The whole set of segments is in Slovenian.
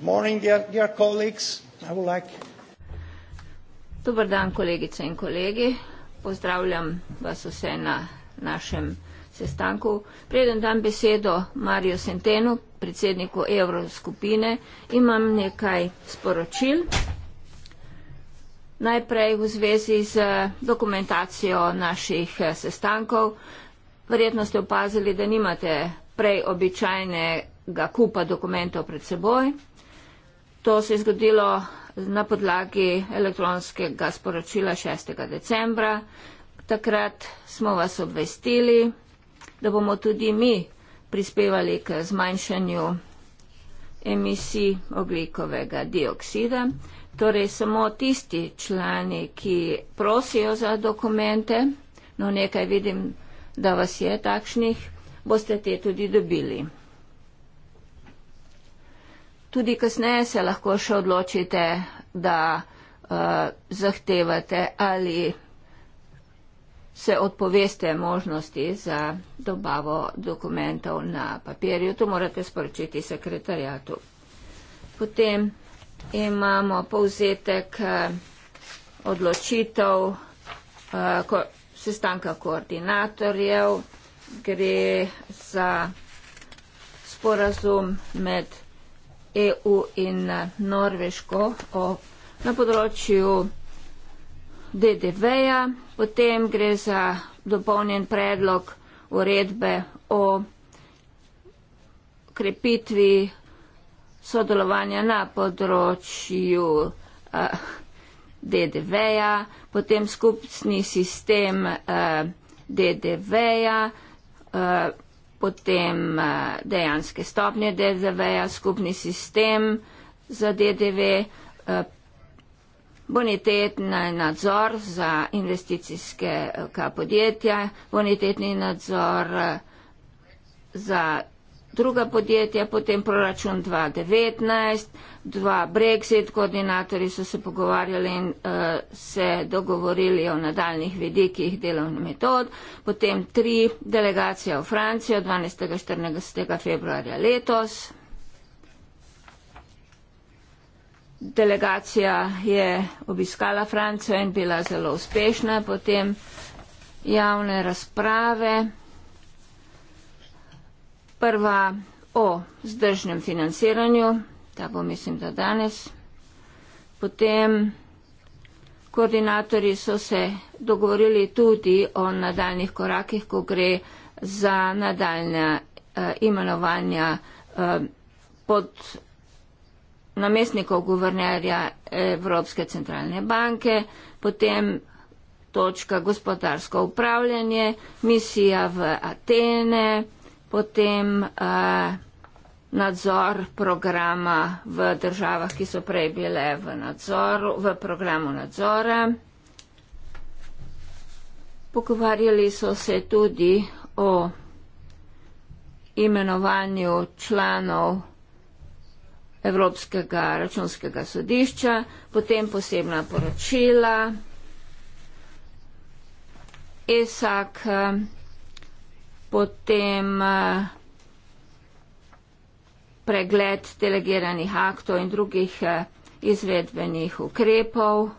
morning, dear, dear colleagues. I would like... Dobar dan, kolegice in kolegi. Pozdravljam vas vse na našem sestanku. Preden dam besedo Mariju Sentenu, predsedniku Evroskupine, imam nekaj sporočil. Najprej v zvezi z dokumentacijo naših eh, sestankov. Verjetno ste opazili, da nimate prej običajnega kupa dokumentov pred seboj. To se je zgodilo na podlagi elektronskega sporočila 6. decembra. Takrat smo vas obvestili, da bomo tudi mi prispevali k zmanjšanju emisij oglikovega dioksida. Torej samo tisti člani, ki prosijo za dokumente, no nekaj vidim, da vas je takšnih, boste te tudi dobili tudi kasneje se lahko še odločite, da uh, zahtevate ali se odpoveste možnosti za dobavo dokumentov na papirju. To morate sporočiti sekretarjatu. Potem imamo povzetek eh, odločitev eh, sestanka koordinatorjev. Gre za sporazum med EU in eh, Norveško o, na področju DDV-ja, potem gre za dopolnjen predlog uredbe o krepitvi sodelovanja na področju uh, eh, DDV-ja, potem skupni sistem uh, eh, DDV-ja. Uh, potem eh, dejanske stopnje DDV-ja, skupni sistem za DDV, eh, bonitetni nadzor za investicijske eh, podjetja, bonitetni nadzor za druga podjetja, potem proračun 2019 dva brexit koordinatorji so se pogovarjali in uh, se dogovorili o nadaljnih vidikih delovnih metod, potem tri delegacije v Francijo 12. in 14. februarja letos. Delegacija je obiskala Francijo in bila zelo uspešna, potem javne razprave. Prva o zdržnem financiranju ta bo mislim, da danes. Potem koordinatori so se dogovorili tudi o nadaljnih korakih, ko gre za nadaljne eh, imenovanja eh, pod namestnikov guvernerja Evropske centralne banke, potem točka gospodarsko upravljanje, misija v Atene, potem eh, nadzor programa v državah, ki so prej bile v, nadzoru, v programu nadzora. Pogovarjali so se tudi o imenovanju članov Evropskega računskega sodišča, potem posebna poročila ESAK, eh, potem uh, pregled delegiranih aktov in drugih eh, izvedbenih ukrepov,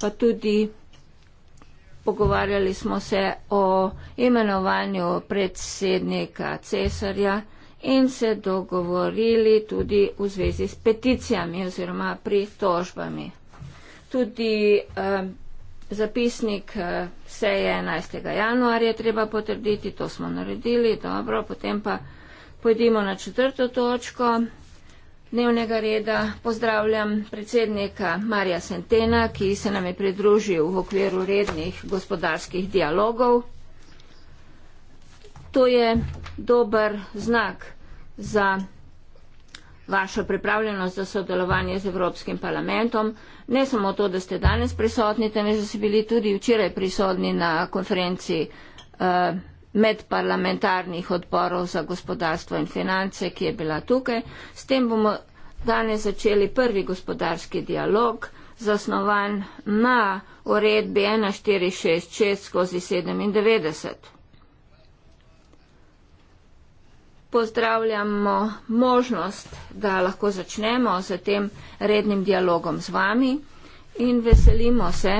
pa tudi pogovarjali smo se o imenovanju predsednika cesarja in se dogovorili tudi v zvezi s peticijami oziroma pritožbami. Tudi eh, zapisnik eh, seje 11. januarja treba potrditi, to smo naredili, dobro, potem pa Pojdimo na četrto točko dnevnega reda. Pozdravljam predsednika Marija Sentena, ki se nam je pridružil v okviru rednih gospodarskih dialogov. To je dober znak za vašo pripravljenost za sodelovanje z Evropskim parlamentom. Ne samo to, da ste danes prisotni, temveč da ste bili tudi včeraj prisotni na konferenci. Uh, medparlamentarnih odborov za gospodarstvo in finance, ki je bila tukaj. S tem bomo danes začeli prvi gospodarski dialog, zasnovan na uredbi 1466 skozi 97. Pozdravljamo možnost, da lahko začnemo s tem rednim dialogom z vami in veselimo se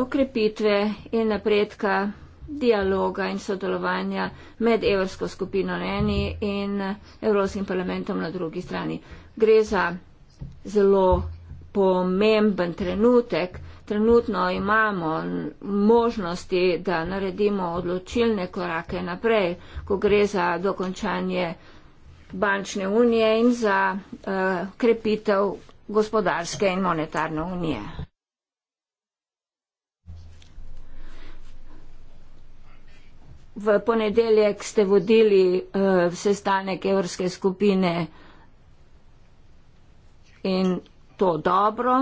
okrepitve in napredka dialoga in sodelovanja med Evropsko skupino na eni in Evropskim parlamentom na drugi strani. Gre za zelo pomemben trenutek. Trenutno imamo možnosti, da naredimo odločilne korake naprej, ko gre za dokončanje bančne unije in za uh, krepitev gospodarske in monetarne unije. V ponedeljek ste vodili uh, sestanek evropske skupine in to dobro.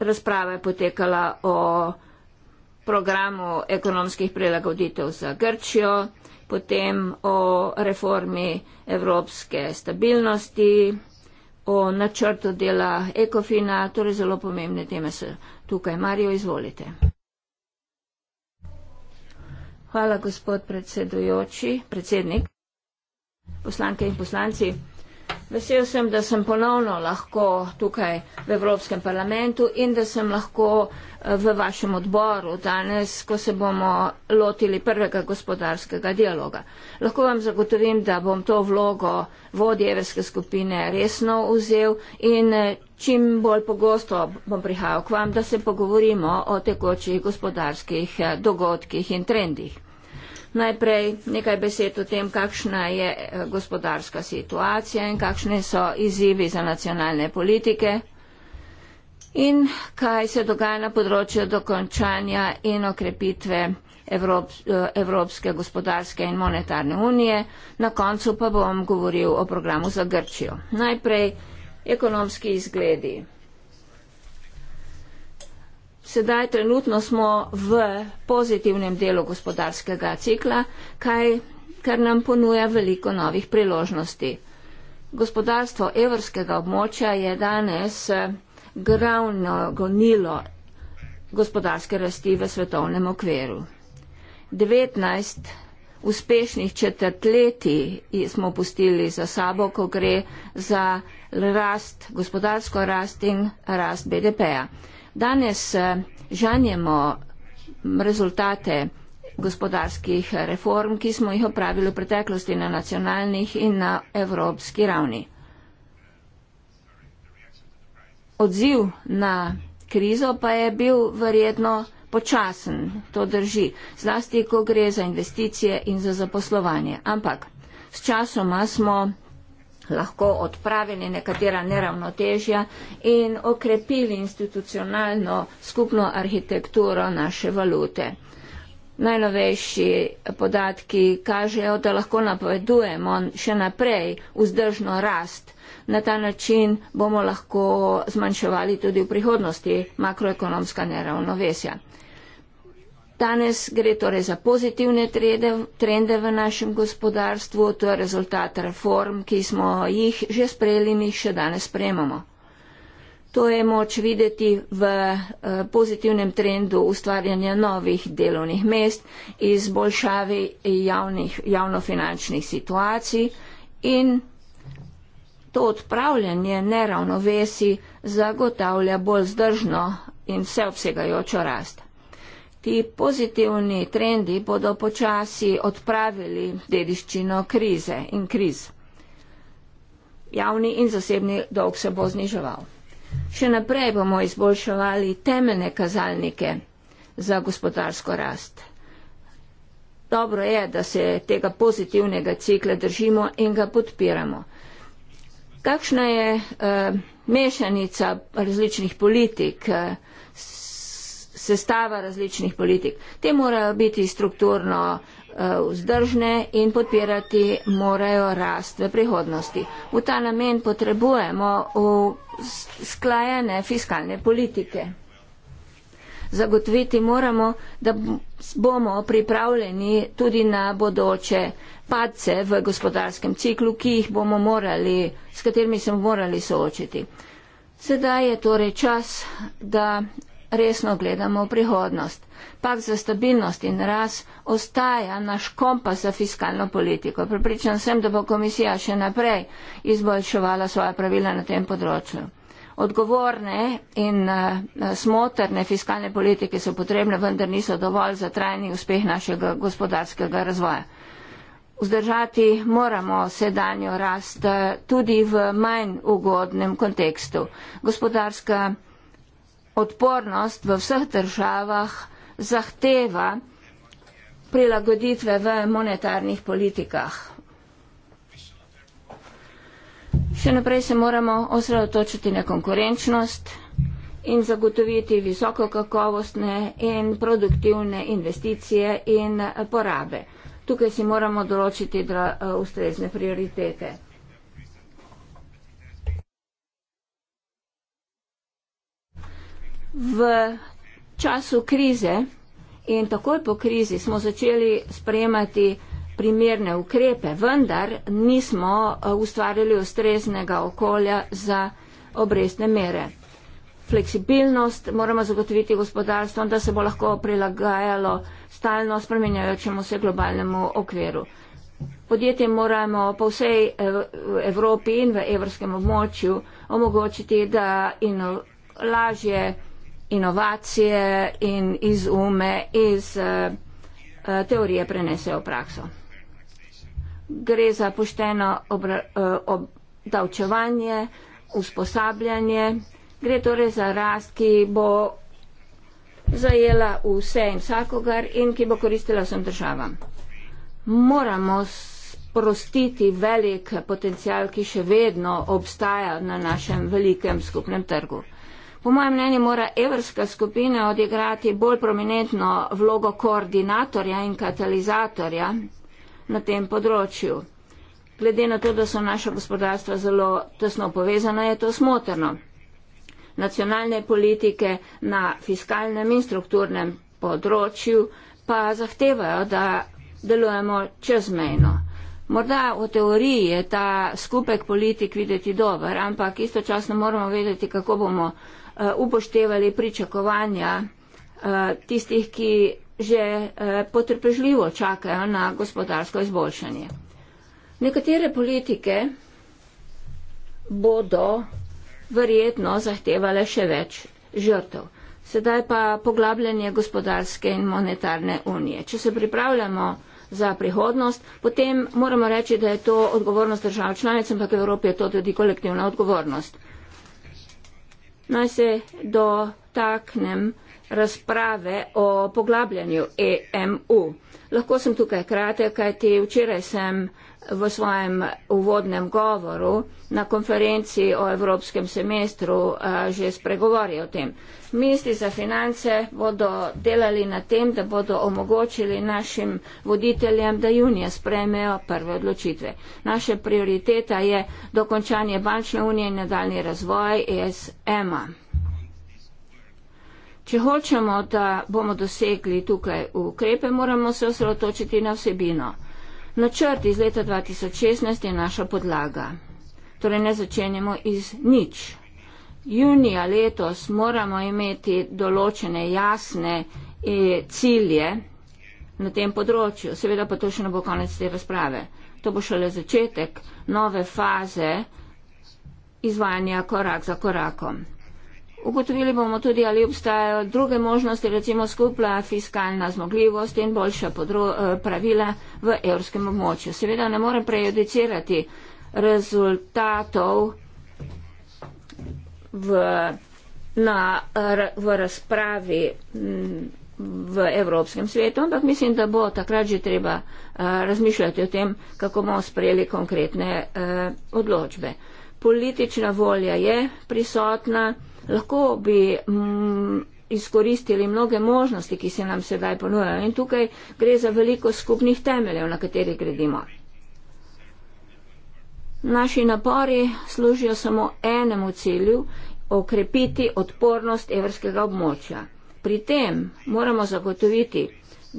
Razprava je potekala o programu ekonomskih prilagoditev za Grčijo, potem o reformi evropske stabilnosti, o načrtu dela ECOFINA, torej zelo pomembne teme so tukaj. Marijo, izvolite. Hvala, gospod predsedujoči, predsednik. Poslanke in poslanci. Vesel sem, da sem ponovno lahko tukaj v Evropskem parlamentu in da sem lahko eh, v vašem odboru danes, ko se bomo lotili prvega gospodarskega dialoga. Lahko vam zagotovim, da bom to vlogo vodje Evropske skupine resno vzel in eh, čim bolj pogosto bom prihajal k vam, da se pogovorimo o tekočih gospodarskih eh, dogodkih in trendih. Najprej nekaj besed o tem, kakšna je eh, gospodarska situacija in kakšne so izzivi za nacionalne politike in kaj se dogaja na področju dokončanja in okrepitve Evrop, eh, Evropske gospodarske in monetarne unije. Na koncu pa bom govoril o programu za Grčijo. Najprej ekonomski izgledi. Sedaj trenutno smo v pozitivnem delu gospodarskega cikla, kaj, kar nam ponuja veliko novih priložnosti. Gospodarstvo evrskega območja je danes eh, gravno gonilo gospodarske rasti v svetovnem okviru. 19 uspešnih četrtletij smo pustili za sabo, ko gre za rast, gospodarsko rast in rast BDP-a. Danes eh, žanjemo rezultate gospodarskih reform, ki smo jih opravili v preteklosti na nacionalnih in na evropski ravni. Odziv na krizo pa je bil verjetno počasen, to drži, zlasti, ko gre za investicije in za zaposlovanje. Ampak s časoma smo lahko odpravili nekatera neravnotežja in okrepili institucionalno skupno arhitekturo naše valute. Najnovejši podatki kažejo, da lahko napovedujemo še naprej vzdržno rast. Na ta način bomo lahko zmanjševali tudi v prihodnosti makroekonomska neravnovesja. Danes gre torej za pozitivne trende v našem gospodarstvu, to je rezultat reform, ki smo jih že sprejeli in jih še danes sprejemamo. To je moč videti v eh, pozitivnem trendu ustvarjanja novih delovnih mest, izboljšavi javnih, javnofinančnih situacij in to odpravljanje neravnovesi zagotavlja bolj zdržno in vseobsegajočo rast. Ti pozitivni trendi bodo počasi odpravili dediščino krize in kriz. Javni in zasebni dolg se bo zniževal. Še naprej bomo izboljševali temene kazalnike za gospodarsko rast. Dobro je, da se tega pozitivnega cikla držimo in ga podpiramo. Kakšna je uh, mešanica različnih politik? Uh, sestava različnih politik. Te morajo biti strukturno eh, vzdržne in podpirati morajo rast v prihodnosti. V ta namen potrebujemo sklajene fiskalne politike. Zagotoviti moramo, da bomo pripravljeni tudi na bodoče padce v gospodarskem ciklu, ki jih bomo morali, s katerimi se bomo morali soočiti. Sedaj je torej čas, da resno gledamo v prihodnost. Pak za stabilnost in raz ostaja naš kompas za fiskalno politiko. Pripričan sem, da bo komisija še naprej izboljševala svoje pravila na tem področju. Odgovorne in uh, smotrne fiskalne politike so potrebne, vendar niso dovolj za trajni uspeh našega gospodarskega razvoja. Vzdržati moramo sedanjo rast eh, tudi v manj ugodnem kontekstu. Gospodarska odpornost v vseh državah zahteva prilagoditve v monetarnih politikah. Še naprej se moramo osredotočiti na konkurenčnost in zagotoviti visoko kakovostne in produktivne investicije in porabe. Tukaj si moramo določiti eh, ustrezne prioritete. v času krize in takoj po krizi smo začeli sprejemati primerne ukrepe, vendar nismo eh, ustvarjali ustreznega okolja za obrestne mere. Fleksibilnost moramo zagotoviti gospodarstvom, da se bo lahko prilagajalo stalno spremenjajočemu se globalnemu okviru. Podjetje moramo po vsej eh, Evropi in v evropskem območju omogočiti, da in lažje inovacije in izume iz uh, teorije prenesejo v prakso. Gre za pošteno obra, uh, obdavčevanje, usposabljanje, gre torej za rast, ki bo zajela vse in vsakogar in ki bo koristila vsem državam. Moramo sprostiti velik potencial, ki še vedno obstaja na našem velikem skupnem trgu. Po mojem mnenju mora evrska skupina odigrati bolj prominentno vlogo koordinatorja in katalizatorja na tem področju. Glede na to, da so naša gospodarstva zelo tesno povezana, je to smotrno. Nacionalne politike na fiskalnem in strukturnem področju pa zahtevajo, da delujemo čezmejno. Morda v teoriji je ta skupek politik videti dober, ampak istočasno moramo vedeti, kako bomo Eh, upoštevali pričakovanja eh, tistih, ki že eh, potrpežljivo čakajo na gospodarsko izboljšanje. Nekatere politike bodo verjetno zahtevale še več žrtev. Sedaj pa poglabljanje gospodarske in monetarne unije. Če se pripravljamo za prihodnost, potem moramo reči, da je to odgovornost držav članic, ampak v Evropi je to tudi kolektivna odgovornost. Uh, naj se dotaknem razprave o poglabljanju EMU. Lahko sem tukaj kratek, kajti včeraj sem v svojem uvodnem govoru na konferenci o evropskem semestru eh, že spregovori o tem. Ministri za finance bodo delali na tem, da bodo omogočili našim voditeljem, da junija sprejmejo prve odločitve. Naša prioriteta je dokončanje bančne unije in nadaljni razvoj ESM-a. Če hočemo, da bomo dosegli tukaj ukrepe, moramo se osredotočiti na vsebino. Načrt iz leta 2016 je naša podlaga. Torej ne začenjamo iz nič. Junija letos moramo imeti določene jasne eh, cilje na tem področju. Seveda pa to še ne bo konec te razprave. To bo šele začetek nove faze izvajanja korak za korakom. Ugotovili bomo tudi, ali obstajajo druge možnosti, recimo skupna fiskalna zmogljivost in boljša podro, eh, pravila v evropskem območju. Seveda ne morem prejudicirati rezultatov v, na, v razpravi mm, v Evropskem svetu, ampak mislim, da bo takrat že treba eh, razmišljati o tem, kako bomo sprejeli konkretne eh, odločbe. Politična volja je prisotna lahko bi mm, izkoristili mnoge možnosti, ki se nam sedaj ponujajo. In tukaj gre za veliko skupnih temeljev, na katerih gradimo. Naši napori služijo samo enemu cilju - okrepiti odpornost evrskega območja. Pri tem moramo zagotoviti,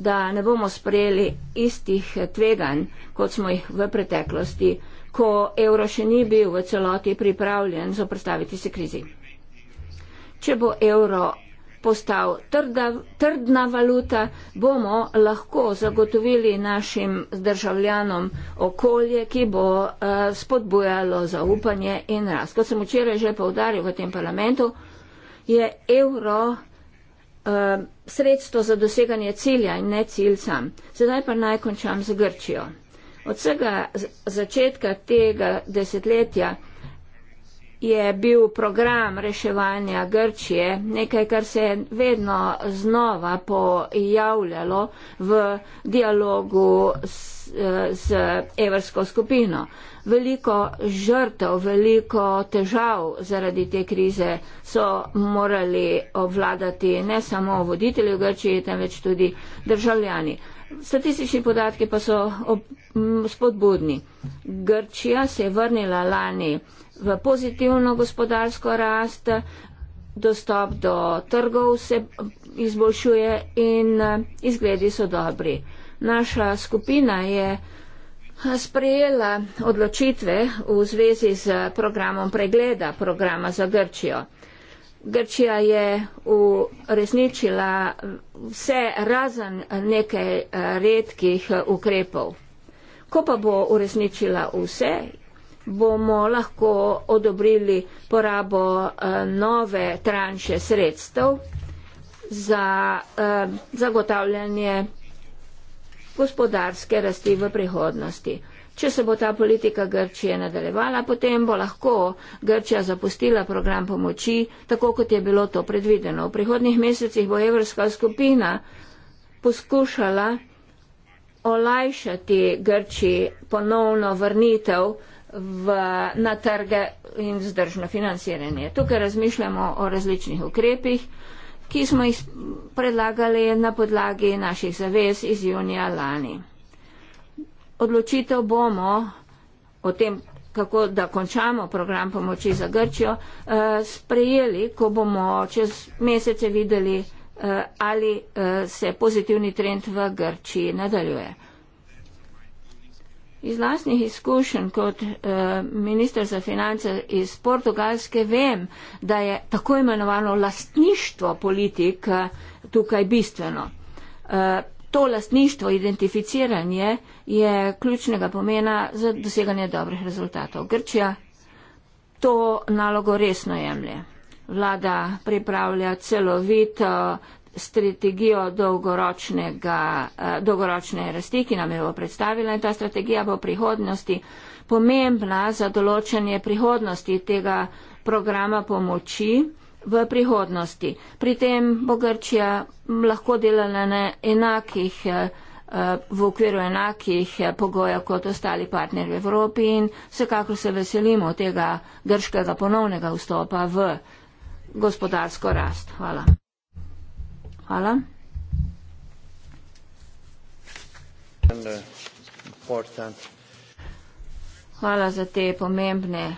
da ne bomo sprejeli istih tveganj, kot smo jih v preteklosti, ko evro še ni bil v celoti pripravljen zoprstaviti se krizi če bo evro postal trda, trdna valuta, bomo lahko zagotovili našim državljanom okolje, ki bo uh, spodbujalo zaupanje in rast. Kot sem včeraj že povdaril v tem parlamentu, je evro uh, sredstvo za doseganje cilja in ne cilj sam. Sedaj pa naj končam z Grčijo. Od vsega začetka tega desetletja je bil program reševanja Grčije nekaj, kar se je vedno znova pojavljalo v dialogu s, z evrsko skupino. Veliko žrtev, veliko težav zaradi te krize so morali obvladati ne samo voditelji v Grčiji, temveč tudi državljani. Statistični podatki pa so spodbudni. Grčija se je vrnila lani v pozitivno gospodarsko rast, dostop do trgov se izboljšuje in eh, izgledi so dobri. Naša skupina je eh, sprejela odločitve v zvezi z programom pregleda programa za Grčijo. Grčija je uresničila vse razen nekaj eh, redkih ukrepov. Ko pa bo uresničila vse, bomo lahko odobrili porabo eh, nove tranše sredstev za eh, zagotavljanje gospodarske rasti v prihodnosti. Če se bo ta politika Grčije nadaljevala, potem bo lahko Grčija zapustila program pomoči, tako kot je bilo to predvideno. V prihodnih mesecih bo evropska skupina poskušala olajšati Grčiji ponovno vrnitev v, na trge in vzdržno financiranje. Tukaj razmišljamo o različnih ukrepih, ki smo jih predlagali na podlagi naših zavez iz junija lani. Odločitev bomo o tem, kako da končamo program pomoči za Grčijo, eh, sprejeli, ko bomo čez mesece videli, eh, ali eh, se pozitivni trend v Grčiji nadaljuje. Iz lastnih izkušenj kot eh, minister za finance iz Portugalske vem, da je tako imenovano lastništvo politik eh, tukaj bistveno. Eh, to lastništvo, identificiranje je ključnega pomena za doseganje dobrih rezultatov. Grčija to nalogo resno jemlje. Vlada pripravlja celovito strategijo dolgoročnega, eh, dolgoročne rasti, ki nam jo bo predstavila in ta strategija bo v prihodnosti pomembna za določanje prihodnosti tega programa pomoči v prihodnosti. Pri tem bo Grčija lahko delala na enakih, eh, eh, v okviru enakih pogojev kot ostali partner v Evropi in vsekakor se veselimo tega grškega ponovnega vstopa v gospodarsko rast. Hvala. Hvala. Hvala za te pomembne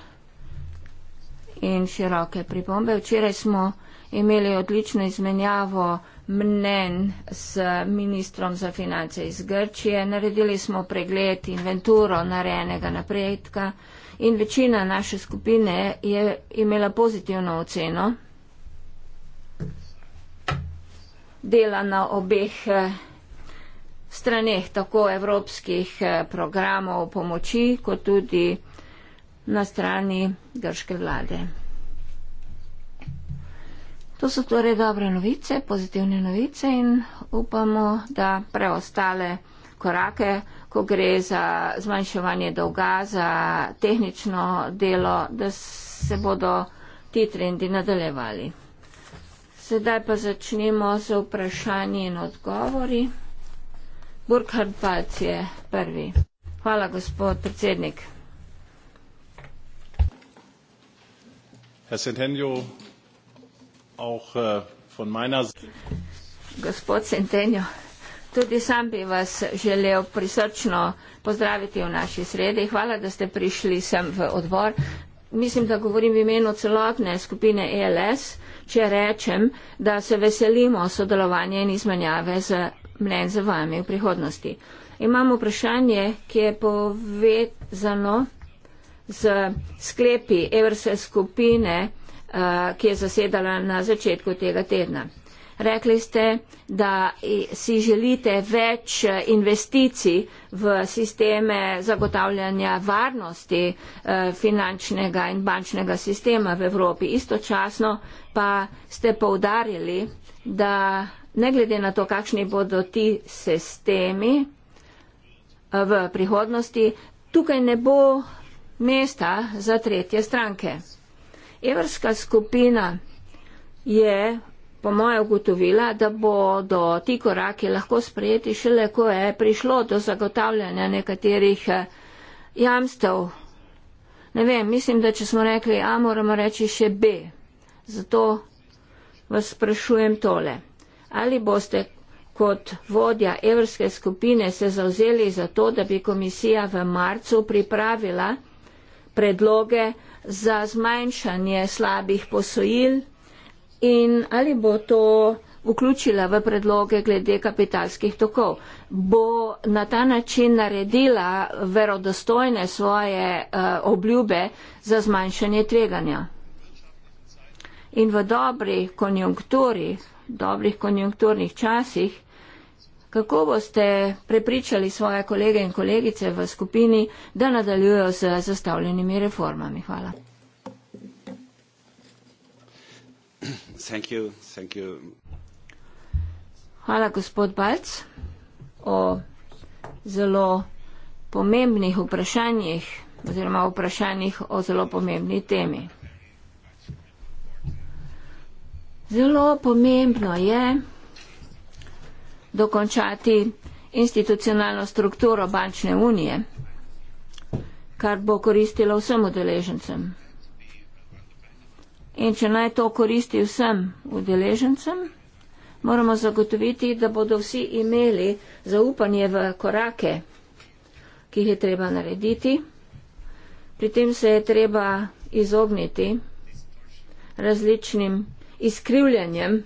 in široke pripombe. Včeraj smo imeli odlično izmenjavo mnen s ministrom za finance iz Grčije. Naredili smo pregled inventuro narejenega napredka in večina naše skupine je imela pozitivno oceno dela na obeh eh, straneh, tako evropskih eh, programov pomoči, kot tudi na strani grške vlade. To so torej dobre novice, pozitivne novice in upamo, da preostale korake, ko gre za zmanjševanje dolga, za tehnično delo, da se bodo ti trendi nadaljevali. Sedaj pa začnemo z vprašanji in odgovori. Burkhard Palc je prvi. Hvala, gospod predsednik. Äh, gospod Centenjo, tudi sam bi vas želel prisrčno pozdraviti v naši sredi. Hvala, da ste prišli sem v odbor. Mislim, da govorim v imenu celotne skupine ELS če rečem, da se veselimo sodelovanja in izmenjave z mnen z vami v prihodnosti. Imamo vprašanje, ki je povezano z sklepi Evrse skupine, eh, ki je zasedala na začetku tega tedna rekli ste, da si želite več eh, investicij v sisteme zagotavljanja varnosti eh, finančnega in bančnega sistema v Evropi. Istočasno pa ste poudarili, da ne glede na to, kakšni bodo ti sistemi eh, v prihodnosti, tukaj ne bo mesta za tretje stranke. Evropska skupina je po moje ugotovila, da bodo ti koraki lahko sprejeti šele, ko je prišlo do zagotavljanja nekaterih eh, jamstev. Ne vem, mislim, da če smo rekli A, moramo reči še B. Zato vas sprašujem tole. Ali boste kot vodja evropske skupine se zauzeli za to, da bi komisija v marcu pripravila predloge za zmanjšanje slabih posojil? in ali bo to vključila v predloge glede kapitalskih tokov. Bo na ta način naredila verodostojne svoje uh, obljube za zmanjšanje tveganja. In v dobrih konjunkturi, dobrih konjunkturnih časih, kako boste prepričali svoje kolege in kolegice v skupini, da nadaljujejo z zastavljenimi reformami? Hvala. Thank you. Thank you. Hvala, gospod Balc, o zelo pomembnih vprašanjih oziroma vprašanjih o zelo pomembni temi. Zelo pomembno je dokončati institucionalno strukturo bančne unije, kar bo koristilo vsem udeležencem. In če naj to koristi vsem udeležencem, moramo zagotoviti, da bodo vsi imeli zaupanje v korake, ki jih je treba narediti. Pri tem se je treba izogniti različnim izkrivljanjem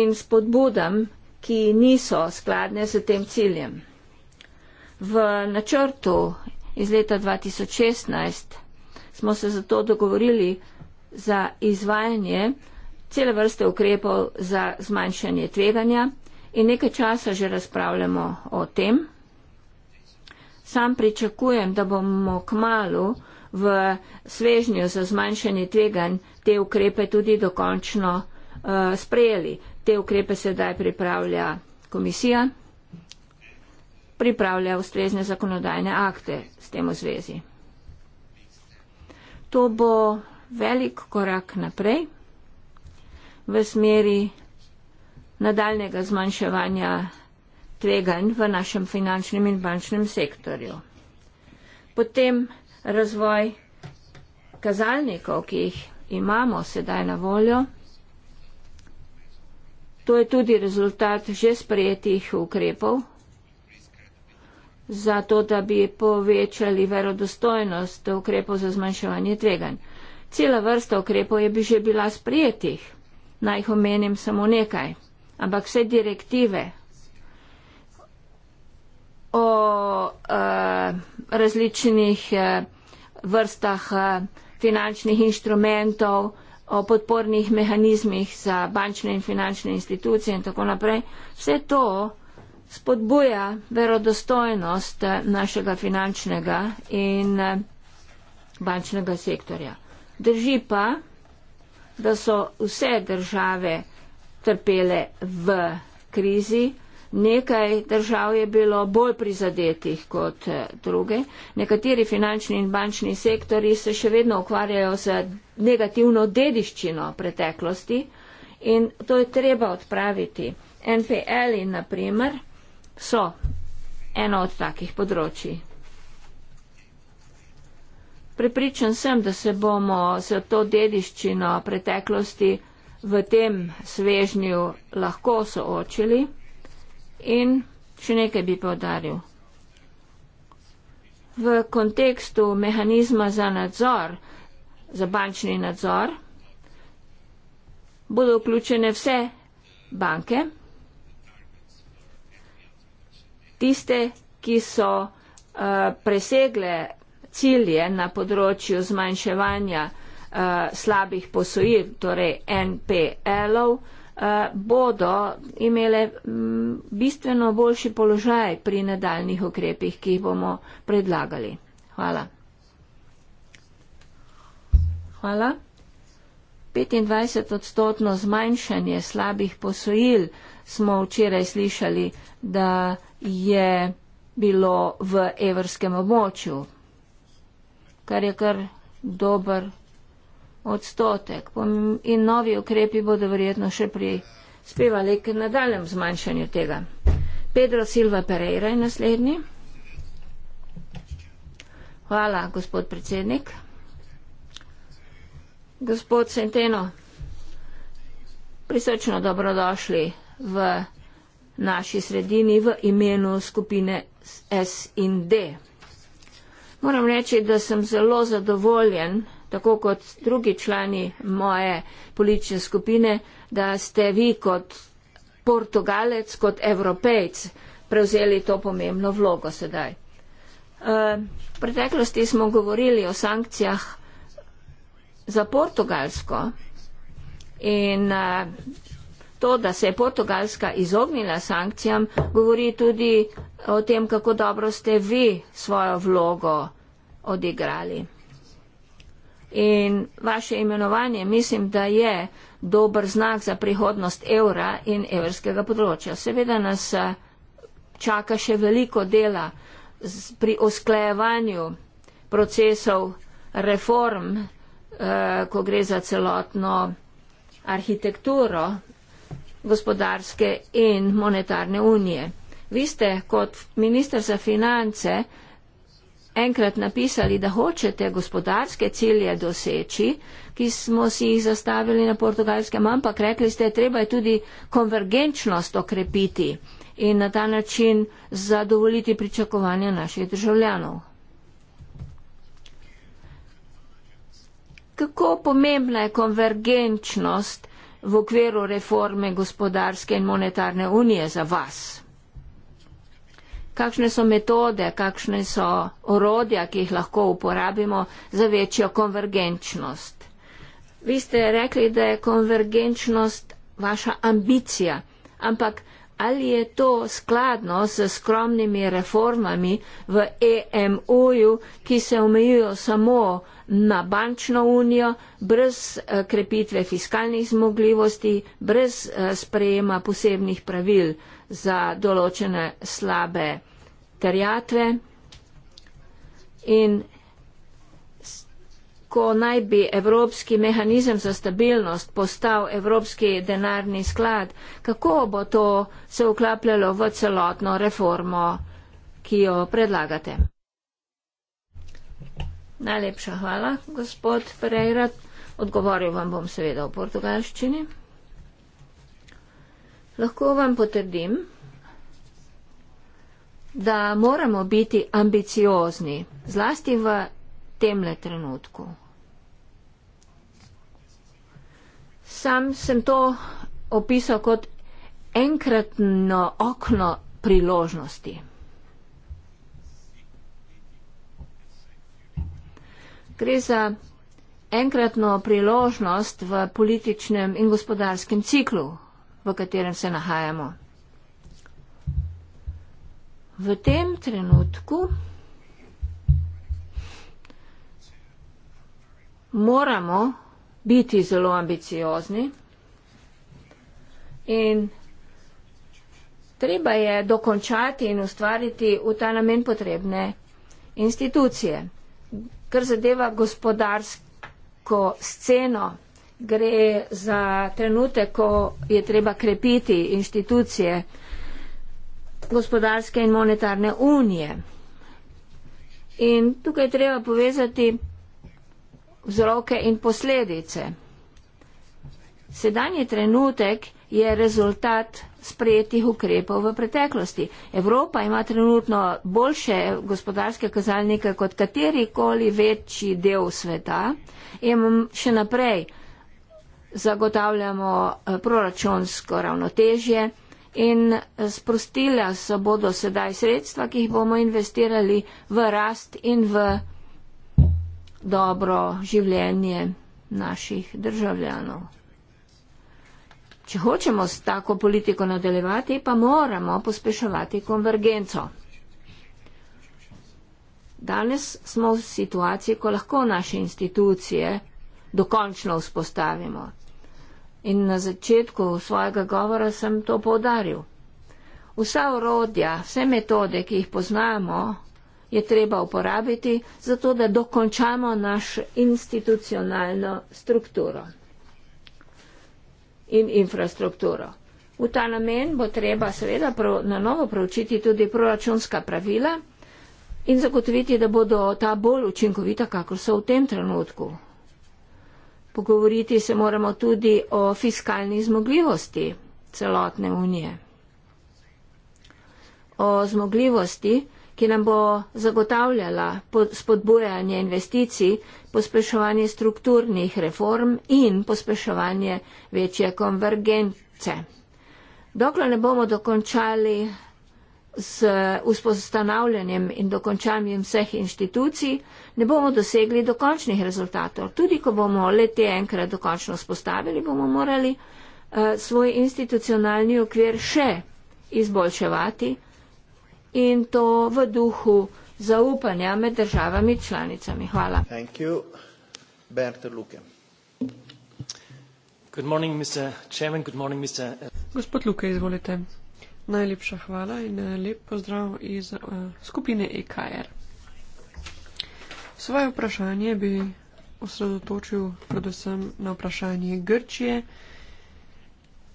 in spodbudam, ki niso skladne s tem ciljem. V načrtu iz leta 2016 smo se zato dogovorili za izvajanje cele vrste ukrepov za zmanjšanje tveganja in nekaj časa že razpravljamo o tem. Sam pričakujem, da bomo k malu v svežnju za zmanjšanje tveganj te ukrepe tudi dokončno uh, sprejeli. Te ukrepe sedaj pripravlja komisija, pripravlja ustrezne zakonodajne akte s tem v zvezi to bo velik korak naprej v smeri nadaljnega zmanjševanja tveganj v našem finančnem in bančnem sektorju. Potem razvoj kazalnikov, ki jih imamo sedaj na voljo. To je tudi rezultat že sprejetih ukrepov zato da bi povečali verodostojnost ukrepov za zmanjševanje tveganj. Cela vrsta ukrepov je bi že bila sprijetih, naj jih omenim samo nekaj, ampak vse direktive o uh, različnih uh, vrstah uh, finančnih inštrumentov, o podpornih mehanizmih za bančne in finančne institucije in tako naprej, vse to uh, spodbuja verodostojnost eh, našega finančnega in eh, bančnega sektorja. Drži pa, da so vse države trpele v krizi, nekaj držav je bilo bolj prizadetih kot eh, druge, nekateri finančni in bančni sektori se še vedno ukvarjajo z negativno dediščino preteklosti in to je treba odpraviti. NPL-i, na primer, so eno od takih področji. Prepričan sem, da se bomo s to dediščino preteklosti v tem svežnju lahko soočili in še nekaj bi podaril. V kontekstu mehanizma za nadzor, za bančni nadzor, bodo vključene vse banke, tiste, ki so uh, presegle cilje na področju zmanjševanja uh, slabih posojil, torej NPL-ov, uh, eh, bodo imele m, mm, bistveno boljši položaj pri nadaljnih ukrepih, ki jih bomo predlagali. Hvala. Hvala. 25 odstotno zmanjšanje slabih posojil smo včeraj slišali, da je bilo v evrskem območju, kar je kar dober odstotek. In novi ukrepi bodo verjetno še prispevali k nadaljem zmanjšanju tega. Pedro Silva Pereira je naslednji. Hvala, gospod predsednik. Gospod Centeno, prisrčno dobrodošli v naši sredini v imenu skupine S in D. Moram reči, da sem zelo zadovoljen, tako kot drugi člani moje politične skupine, da ste vi kot portugalec, kot evropejc prevzeli to pomembno vlogo sedaj. Eh, v preteklosti smo govorili o sankcijah za Portugalsko in eh, To, da se je Portugalska izognila sankcijam, govori tudi o tem, kako dobro ste vi svojo vlogo odigrali. In vaše imenovanje mislim, da je dober znak za prihodnost evra in evrskega področja. Seveda nas eh, čaka še veliko dela pri usklejevanju procesov reform, eh, ko gre za celotno arhitekturo gospodarske in monetarne unije. Vi ste kot minister za finance enkrat napisali, da hočete gospodarske cilje doseči, ki smo si jih zastavili na portugalskem, ampak rekli ste, treba je tudi konvergenčnost okrepiti in na ta način zadovoljiti pričakovanja naših državljanov. Kako pomembna je konvergenčnost v okviru reforme gospodarske in monetarne unije za vas? Kakšne so metode, kakšne so orodja, ki jih lahko uporabimo za večjo konvergenčnost? Vi ste rekli, da je konvergenčnost vaša ambicija, ampak ali je to skladno s skromnimi reformami v EMU-ju, ki se omejujo samo na bančno unijo, brez eh, krepitve fiskalnih zmogljivosti, brez eh, sprejema posebnih pravil za določene slabe terjatve. In ko naj bi Evropski mehanizem za stabilnost postal Evropski denarni sklad, kako bo to se uklapljalo v celotno reformo, ki jo predlagate? Najlepša hvala, gospod Pereirat. Odgovoril vam bom seveda v portugalščini. Lahko vam potrdim, da moramo biti ambiciozni, zlasti v temle trenutku. Sam sem to opisal kot enkratno okno priložnosti. Gre za enkratno priložnost v političnem in gospodarskem ciklu, v katerem se nahajamo. V tem trenutku moramo biti zelo ambiciozni in treba je dokončati in ustvariti v ta namen potrebne institucije. Kar zadeva gospodarsko sceno, gre za trenutek, ko je treba krepiti inštitucije gospodarske in monetarne unije. In tukaj treba povezati vzroke in posledice. Sedanji trenutek je rezultat sprejetih ukrepov v preteklosti. Evropa ima trenutno boljše gospodarske kazalnike kot katerikoli večji del sveta in še naprej zagotavljamo eh, proračunsko ravnotežje in eh, sprostila se bodo sedaj sredstva, ki jih bomo investirali v rast in v dobro življenje naših državljanov. Če hočemo s tako politiko nadaljevati, pa moramo pospeševati konvergenco. Danes smo v situaciji, ko lahko naše institucije dokončno vzpostavimo. In na začetku svojega govora sem to povdaril. Vsa urodja, vse metode, ki jih poznamo, je treba uporabiti, zato da dokončamo našo institucionalno strukturo in infrastrukturo. V ta namen bo treba seveda prav, na novo preučiti tudi proračunska pravila in zagotoviti, da bodo ta bolj učinkovita, kakor so v tem trenutku. Pogovoriti se moramo tudi o fiskalni zmogljivosti celotne unije. O zmogljivosti, ki nam bo zagotavljala spodbujanje investicij, pospeševanje strukturnih reform in pospeševanje večje konvergence. Dokler ne bomo dokončali z vzpostavljanjem in dokončanjem vseh inštitucij, ne bomo dosegli dokončnih rezultatov. Tudi, ko bomo lete enkrat dokončno spostavili, bomo morali uh, svoj institucionalni okvir še izboljševati in to v duhu zaupanja med državami članicami. Hvala. Thank you. Bert Luke. Good morning, Mr. Chairman. Good morning, Mr. Gospod Luke, izvolite. Najlepša hvala in eh, lep pozdrav iz uh, skupine EKR. Svoje vprašanje bi osredotočil predvsem na vprašanje Grčije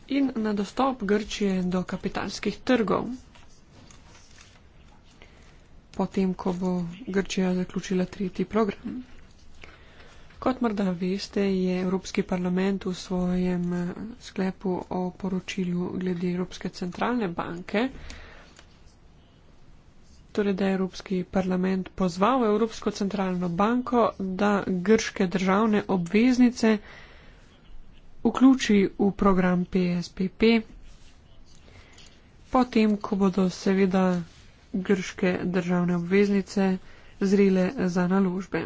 in na dostop Grčije do kapitalskih trgov potem, ko bo Grčija zaključila tretji program. Kot morda veste, je Evropski parlament v svojem eh, sklepu o poročilju glede Evropske centralne banke, torej da je Evropski parlament pozval Evropsko centralno banko, da grške državne obveznice vključi v program PSPP, potem, ko bodo seveda grške državne obveznice, zrele za naložbe.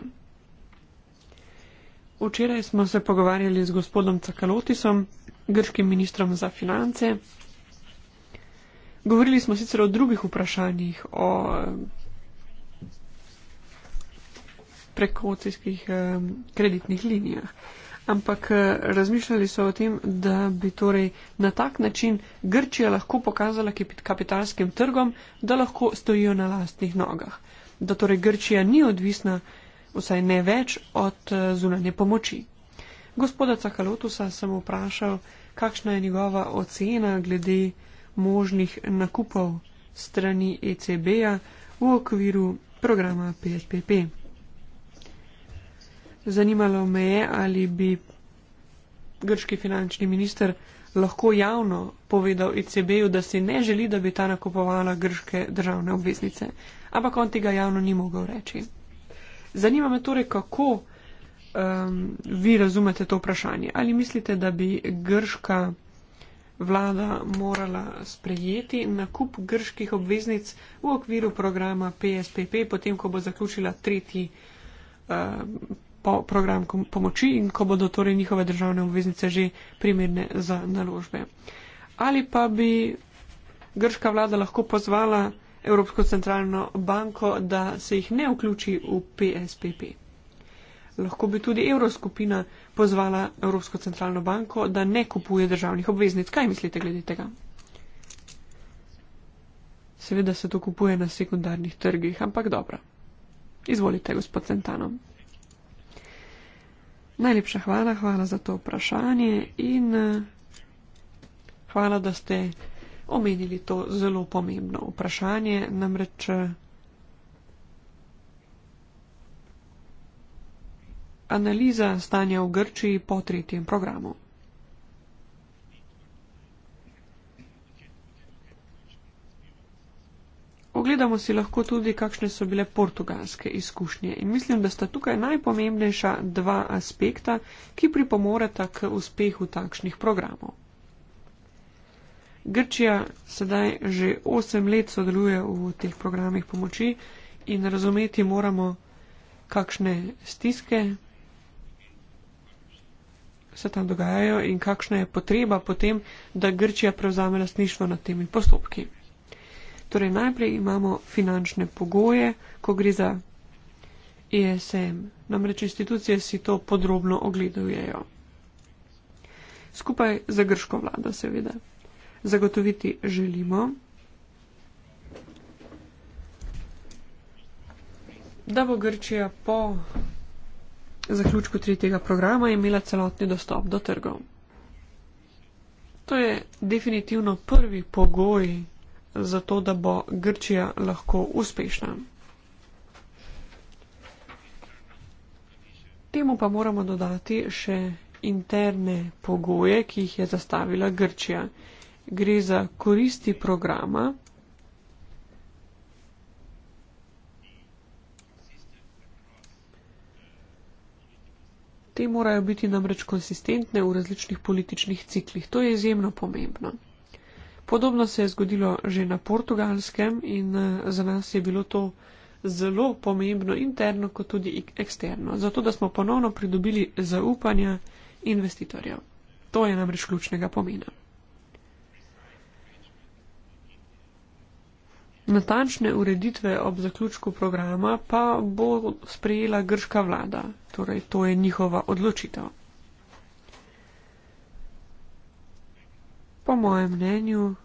Včeraj smo se pogovarjali z gospodom Cakalotisom, grškim ministrom za finance. Govorili smo sicer o drugih vprašanjih, o eh, prekocijskih eh, kreditnih linijah ampak eh, razmišljali so o tem, da bi torej na tak način Grčija lahko pokazala kapitalskim trgom, da lahko stojijo na lastnih nogah. Da torej Grčija ni odvisna, vsaj ne več, od eh, zunanje pomoči. Gospoda Cakalotusa sem vprašal, kakšna je njegova ocena glede možnih nakupov strani ECB-ja v okviru programa PSPP. Zanimalo me je, ali bi grški finančni minister lahko javno povedal ECB-ju, da si ne želi, da bi ta nakupovala grške državne obveznice. Ampak on tega javno ni mogel reči. Zanima me torej, kako um, vi razumete to vprašanje. Ali mislite, da bi grška vlada morala sprejeti nakup grških obveznic v okviru programa PSPP, potem, ko bo zaključila tretji uh, po program pomoči in ko bodo torej njihove državne obveznice že primerne za naložbe. Ali pa bi grška vlada lahko pozvala Evropsko centralno banko, da se jih ne vključi v PSPP. Lahko bi tudi Evroskupina pozvala Evropsko centralno banko, da ne kupuje državnih obveznic. Kaj mislite glede tega? Seveda se to kupuje na sekundarnih trgih, ampak dobro. Izvolite, gospod Centanom. Najlepša hvala, hvala za to vprašanje in eh, hvala, da ste omenili to zelo pomembno vprašanje. Namreč eh, analiza stanja v Grčiji po tretjem programu. Ogledamo si lahko tudi, kakšne so bile portugalske izkušnje in mislim, da sta tukaj najpomembnejša dva aspekta, ki pripomoreta k uspehu takšnih programov. Grčija sedaj že 8 let sodeluje v teh programih pomoči in razumeti moramo, kakšne stiske se tam dogajajo in kakšna je potreba potem, da Grčija prevzame lasništvo nad temi postopki. Torej, najprej imamo finančne pogoje, ko gre za ESM. Namreč institucije si to podrobno ogledujejo. Skupaj za grško vlado, seveda. Zagotoviti želimo, da bo Grčija po zaključku tretjega programa imela celotni dostop do trgov. To je definitivno prvi pogoj zato da bo Grčija lahko uspešna. Temu pa moramo dodati še interne pogoje, ki jih je zastavila Grčija. Gre za koristi programa. Te morajo biti namreč konsistentne v različnih političnih ciklih. To je izjemno pomembno. Podobno se je zgodilo že na portugalskem in eh, za nas je bilo to zelo pomembno interno kot tudi eksterno, zato da smo ponovno pridobili zaupanja investitorjev. To je namreč ključnega pomena. Natančne ureditve ob zaključku programa pa bo sprejela grška vlada, torej to je njihova odločitev. Po mojem mnenju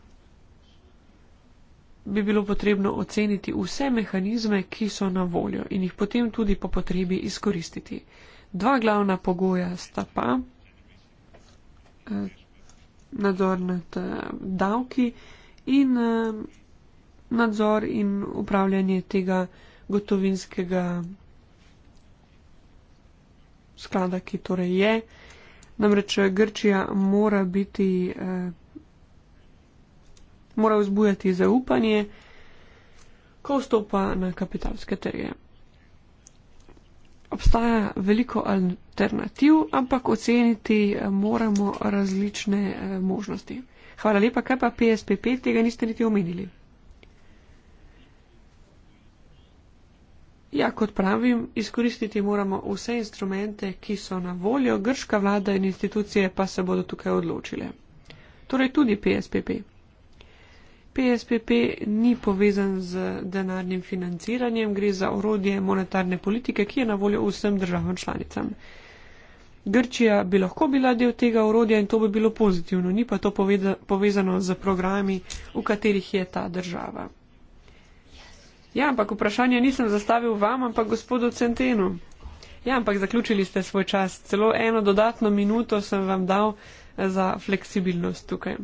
bi bilo potrebno oceniti vse mehanizme, ki so na voljo in jih potem tudi po potrebi izkoristiti. Dva glavna pogoja sta pa eh, nadzor nad eh, davki in eh, nadzor in upravljanje tega gotovinskega sklada, ki torej je. Namreč Grčija mora biti. Eh, mora vzbujati zaupanje, ko vstopa na kapitalske trge. Obstaja veliko alternativ, ampak oceniti eh, moramo različne eh, možnosti. Hvala lepa, kaj pa PSP5, tega niste niti omenili. Ja, kot pravim, izkoristiti moramo vse instrumente, ki so na voljo, grška vlada in institucije pa se bodo tukaj odločile. Torej tudi PSPP. PSPP ni povezan z denarnim financiranjem, gre za orodje monetarne politike, ki je na voljo vsem državam članicam. Grčija bi lahko bila del tega orodja in to bi bilo pozitivno, ni pa to poveza, povezano z programi, v katerih je ta država. Ja, ampak vprašanje nisem zastavil vam, ampak gospodu Centenu. Ja, ampak zaključili ste svoj čas. Celo eno dodatno minuto sem vam dal eh, za fleksibilnost tukaj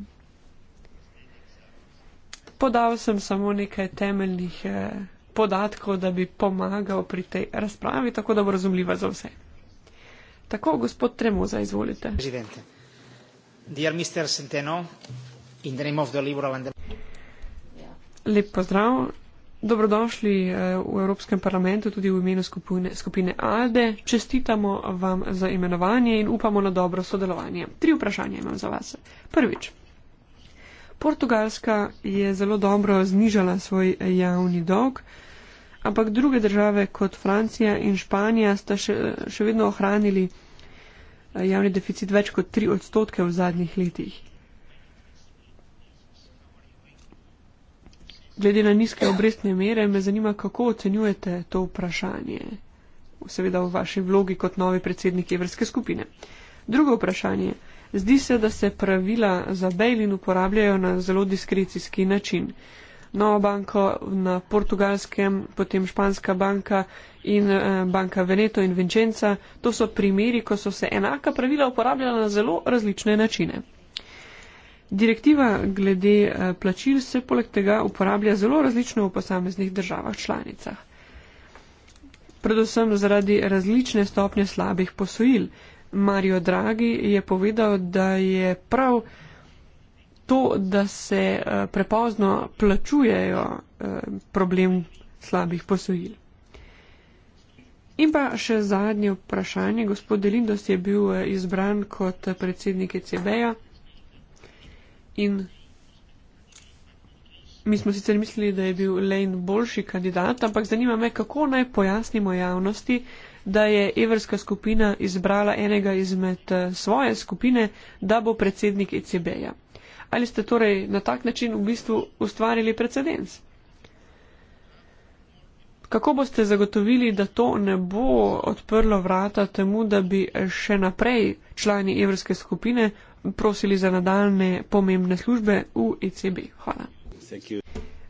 podal sem samo nekaj temeljnih eh, podatkov, da bi pomagal pri tej razpravi, tako da bo razumljiva za vse. Tako, gospod Tremoza, izvolite. Lep pozdrav. Dobrodošli eh, v Evropskem parlamentu tudi v imenu skupine, skupine ALDE. Čestitamo vam za imenovanje in upamo na dobro sodelovanje. Tri vprašanja imam za vas. Prvič. Portugalska je zelo dobro znižala svoj javni dolg, ampak druge države kot Francija in Španija sta še, še vedno ohranili eh, javni deficit več kot 3 odstotke v zadnjih letih. Glede na nizke obrestne mere, me zanima, kako ocenjujete to vprašanje, seveda v vaši vlogi kot novi predsednik Evropske skupine. Drugo vprašanje je, Zdi se, da se pravila za bail-in uporabljajo na zelo diskrecijski način. Novo banko na portugalskem, potem španska banka in eh, banka Veneto in Vincenza, to so primeri, ko so se enaka pravila uporabljala na zelo različne načine. Direktiva glede eh, plačil se poleg tega uporablja zelo različno v posameznih državah članicah. Predvsem zaradi različne stopnje slabih posojil. Eh, Mario Draghi je povedal, da je prav to, da se eh, prepozno plačujejo eh, problem slabih posojil. In pa še zadnje vprašanje. Gospod Delindos je bil eh, izbran kot predsednik ECB-ja in mi smo sicer mislili, da je bil Lane boljši kandidat, ampak zanima me, kako naj pojasnimo javnosti, da je evrska skupina izbrala enega izmed eh, svoje skupine, da bo predsednik ECB-ja. Ali ste torej na tak način v bistvu ustvarili precedens? Kako boste zagotovili, da to ne bo odprlo vrata temu, da bi še naprej člani evrske skupine prosili za nadaljne pomembne službe v ECB? Hvala.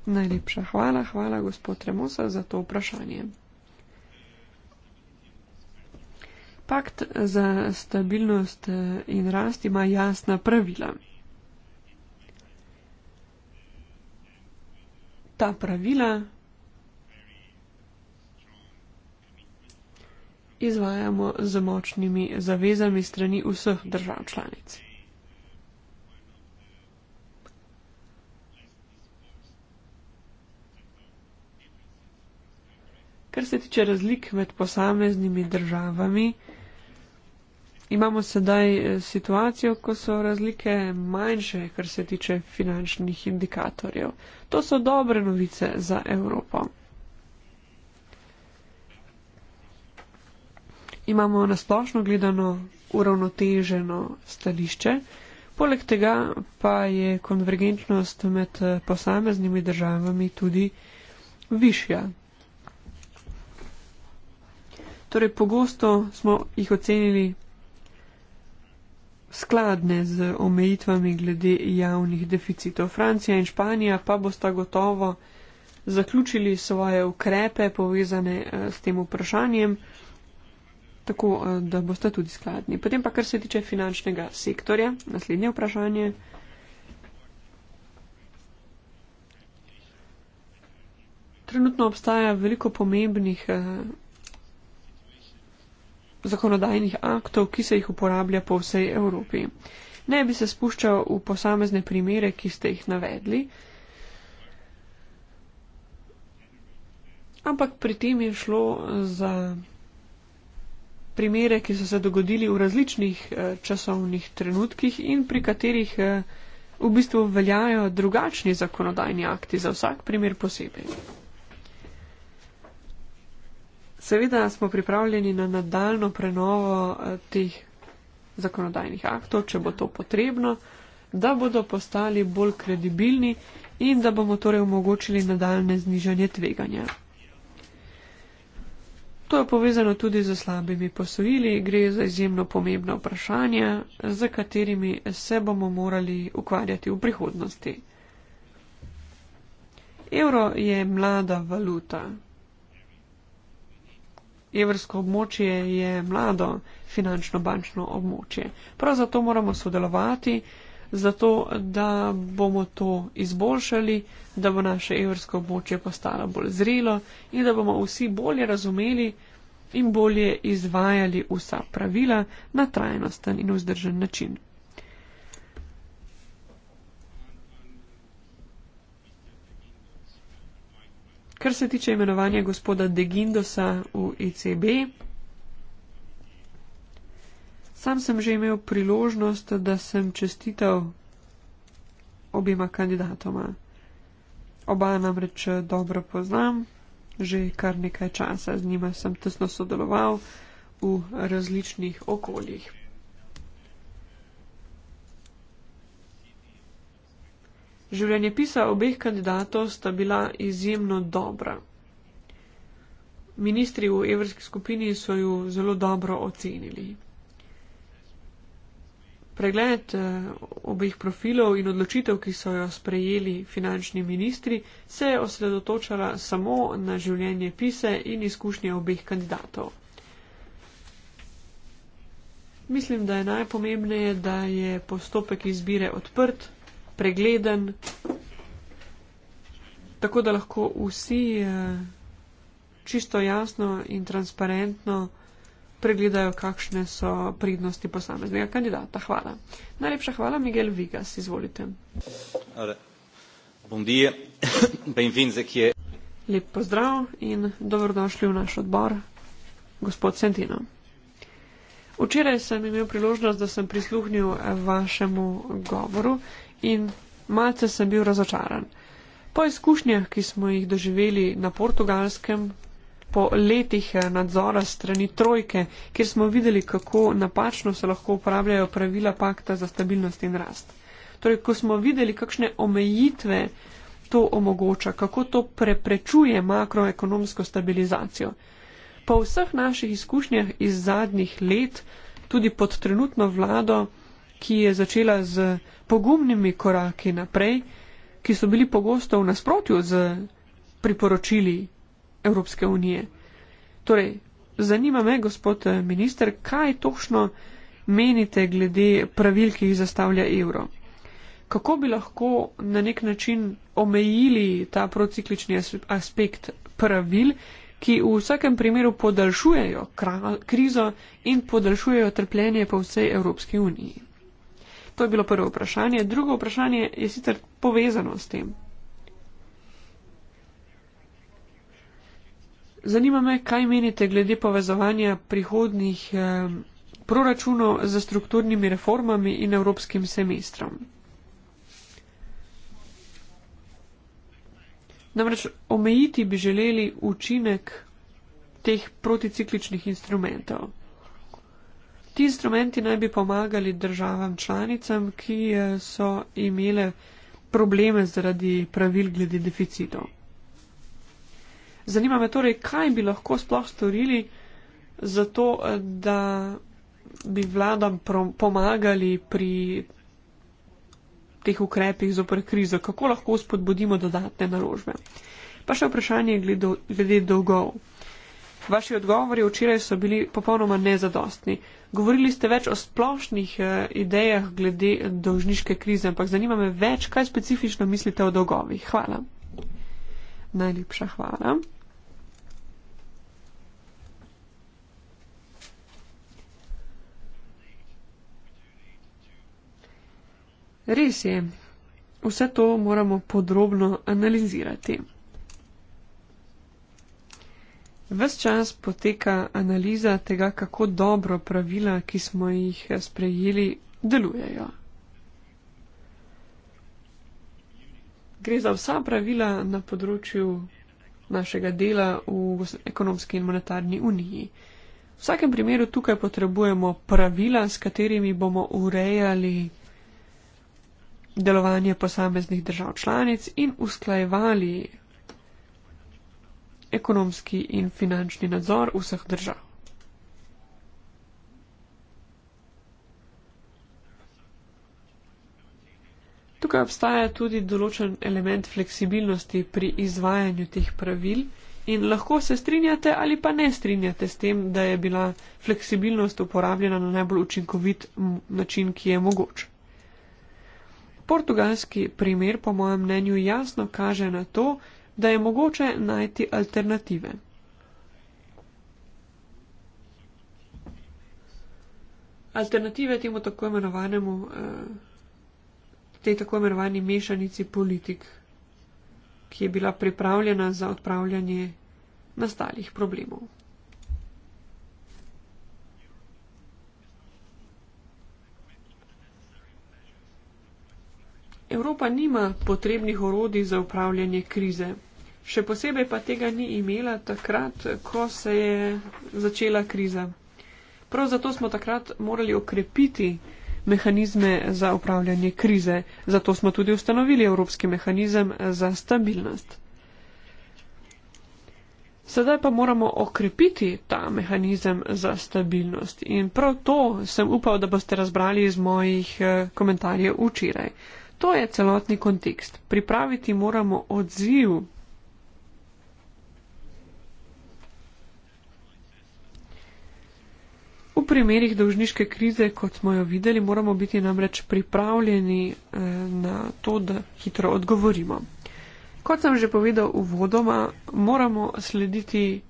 Najlepša hvala, hvala gospod Tremosa za to vprašanje. Pakt za stabilnost eh, in rast ima jasna pravila. Ta pravila izvajamo z močnimi zavezami strani vseh držav članic. Kar se tiče razlik med posameznimi državami, Imamo sedaj eh, situacijo, ko so razlike manjše, kar se tiče finančnih indikatorjev. To so dobre novice za Evropo. Imamo nasplošno gledano uravnoteženo stališče, poleg tega pa je konvergenčnost med eh, posameznimi državami tudi višja. Torej, pogosto smo jih ocenili skladne z omejitvami glede javnih deficitov. Francija in Španija pa bosta gotovo zaključili svoje ukrepe povezane eh, s tem vprašanjem, tako eh, da boste tudi skladni. Potem pa, kar se tiče finančnega sektorja, naslednje vprašanje. Trenutno obstaja veliko pomembnih eh, zakonodajnih aktov, ki se jih uporablja po vsej Evropi. Ne bi se spuščal v posamezne primere, ki ste jih navedli, ampak pri tem je šlo za primere, ki so se dogodili v različnih eh, časovnih trenutkih in pri katerih eh, v bistvu veljajo drugačni zakonodajni akti za vsak primer posebej. Seveda smo pripravljeni na nadaljno prenovo eh, teh zakonodajnih aktov, če bo to potrebno, da bodo postali bolj kredibilni in da bomo torej omogočili nadaljne znižanje tveganja. To je povezano tudi z slabimi posojili, gre za izjemno pomembna vprašanja, z katerimi se bomo morali ukvarjati v prihodnosti. Evro je mlada valuta, Evrsko območje je mlado finančno-bančno območje. Prav zato moramo sodelovati, zato da bomo to izboljšali, da bo naše evrsko območje postalo bolj zrelo in da bomo vsi bolje razumeli in bolje izvajali vsa pravila na trajnosten in vzdržen način. Kar se tiče imenovanja gospoda De Gindosa v ECB, sam sem že imel priložnost, da sem čestital obima kandidatoma. Oba namreč eh, dobro poznam, že kar nekaj časa z njima sem tesno sodeloval v različnih okoljih. Življenjepisa obeh kandidatov sta bila izjemno dobra. Ministri v evropski skupini so ju zelo dobro ocenili. Pregled eh, obeh profilov in odločitev, ki so jo sprejeli finančni ministri, se je osredotočala samo na življenje pise in izkušnje obeh kandidatov. Mislim, da je najpomembneje, da je postopek izbire odprt, pregleden, tako da lahko vsi eh, čisto jasno in transparentno pregledajo, kakšne so pridnosti posameznega kandidata. Hvala. Najlepša hvala, Miguel Vigas, izvolite. Lep pozdrav in dobrodošli v naš odbor, gospod Sentino. Včeraj sem imel priložnost, da sem prisluhnil vašemu govoru in malce sem bil razočaran. Po izkušnjah, ki smo jih doživeli na portugalskem, po letih eh, nadzora strani trojke, kjer smo videli, kako napačno se lahko uporabljajo pravila pakta za stabilnost in rast. Torej, ko smo videli, kakšne omejitve to omogoča, kako to preprečuje makroekonomsko stabilizacijo. Po vseh naših izkušnjah iz zadnjih let, tudi pod trenutno vlado, ki je začela z pogumnimi koraki naprej, ki so bili pogosto v nasprotju z priporočili Evropske unije. Torej, zanima me, gospod eh, minister, kaj točno menite glede pravil, ki jih zastavlja evro? Kako bi lahko na nek način omejili ta prociklični aspekt pravil, ki v vsakem primeru podaljšujejo kral, krizo in podaljšujejo trpljenje po vsej Evropski uniji? To je bilo prvo vprašanje. Drugo vprašanje je sicer povezano s tem. Zanima me, kaj menite glede povezovanja prihodnih eh, proračunov z strukturnimi reformami in evropskim semestrom. Namreč omejiti bi želeli učinek teh proticikličnih instrumentov. Ti instrumenti naj bi pomagali državam članicam, ki eh, so imele probleme zaradi pravil glede deficitov. Zanima me torej, kaj bi lahko sploh storili za to, eh, da bi vladam pomagali pri teh ukrepih zopr krizo, kako lahko spodbudimo dodatne naložbe. Pa še vprašanje glede dolgov. Vaši odgovori včeraj so bili popolnoma nezadostni. Govorili ste več o splošnih eh, idejah glede dolžniške krize, ampak zanima me več, kaj specifično mislite o dolgovih. Hvala. Najlepša hvala. Res je, vse to moramo podrobno analizirati. Ves čas poteka analiza tega, kako dobro pravila, ki smo jih sprejeli, delujejo. Gre za vsa pravila na področju našega dela v ekonomski in monetarni uniji. V vsakem primeru tukaj potrebujemo pravila, s katerimi bomo urejali delovanje posameznih držav članic in usklajevali ekonomski in finančni nadzor vseh držav. Tukaj obstaja tudi določen element fleksibilnosti pri izvajanju teh pravil in lahko se strinjate ali pa ne strinjate s tem, da je bila fleksibilnost uporabljena na najbolj učinkovit način, ki je mogoč. Portugalski primer po mojem mnenju jasno kaže na to, da je mogoče najti alternative. Alternative temu tako imenovanemu, eh, tej tako imenovani mešanici politik, ki je bila pripravljena za odpravljanje nastalih problemov. Evropa nima potrebnih orodij za upravljanje krize. Še posebej pa tega ni imela takrat, ko se je začela kriza. Prav zato smo takrat morali okrepiti mehanizme za upravljanje krize. Zato smo tudi ustanovili Evropski mehanizem za stabilnost. Sedaj pa moramo okrepiti ta mehanizem za stabilnost. In prav to sem upal, da boste razbrali iz mojih eh, komentarjev včeraj to je celotni kontekst. Pripraviti moramo odziv. V primerih dolžniške krize, kot smo jo videli, moramo biti namreč pripravljeni eh, na to, da hitro odgovorimo. Kot sem že povedal uvodoma, moramo slediti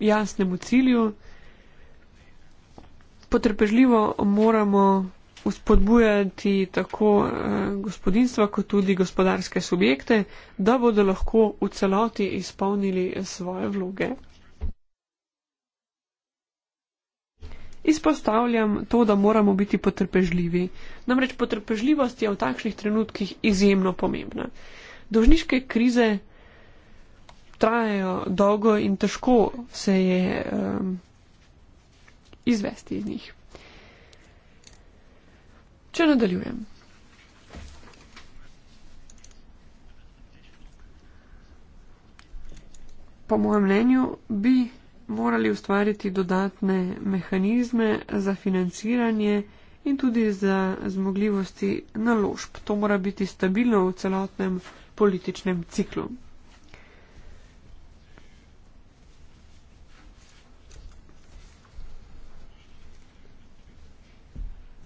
jasnemu cilju potrpežljivo moramo spodbujati tako eh, gospodinstva, kot tudi gospodarske subjekte, da bodo lahko v celoti izpolnili svoje vloge. Izpostavljam to, da moramo biti potrpežljivi. Namreč potrpežljivost je v takšnih trenutkih izjemno pomembna. Dožniške krize trajajo dolgo in težko se je. Um, izvesti iz njih. Če nadaljujem. Po mojem mnenju bi morali ustvariti dodatne mehanizme za financiranje in tudi za zmogljivosti naložb. To mora biti stabilno v celotnem političnem ciklu.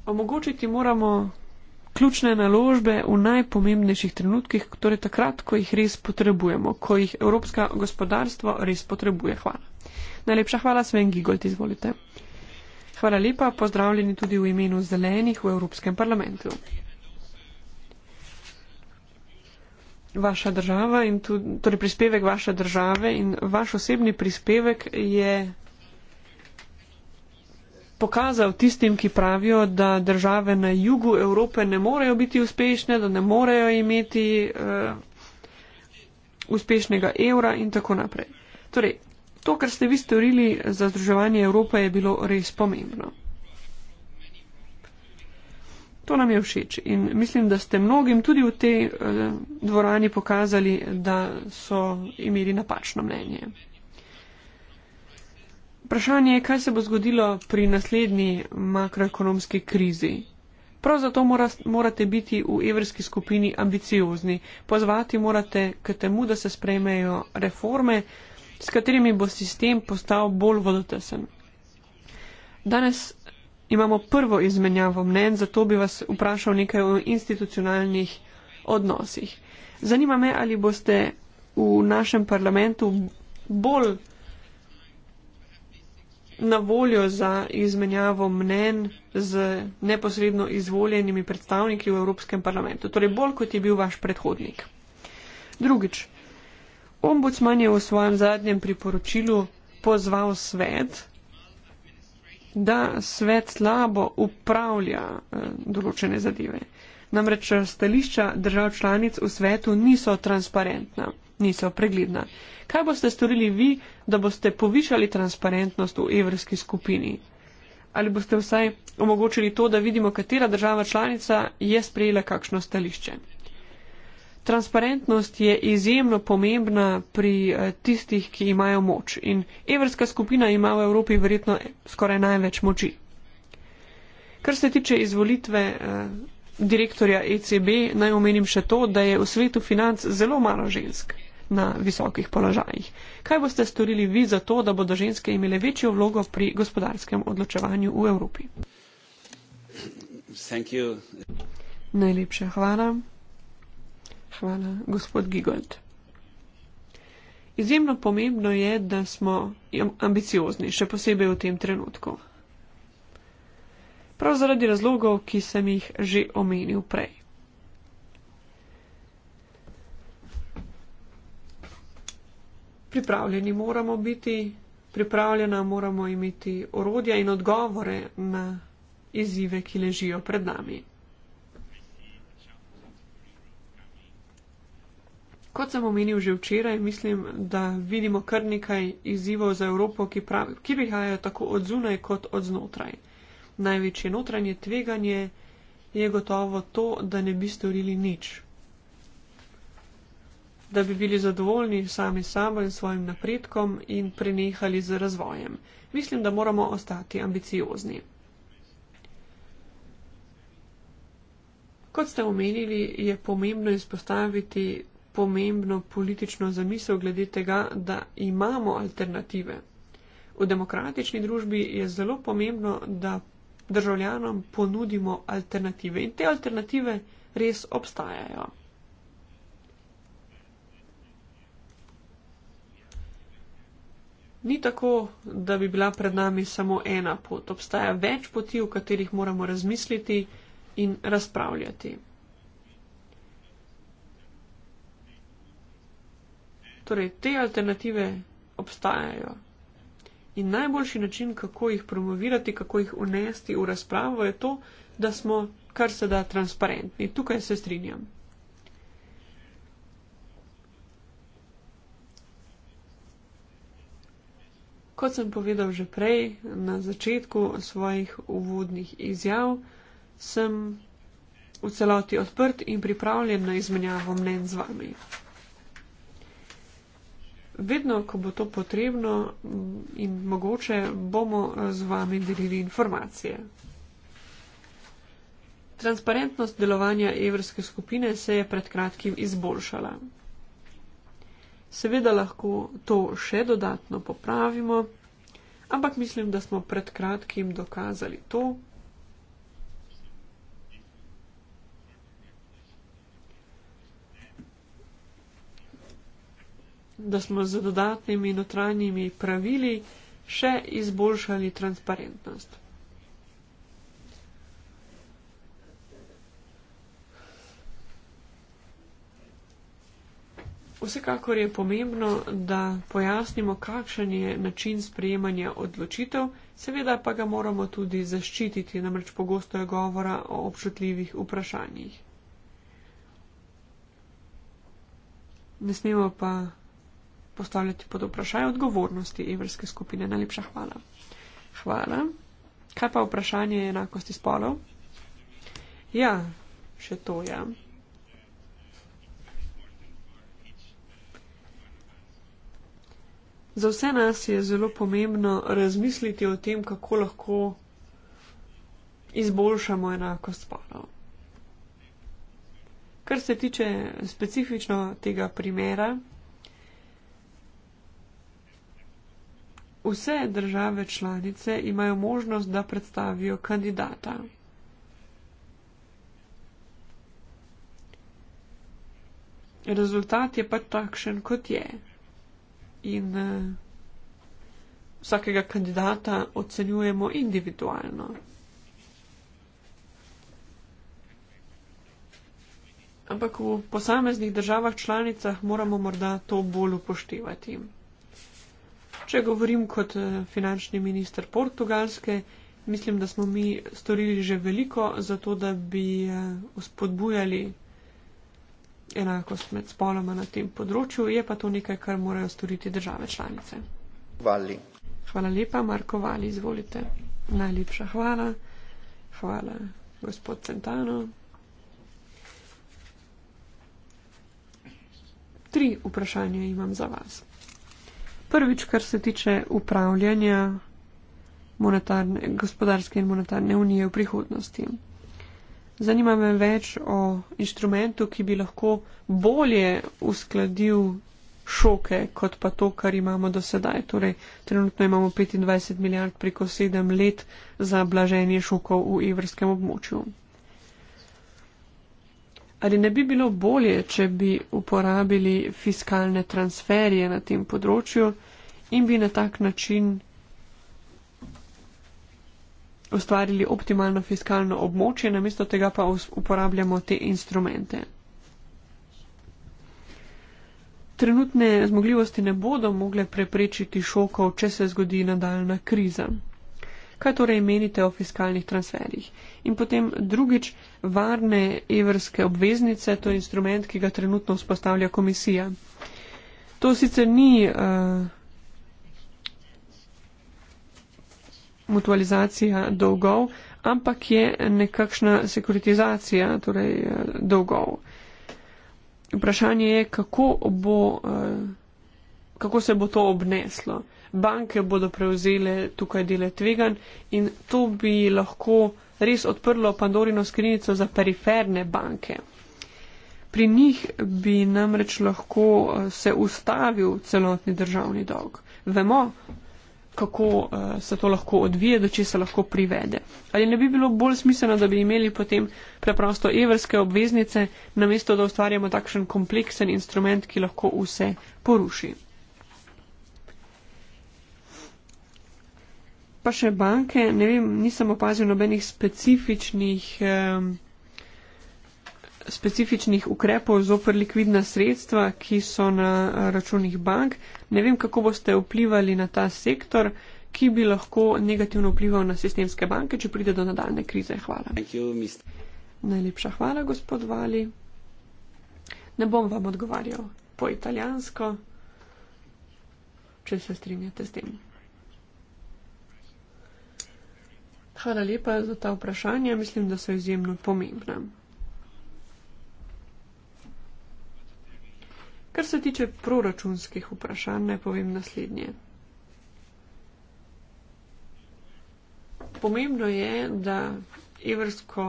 omogočiti moramo ključne naložbe v najpomembnejših trenutkih, torej takrat, ko jih res potrebujemo, ko jih evropsko gospodarstvo res potrebuje. Hvala. Najlepša hvala, Sven Gigolt, izvolite. Hvala lepa, pozdravljeni tudi v imenu zelenih v Evropskem parlamentu. Vaša država in tudi, torej prispevek vaše države in vaš osebni prispevek je pokazal tistim, ki pravijo, da države na jugu Evrope ne morejo biti uspešne, da ne morejo imeti uh, uspešnega evra in tako naprej. Torej, to, kar ste vi storili za združevanje Evrope, je bilo res pomembno. To nam je všeč in mislim, da ste mnogim tudi v tej uh, dvorani pokazali, da so imeli napačno mnenje vprašanje je, kaj se bo zgodilo pri naslednji makroekonomski krizi. Prav zato mora, morate biti v evrski skupini ambiciozni. Pozvati morate k temu, da se sprejmejo reforme, s katerimi bo sistem postal bolj vodotesen. Danes imamo prvo izmenjavo mnen, zato bi vas vprašal nekaj o institucionalnih odnosih. Zanima me, ali boste v našem parlamentu bolj na voljo za izmenjavo mnen z neposredno izvoljenimi predstavniki v Evropskem parlamentu, torej bolj kot je bil vaš predhodnik. Drugič, ombudsman je v svojem zadnjem priporočilu pozval svet, da svet slabo upravlja eh, določene zadeve. Namreč stališča držav članic v svetu niso transparentna niso pregledna. Kaj boste storili vi, da boste povišali transparentnost v evrski skupini? Ali boste vsaj omogočili to, da vidimo, katera država članica je sprejela kakšno stališče? Transparentnost je izjemno pomembna pri eh, tistih, ki imajo moč in evrska skupina ima v Evropi verjetno skoraj največ moči. Kar se tiče izvolitve eh, direktorja ECB, naj omenim še to, da je v svetu financ zelo malo žensk na visokih položajih. Kaj boste storili vi za to, da bodo ženske imele večjo vlogo pri gospodarskem odločevanju v Evropi? Najlepša hvala. Hvala, gospod Gigold. Izjemno pomembno je, da smo ambiciozni, še posebej v tem trenutku. Prav zaradi razlogov, ki sem jih že omenil prej. pripravljeni moramo biti, pripravljena moramo imeti orodja in odgovore na izzive, ki ležijo pred nami. Kot sem omenil že včeraj, mislim, da vidimo kar nekaj izzivov za Evropo, ki, pravi, ki prihajajo tako od zunaj kot od znotraj. Največje notranje tveganje je gotovo to, da ne bi storili nič, da bi bili zadovoljni sami s sabo in svojim napredkom in prenehali z razvojem. Mislim, da moramo ostati ambiciozni. Kot ste omenili, je pomembno izpostaviti pomembno politično zamisel glede tega, da imamo alternative. V demokratični družbi je zelo pomembno, da državljanom ponudimo alternative in te alternative res obstajajo. ni tako, da bi bila pred nami samo ena pot. Obstaja več poti, o katerih moramo razmisliti in razpravljati. Torej, te alternative obstajajo. In najboljši način, kako jih promovirati, kako jih unesti v razpravo, je to, da smo kar se da transparentni. Tukaj se strinjam. Kot sem povedal že prej, na začetku svojih uvodnih izjav, sem v celoti odprt in pripravljen na izmenjavo mnen z vami. Vedno, ko bo to potrebno in mogoče, bomo z vami delili informacije. Transparentnost delovanja evrske skupine se je pred kratkim izboljšala. Seveda lahko to še dodatno popravimo, ampak mislim, da smo pred kratkim dokazali to. da smo z dodatnimi notranjimi pravili še izboljšali transparentnost. Vsekakor je pomembno, da pojasnimo, kakšen je način sprejemanja odločitev, seveda pa ga moramo tudi zaščititi, namreč pogosto je govora o občutljivih vprašanjih. Ne smemo pa postavljati pod vprašanje odgovornosti evrske skupine. Najlepša hvala. Hvala. Kaj pa vprašanje enakosti spolov? Ja, še to je. Ja. Za vse nas je zelo pomembno razmisliti o tem, kako lahko izboljšamo enakost spolov. Kar se tiče specifično tega primera, vse države članice imajo možnost, da predstavijo kandidata. Rezultat je pa takšen, kot je in eh, vsakega kandidata ocenjujemo individualno. Ampak v posameznih državah članicah moramo morda to bolj upoštevati. Če govorim kot eh, finančni minister Portugalske, mislim, da smo mi storili že veliko za to, da bi spodbujali eh, enakost med spoloma na tem področju, je pa to nekaj, kar morajo storiti države članice. Vali. Hvala lepa, Marko Vali, izvolite. Najlepša hvala. Hvala, gospod Centano. Tri vprašanja imam za vas. Prvič, kar se tiče upravljanja gospodarske in monetarne unije v prihodnosti. Zanima me več o inštrumentu, ki bi lahko bolje uskladil šoke, kot pa to, kar imamo do sedaj. Torej, trenutno imamo 25 milijard preko 7 let za blaženje šokov v evrskem območju. Ali ne bi bilo bolje, če bi uporabili fiskalne transferje na tem področju in bi na tak način ustvarili optimalno fiskalno območje, namesto tega pa uporabljamo te instrumente. Trenutne zmogljivosti ne bodo mogle preprečiti šokov, če se zgodi nadaljna kriza. Kaj torej menite o fiskalnih transferjih? In potem drugič, varne evrske obveznice, to je instrument, ki ga trenutno vzpostavlja komisija. To sicer ni. Uh, mutualizacija dolgov, ampak je nekakšna sekuritizacija torej, eh, dolgov. Vprašanje je, kako, bo, eh, kako se bo to obneslo. Banke bodo prevzele tukaj dele tvegan in to bi lahko res odprlo Pandorino skrinjico za periferne banke. Pri njih bi namreč lahko eh, se ustavil celotni državni dolg. Vemo, kako uh, se to lahko odvije, do če se lahko privede. Ali ne bi bilo bolj smiselno, da bi imeli potem preprosto evrske obveznice, namesto da ustvarjamo takšen kompleksen instrument, ki lahko vse poruši. Pa še banke, ne vem, nisem opazil nobenih specifičnih. Um, specifičnih ukrepov zoper likvidna sredstva, ki so na računih bank. Ne vem, kako boste vplivali na ta sektor, ki bi lahko negativno vplival na sistemske banke, če pride do nadaljne krize. Hvala. Najlepša hvala, gospod Vali. Ne bom vam odgovarjal po italijansko, če se strinjate s tem. Hvala lepa za ta vprašanja. Mislim, da so izjemno pomembna. Kar se tiče proračunskih vprašanj, ne povem naslednje. Pomembno je, da evrsko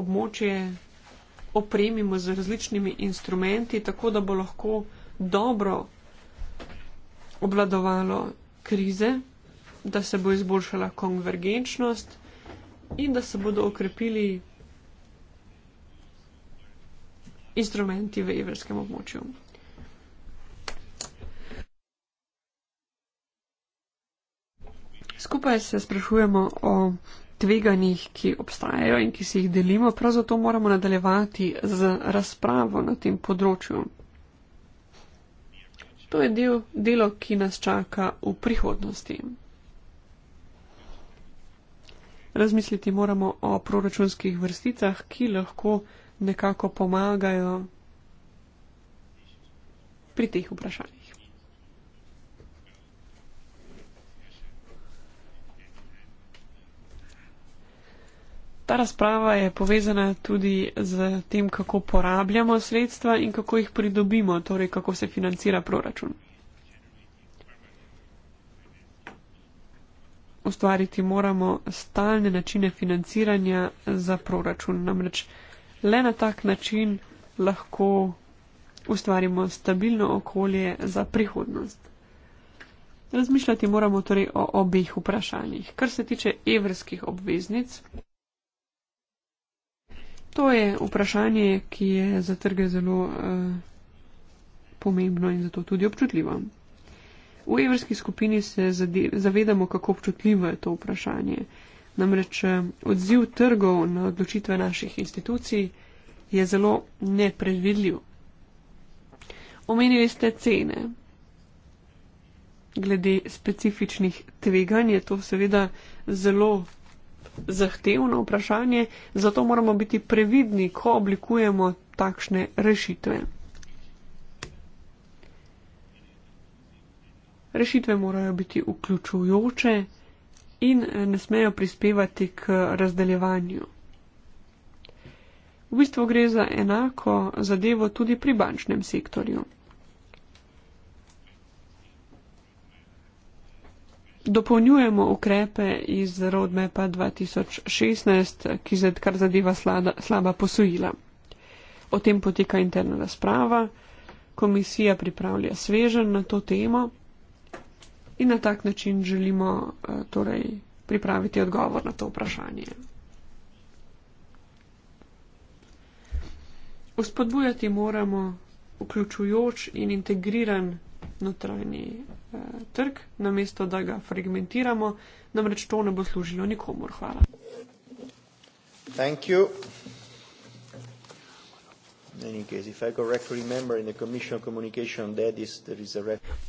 območje opremimo z različnimi instrumenti, tako da bo lahko dobro obladovalo krize, da se bo izboljšala konvergenčnost in da se bodo okrepili instrumenti v evrskem območju. Skupaj se sprašujemo o tveganjih, ki obstajajo in ki si jih delimo, prav zato moramo nadaljevati z razpravo na tem področju. To je del delo, ki nas čaka v prihodnosti. Razmisliti moramo o proračunskih vrsticah, ki lahko nekako pomagajo pri teh vprašanjih. Ta razprava je povezana tudi z tem, kako porabljamo sredstva in kako jih pridobimo, torej kako se financira proračun. Ustvariti moramo stalne načine financiranja za proračun. Namreč le na tak način lahko ustvarimo stabilno okolje za prihodnost. Razmišljati moramo torej o obeh vprašanjih. Kar se tiče evrskih obveznic, To je vprašanje, ki je za trge zelo uh, pomembno in zato tudi občutljivo. V evrski skupini se zavedamo, kako občutljivo je to vprašanje. Namreč eh, odziv trgov na odločitve naših institucij je zelo nepredvidljiv. Omenili ste cene. Glede specifičnih tveganj je to seveda zelo zahtevno vprašanje, zato moramo biti previdni, ko oblikujemo takšne rešitve. Rešitve morajo biti vključujoče in ne smejo prispevati k razdeljevanju. V bistvu gre za enako zadevo tudi pri bančnem sektorju. dopolnjujemo ukrepe iz roadmapa 2016, ki zdaj kar zadeva slada, slaba posojila. O tem poteka interna razprava, komisija pripravlja svežen na to temo in na tak način želimo eh, torej, pripraviti odgovor na to vprašanje. Vzpodbujati moramo vključujoč in integriran notranji eh, trg, namesto da ga fragmentiramo, namreč to ne bo služilo nikomor. Hvala.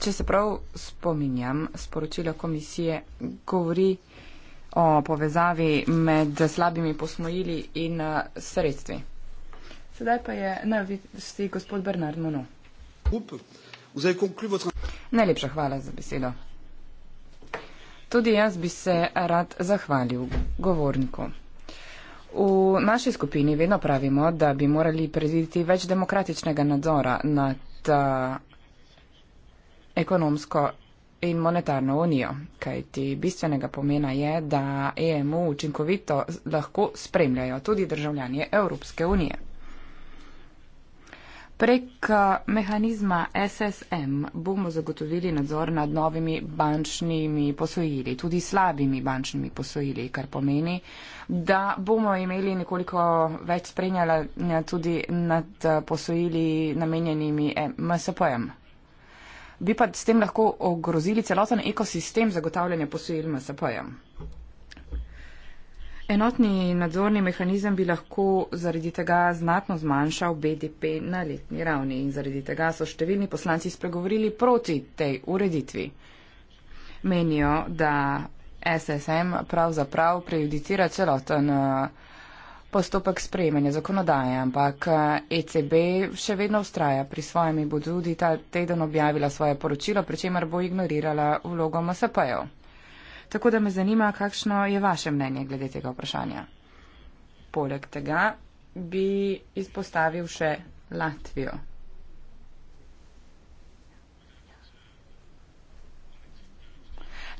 Če se prav spominjam, sporočilo komisije govori o povezavi med slabimi posmojili in eh, sredstvi. Sedaj pa je na vidi gospod Bernard Monod. Najlepša hvala za besedo. Tudi jaz bi se rad zahvalil govorniku. V naši skupini vedno pravimo, da bi morali predviditi več demokratičnega nadzora nad ekonomsko in monetarno unijo, kajti bistvenega pomena je, da EMU učinkovito lahko spremljajo tudi državljanje Evropske unije. Prek eh, mehanizma SSM bomo zagotovili nadzor nad novimi bančnimi posojili, tudi slabimi bančnimi posojili, kar pomeni, da bomo imeli nekoliko več spremljanja tudi nad eh, posojili namenjenimi eh, MSP-jem. Bi pa s tem lahko ogrozili celoten ekosistem zagotavljanja posojil MSP-jem. Enotni nadzorni mehanizem bi lahko zaradi tega znatno zmanjšal BDP na letni ravni in zaradi tega so številni poslanci spregovorili proti tej ureditvi. Menijo, da SSM pravzaprav prejudicira celoten eh, postopek sprejemanja zakonodaje, ampak ECB eh, e še vedno ustraja pri svojem in bo tudi ta teden objavila svoje poročilo, pri čemer bo ignorirala vlogo MSP-jev. Tako da me zanima, kakšno je vaše mnenje glede tega vprašanja. Poleg tega bi izpostavil še Latvijo.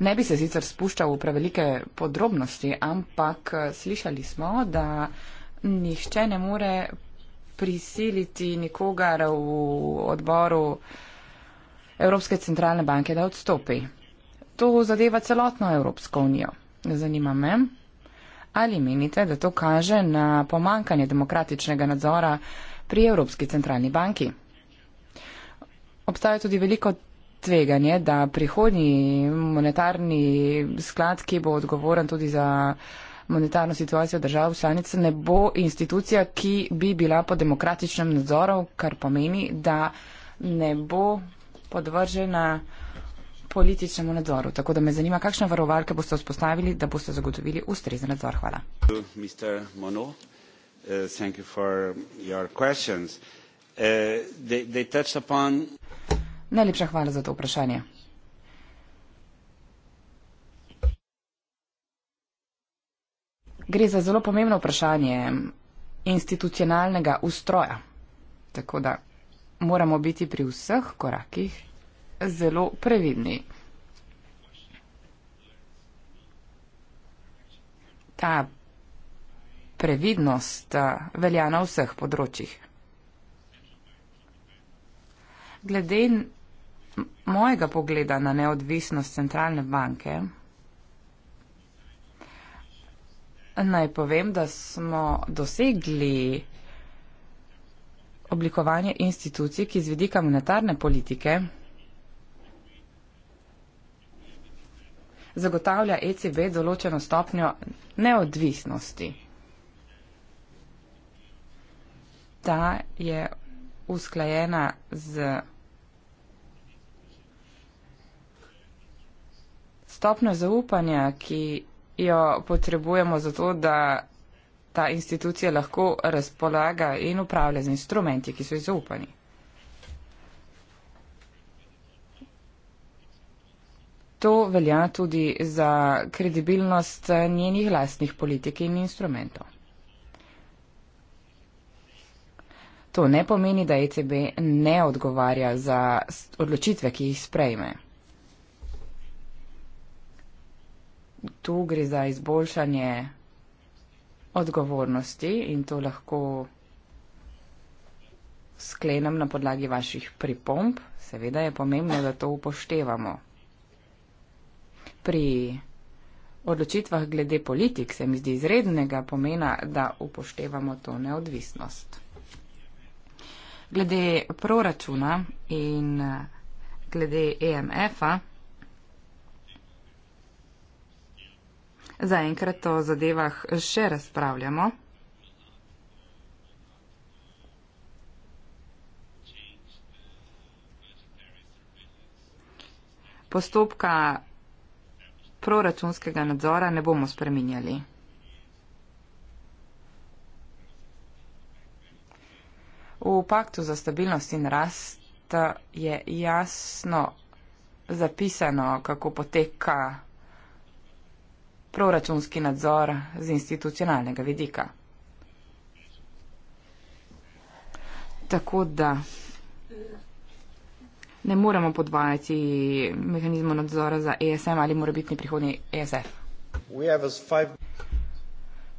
Ne bi se sicer spuščal v prevelike podrobnosti, ampak eh, slišali smo, da nihče ne more prisiliti nikogar v odboru Evropske centralne banke, da odstopi to zadeva celotno Evropsko unijo. Zanima me, ali menite, da to kaže na pomankanje demokratičnega nadzora pri Evropski centralni banki? Obstaja tudi veliko tveganje, da prihodnji monetarni sklad, ki bo odgovoren tudi za monetarno situacijo držav članice, ne bo institucija, ki bi bila pod demokratičnim nadzorom, kar pomeni, da ne bo podvržena uh, političnemu nadzoru. Tako da me zanima, kakšne varovalke boste vzpostavili, da boste zagotovili ustrezen nadzor. Hvala. Uh, uh, Najlepša hvala za to vprašanje. Gre za zelo pomembno vprašanje institucionalnega ustroja. Tako da moramo biti pri vseh korakih zelo previdni. Ta previdnost eh, velja na vseh področjih. Glede mojega pogleda na neodvisnost centralne banke, naj povem, da smo dosegli oblikovanje institucij, ki z vidika monetarne politike zagotavlja ECB določeno stopnjo neodvisnosti. Ta je usklajena z stopnjo zaupanja, ki jo potrebujemo zato, da ta institucija lahko razpolaga in upravlja z instrumenti, ki so ji zaupani. to velja tudi za kredibilnost njenih lastnih politik in instrumentov. To ne pomeni, da ECB ne odgovarja za odločitve, ki jih sprejme. Tu gre za izboljšanje odgovornosti in to lahko sklenem na podlagi vaših pripomb. Seveda je pomembno, da to upoštevamo pri odločitvah glede politik se mi zdi izrednega pomena, da upoštevamo to neodvisnost. Glede proračuna in glede EMF-a, zaenkrat o zadevah še razpravljamo. Postopka proračunskega nadzora ne bomo spreminjali. V paktu za stabilnost in rast je jasno zapisano, kako poteka proračunski nadzor z institucionalnega vidika. Tako da ne moremo podvajati mehanizmu nadzora za ESM ali mora biti prihodnji ESF.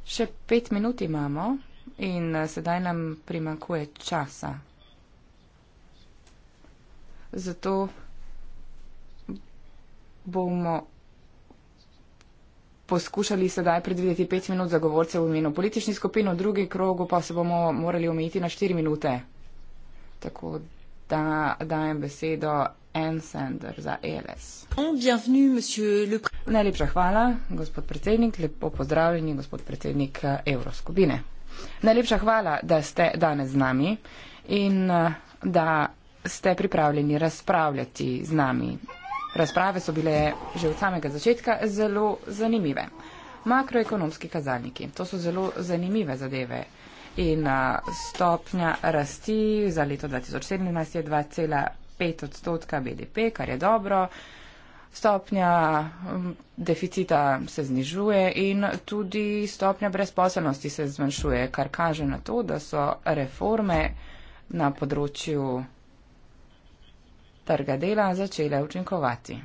Še pet minut imamo in eh, sedaj nam primankuje časa. Zato bomo poskušali sedaj predvideti pet minut za govorce v imenu politični skupin, v drugi krogu pa se bomo morali omejiti na štiri minute. Tako da da dajem besedo en sender za ELS. Najlepša hvala, gospod predsednik. Lepo pozdravljeni, gospod predsednik eh, Evroskubine. Najlepša hvala, da ste danes z nami in eh, da ste pripravljeni razpravljati z nami. Razprave so bile že od samega začetka zelo zanimive. Makroekonomski kazalniki, to so zelo zanimive zadeve in stopnja rasti za leto 2017 je 2,5 odstotka BDP, kar je dobro. Stopnja deficita se znižuje in tudi stopnja brezposelnosti se zmanjšuje, kar kaže na to, da so reforme na področju trga dela začele učinkovati.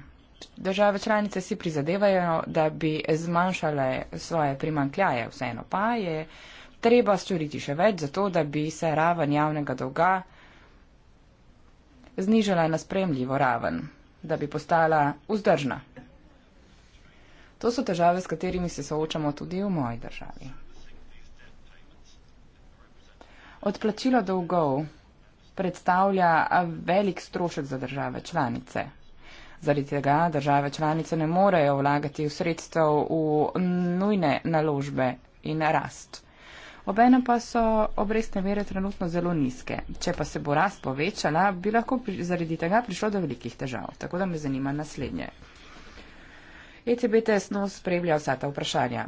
Države članice si prizadevajo, da bi zmanjšale svoje primankljaje, vseeno pa je treba storiti še več za to, da bi se raven javnega dolga znižala na spremljivo raven, da bi postala vzdržna. To so težave, s katerimi se soočamo tudi v moji državi. Odplačilo dolgov predstavlja velik strošek za države članice. Zaradi tega države članice ne morejo vlagati v sredstev v nujne naložbe in rast. Obenem pa so obrestne mere trenutno zelo nizke. Če pa se bo rast povečala, bi lahko pri, zaradi tega prišlo do velikih težav. Tako da me zanima naslednje. ECB tesno spremlja vsa ta vprašanja.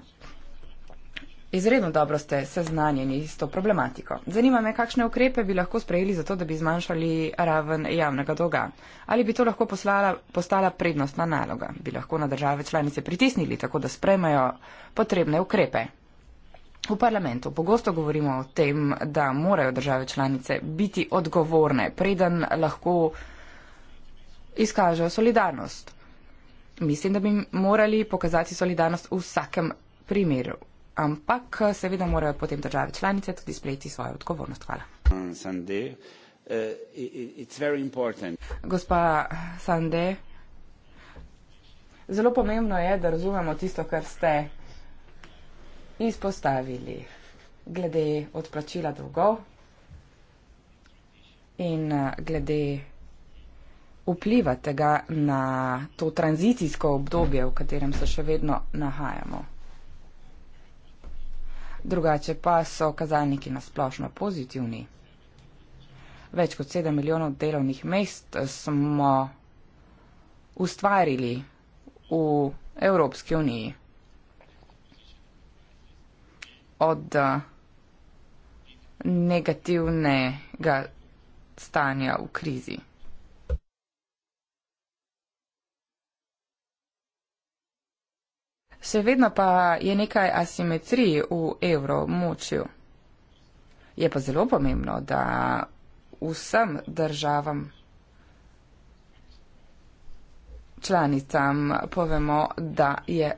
Izredno dobro ste seznanjeni s to problematiko. Zanima me, kakšne ukrepe bi lahko sprejeli za to, da bi zmanjšali raven javnega dolga. Ali bi to lahko poslala, postala prednostna naloga? Bi lahko na države članice pritisnili, tako da spremajo potrebne ukrepe? V parlamentu pogosto govorimo o tem, da morajo države članice biti odgovorne, preden lahko izkažejo solidarnost. Mislim, da bi morali pokazati solidarnost v vsakem primeru. Ampak seveda morajo potem države članice tudi sprejeti svojo odgovornost. Hvala. Eh, Gospa Sande, zelo pomembno je, da razumemo tisto, kar ste izpostavili glede odplačila dolgov in eh, glede vpliva tega na to tranzicijsko obdobje, v katerem se še vedno nahajamo. Drugače pa so kazalniki nasplošno pozitivni. Več kot 7 milijonov delovnih mest eh, smo ustvarili v Evropski uniji od eh, negativnega stanja v krizi. Še vedno pa je nekaj asimetrij v evro močju. Je pa zelo pomembno, da vsem državam članicam povemo, da je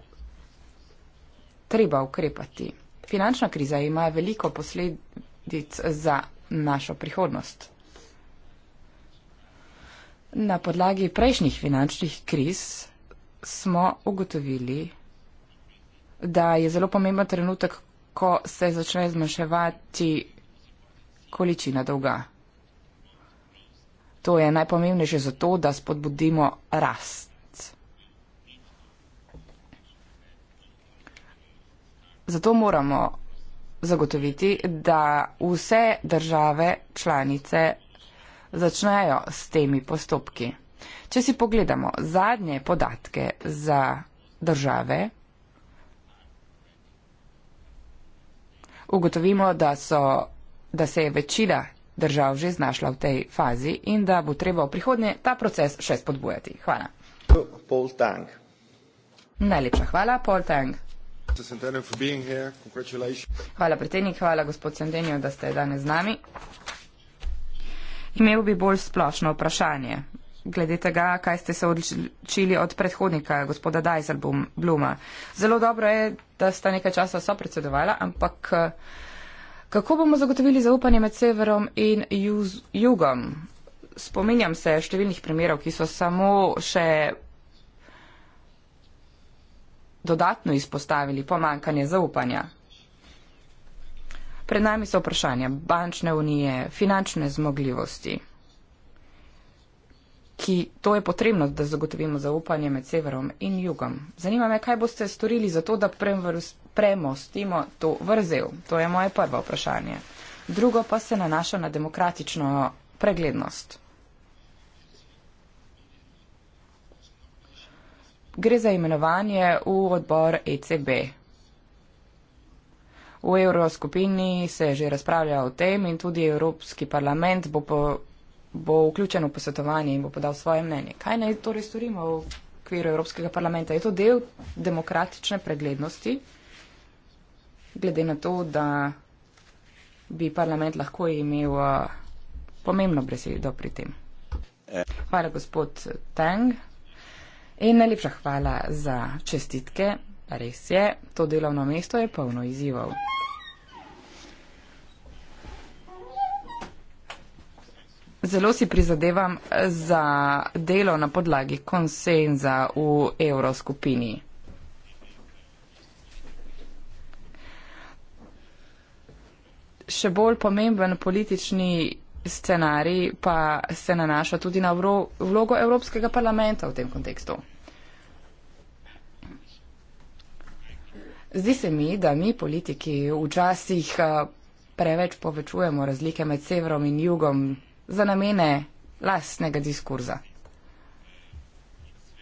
treba ukrepati finančna kriza ima veliko posledic za našo prihodnost. Na podlagi prejšnjih finančnih kriz smo ugotovili, da je zelo pomemben trenutek, ko se začne zmanjševati količina dolga. To je najpomembnejše zato, da spodbudimo rast. Zato moramo zagotoviti, da vse države članice začnejo s temi postopki. Če si pogledamo zadnje podatke za države, ugotovimo, da, so, da se je večina držav že znašla v tej fazi in da bo treba v prihodnje ta proces še spodbujati. Hvala. Najlepša hvala, Paul Tang. Hvala, predsednik, hvala, gospod Sendenjo, da ste danes z nami. Imel bi bolj splošno vprašanje. Glede tega, kaj ste se odločili od predhodnika, gospoda Dajzelbluma. Zelo dobro je, da sta nekaj časa sopredsedovala, ampak eh, kako bomo zagotovili zaupanje med severom in juz, jugom? Spominjam se številnih primerov, ki so samo še dodatno izpostavili pomankanje zaupanja. Pred nami so vprašanja bančne unije, finančne zmogljivosti, ki to je potrebno, da zagotovimo zaupanje med severom in jugom. Zanima me, kaj boste storili za to, da premostimo to vrzel. To je moje prvo vprašanje. Drugo pa se nanaša na demokratično preglednost. gre za imenovanje v odbor ECB. V evroskupini se že razpravlja o tem in tudi Evropski parlament bo, po, bo vključen v posvetovanje in bo podal svoje mnenje. Kaj naj torej storimo v okviru Evropskega parlamenta? Je to del demokratične preglednosti, glede na to, da bi parlament lahko imel eh, pomembno besedo pri tem? Eh. Hvala, gospod Teng. In najlepša hvala za čestitke. Res je, to delovno mesto je polno izzivov. Zelo si prizadevam za delo na podlagi konsenza v evroskupini. Še bolj pomemben politični scenarij pa se nanaša tudi na vlogo Evropskega parlamenta v tem kontekstu. Zdi se mi, da mi politiki včasih eh, preveč povečujemo razlike med severom in jugom za namene lastnega diskurza.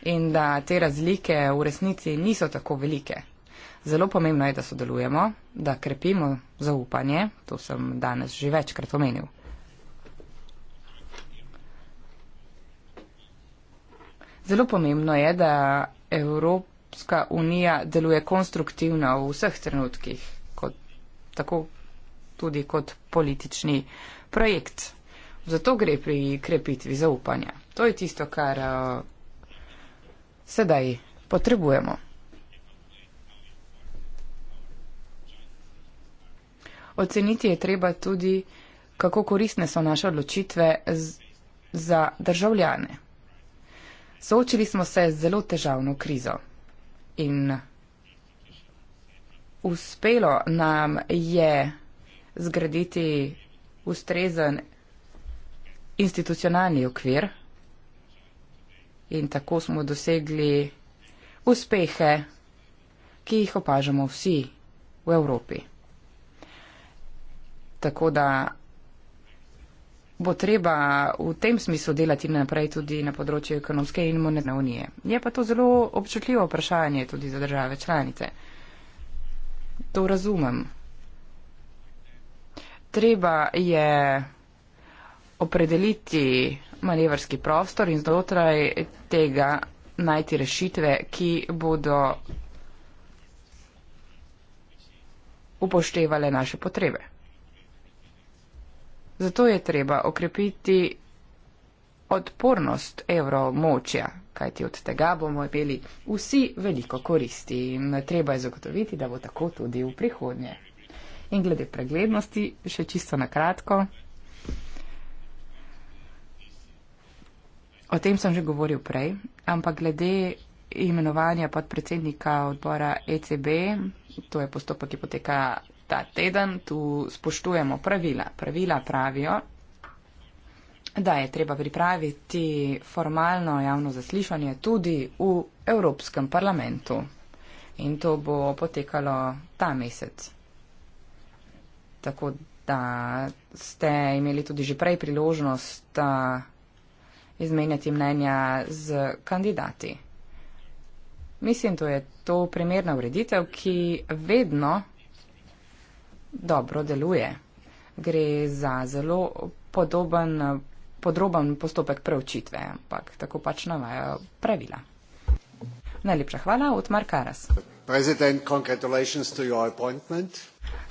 In da te razlike v resnici niso tako velike. Zelo pomembno je, da sodelujemo, da krepimo zaupanje, to sem danes že večkrat omenil. Zelo pomembno je, da Evropska unija deluje konstruktivno v vseh trenutkih, kot, tako tudi kot politični projekt. Zato gre pri krepitvi zaupanja. To je tisto, kar uh, sedaj potrebujemo. Oceniti je treba tudi, kako koristne so naše odločitve z, za državljane. Soočili smo se z zelo težavno krizo in uspelo nam je zgraditi ustrezen institucionalni okvir in tako smo dosegli uspehe, ki jih opažamo vsi v Evropi. Tako da bo treba v tem smislu delati naprej tudi na področju ekonomske in monetne unije. Je pa to zelo občutljivo vprašanje tudi za države članice. To razumem. Treba je opredeliti manevrski prostor in znotraj tega najti rešitve, ki bodo upoštevale naše potrebe. Zato je treba okrepiti odpornost evromočja, kajti od tega bomo imeli vsi veliko koristi in treba je zagotoviti, da bo tako tudi v prihodnje. In glede preglednosti, še čisto na kratko. O tem sem že govoril prej, ampak glede imenovanja podpredsednika odbora ECB, to je postopek, ki poteka ta teden, tu spoštujemo pravila. Pravila pravijo, da je treba pripraviti formalno javno zaslišanje tudi v Evropskem parlamentu. In to bo potekalo ta mesec. Tako da ste imeli tudi že prej priložnost izmenjati mnenja z kandidati. Mislim, to je to primerna ureditev, ki vedno dobro deluje. Gre za zelo podoben, podroben postopek preučitve, ampak tako pač navajajo pravila. Najlepša hvala, Utmar Karas.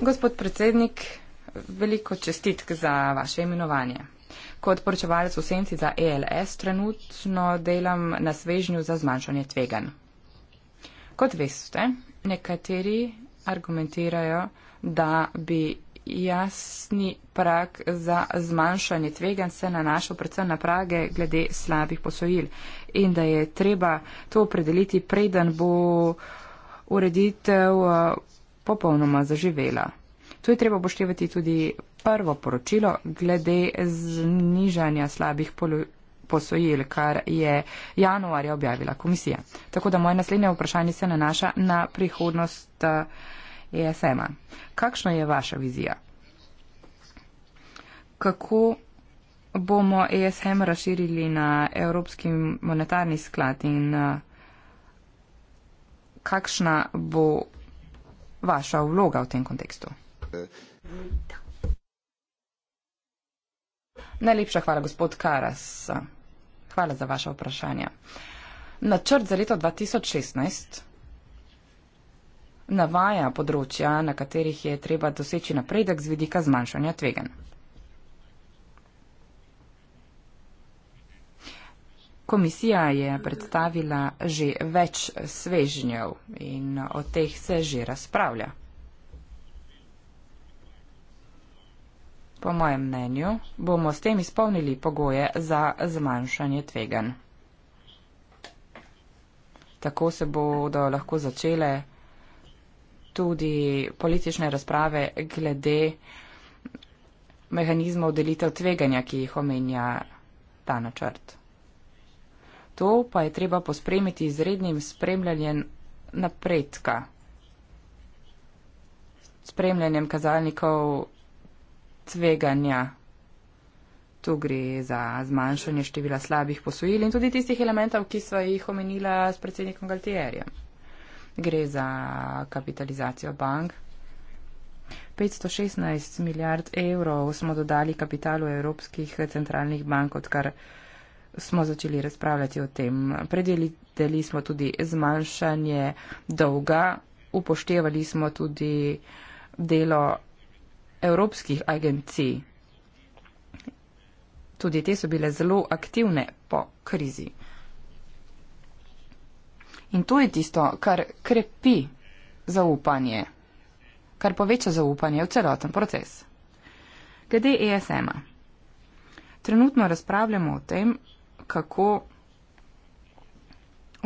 Gospod predsednik, veliko čestitk za vaše imenovanje. Kot poročevalec v senci za ELS trenutno delam na svežnju za zmanjšanje tvegan. Kot veste, nekateri argumentirajo, da bi jasni prag za zmanjšanje tvegan se nanašal predvsem na prage glede slabih posojil in da je treba to opredeliti, preden bo ureditev eh, popolnoma zaživela. Tu je treba poštevati tudi prvo poročilo glede znižanja slabih posojil, kar je januarja objavila komisija. Tako da moje naslednje vprašanje se nanaša na prihodnost. Uh, ESM-a. Kakšna je vaša vizija? Kako bomo ESM razširili na Evropski monetarni sklad in eh, kakšna bo vaša vloga v tem kontekstu? Najlepša hvala, gospod Karas. Hvala za vaše vprašanje. Načrt za leto 2016 navaja področja, na katerih je treba doseči napredek z vidika zmanjšanja tvegan. Komisija je predstavila že več svežnjev in o teh se že razpravlja. Po mojem mnenju bomo s tem izpolnili pogoje za zmanjšanje tvegan. Tako se bodo lahko začele tudi politične razprave glede mehanizmov delitev tveganja, ki jih omenja ta načrt. To pa je treba pospremiti z rednim spremljanjem napredka, spremljanjem kazalnikov tveganja. Tu gre za zmanjšanje števila slabih posojil in tudi tistih elementov, ki so jih omenila s predsednikom Galtierjem gre za kapitalizacijo bank. 516 milijard evrov smo dodali kapitalu evropskih centralnih bank, odkar smo začeli razpravljati o tem. Predelili smo tudi zmanjšanje dolga, upoštevali smo tudi delo evropskih agencij. Tudi te so bile zelo aktivne po krizi. In to je tisto, kar krepi zaupanje, kar poveča zaupanje v celoten proces. Glede ESM-a. Trenutno razpravljamo o tem, kako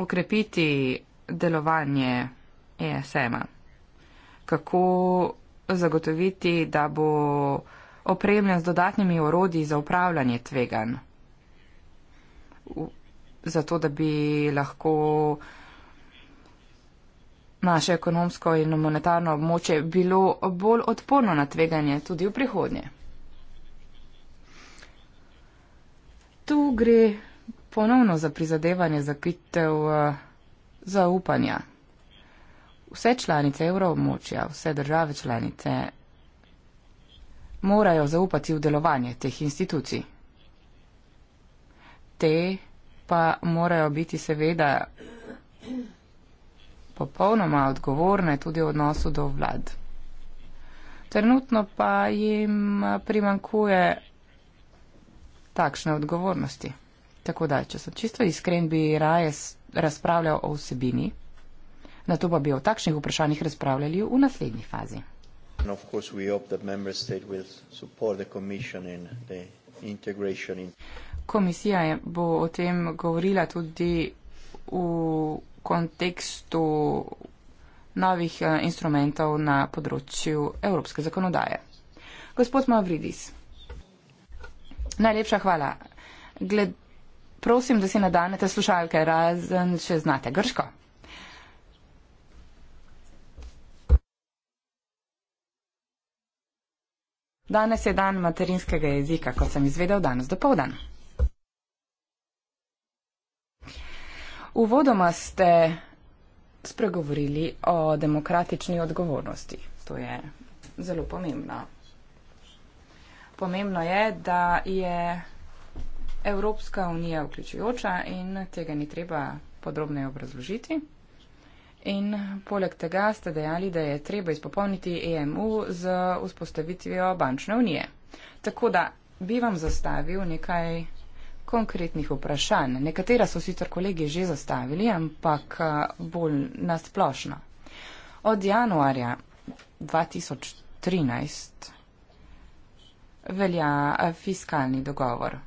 ukrepiti delovanje ESM-a, kako zagotoviti, da bo opremljen z dodatnimi orodji za upravljanje tveganj, zato da bi lahko uh, naše ekonomsko in monetarno območje bilo bolj odporno na tveganje tudi v prihodnje. Tu gre ponovno za prizadevanje za kitev eh, zaupanja. Vse članice evroobmočja, vse države članice morajo zaupati v delovanje teh institucij. Te pa morajo biti seveda popolnoma odgovorne tudi v odnosu do vlad. Trenutno pa jim primankuje takšne odgovornosti. Tako da, če sem čisto iskren, bi raje razpravljal o vsebini, na to pa bi o takšnih vprašanjih razpravljali v naslednji fazi. Komisija bo o tem govorila tudi v kontekstu novih eh, instrumentov na področju evropske zakonodaje. Gospod Mavridis, najlepša hvala. Gled, prosim, da si nadanete slušalke, razen če znate grško. Danes je dan materinskega jezika, kot sem izvedel danes do povdan. Uvodoma ste spregovorili o demokratični odgovornosti. To je zelo pomembno. Pomembno je, da je Evropska unija vključujoča in tega ni treba podrobneje obrazložiti. In poleg tega ste dejali, da je treba izpopolniti EMU z vzpostavitvijo bančne unije. Tako da bi vam zastavil nekaj konkretnih vprašanj. Nekatera so sicer kolegi že zastavili, ampak eh, bolj nasplošno. Od januarja 2013 velja eh, fiskalni dogovor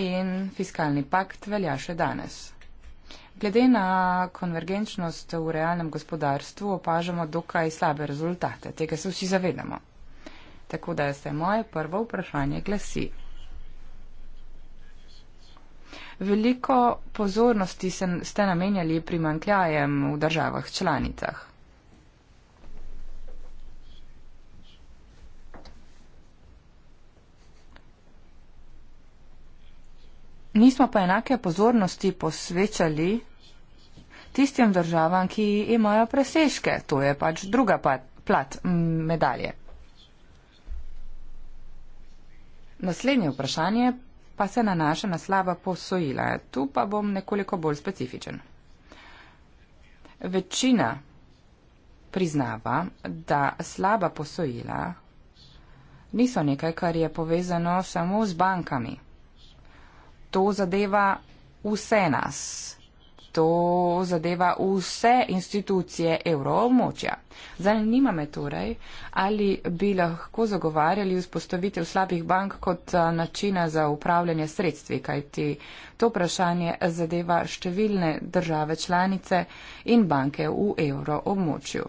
in fiskalni pakt velja še danes. Glede na konvergenčnost v realnem gospodarstvu opažamo dokaj slabe rezultate, tega se vsi zavedamo. Tako da se moje prvo vprašanje glasi. Veliko pozornosti ste namenjali primankljajem v državah članicah. Nismo pa enake pozornosti posvečali tistim državam, ki imajo presežke. To je pač druga plat medalje. Naslednje vprašanje pa se nanaša na slaba posojila. Tu pa bom nekoliko bolj specifičen. Večina priznava, da slaba posojila niso nekaj, kar je povezano samo z bankami. To zadeva vse nas to zadeva vse institucije evroobmočja. Zanima me torej, ali bi lahko zagovarjali vzpostavitev slabih bank kot načina za upravljanje sredstvi, kajti to vprašanje zadeva številne države članice in banke v evroobmočju.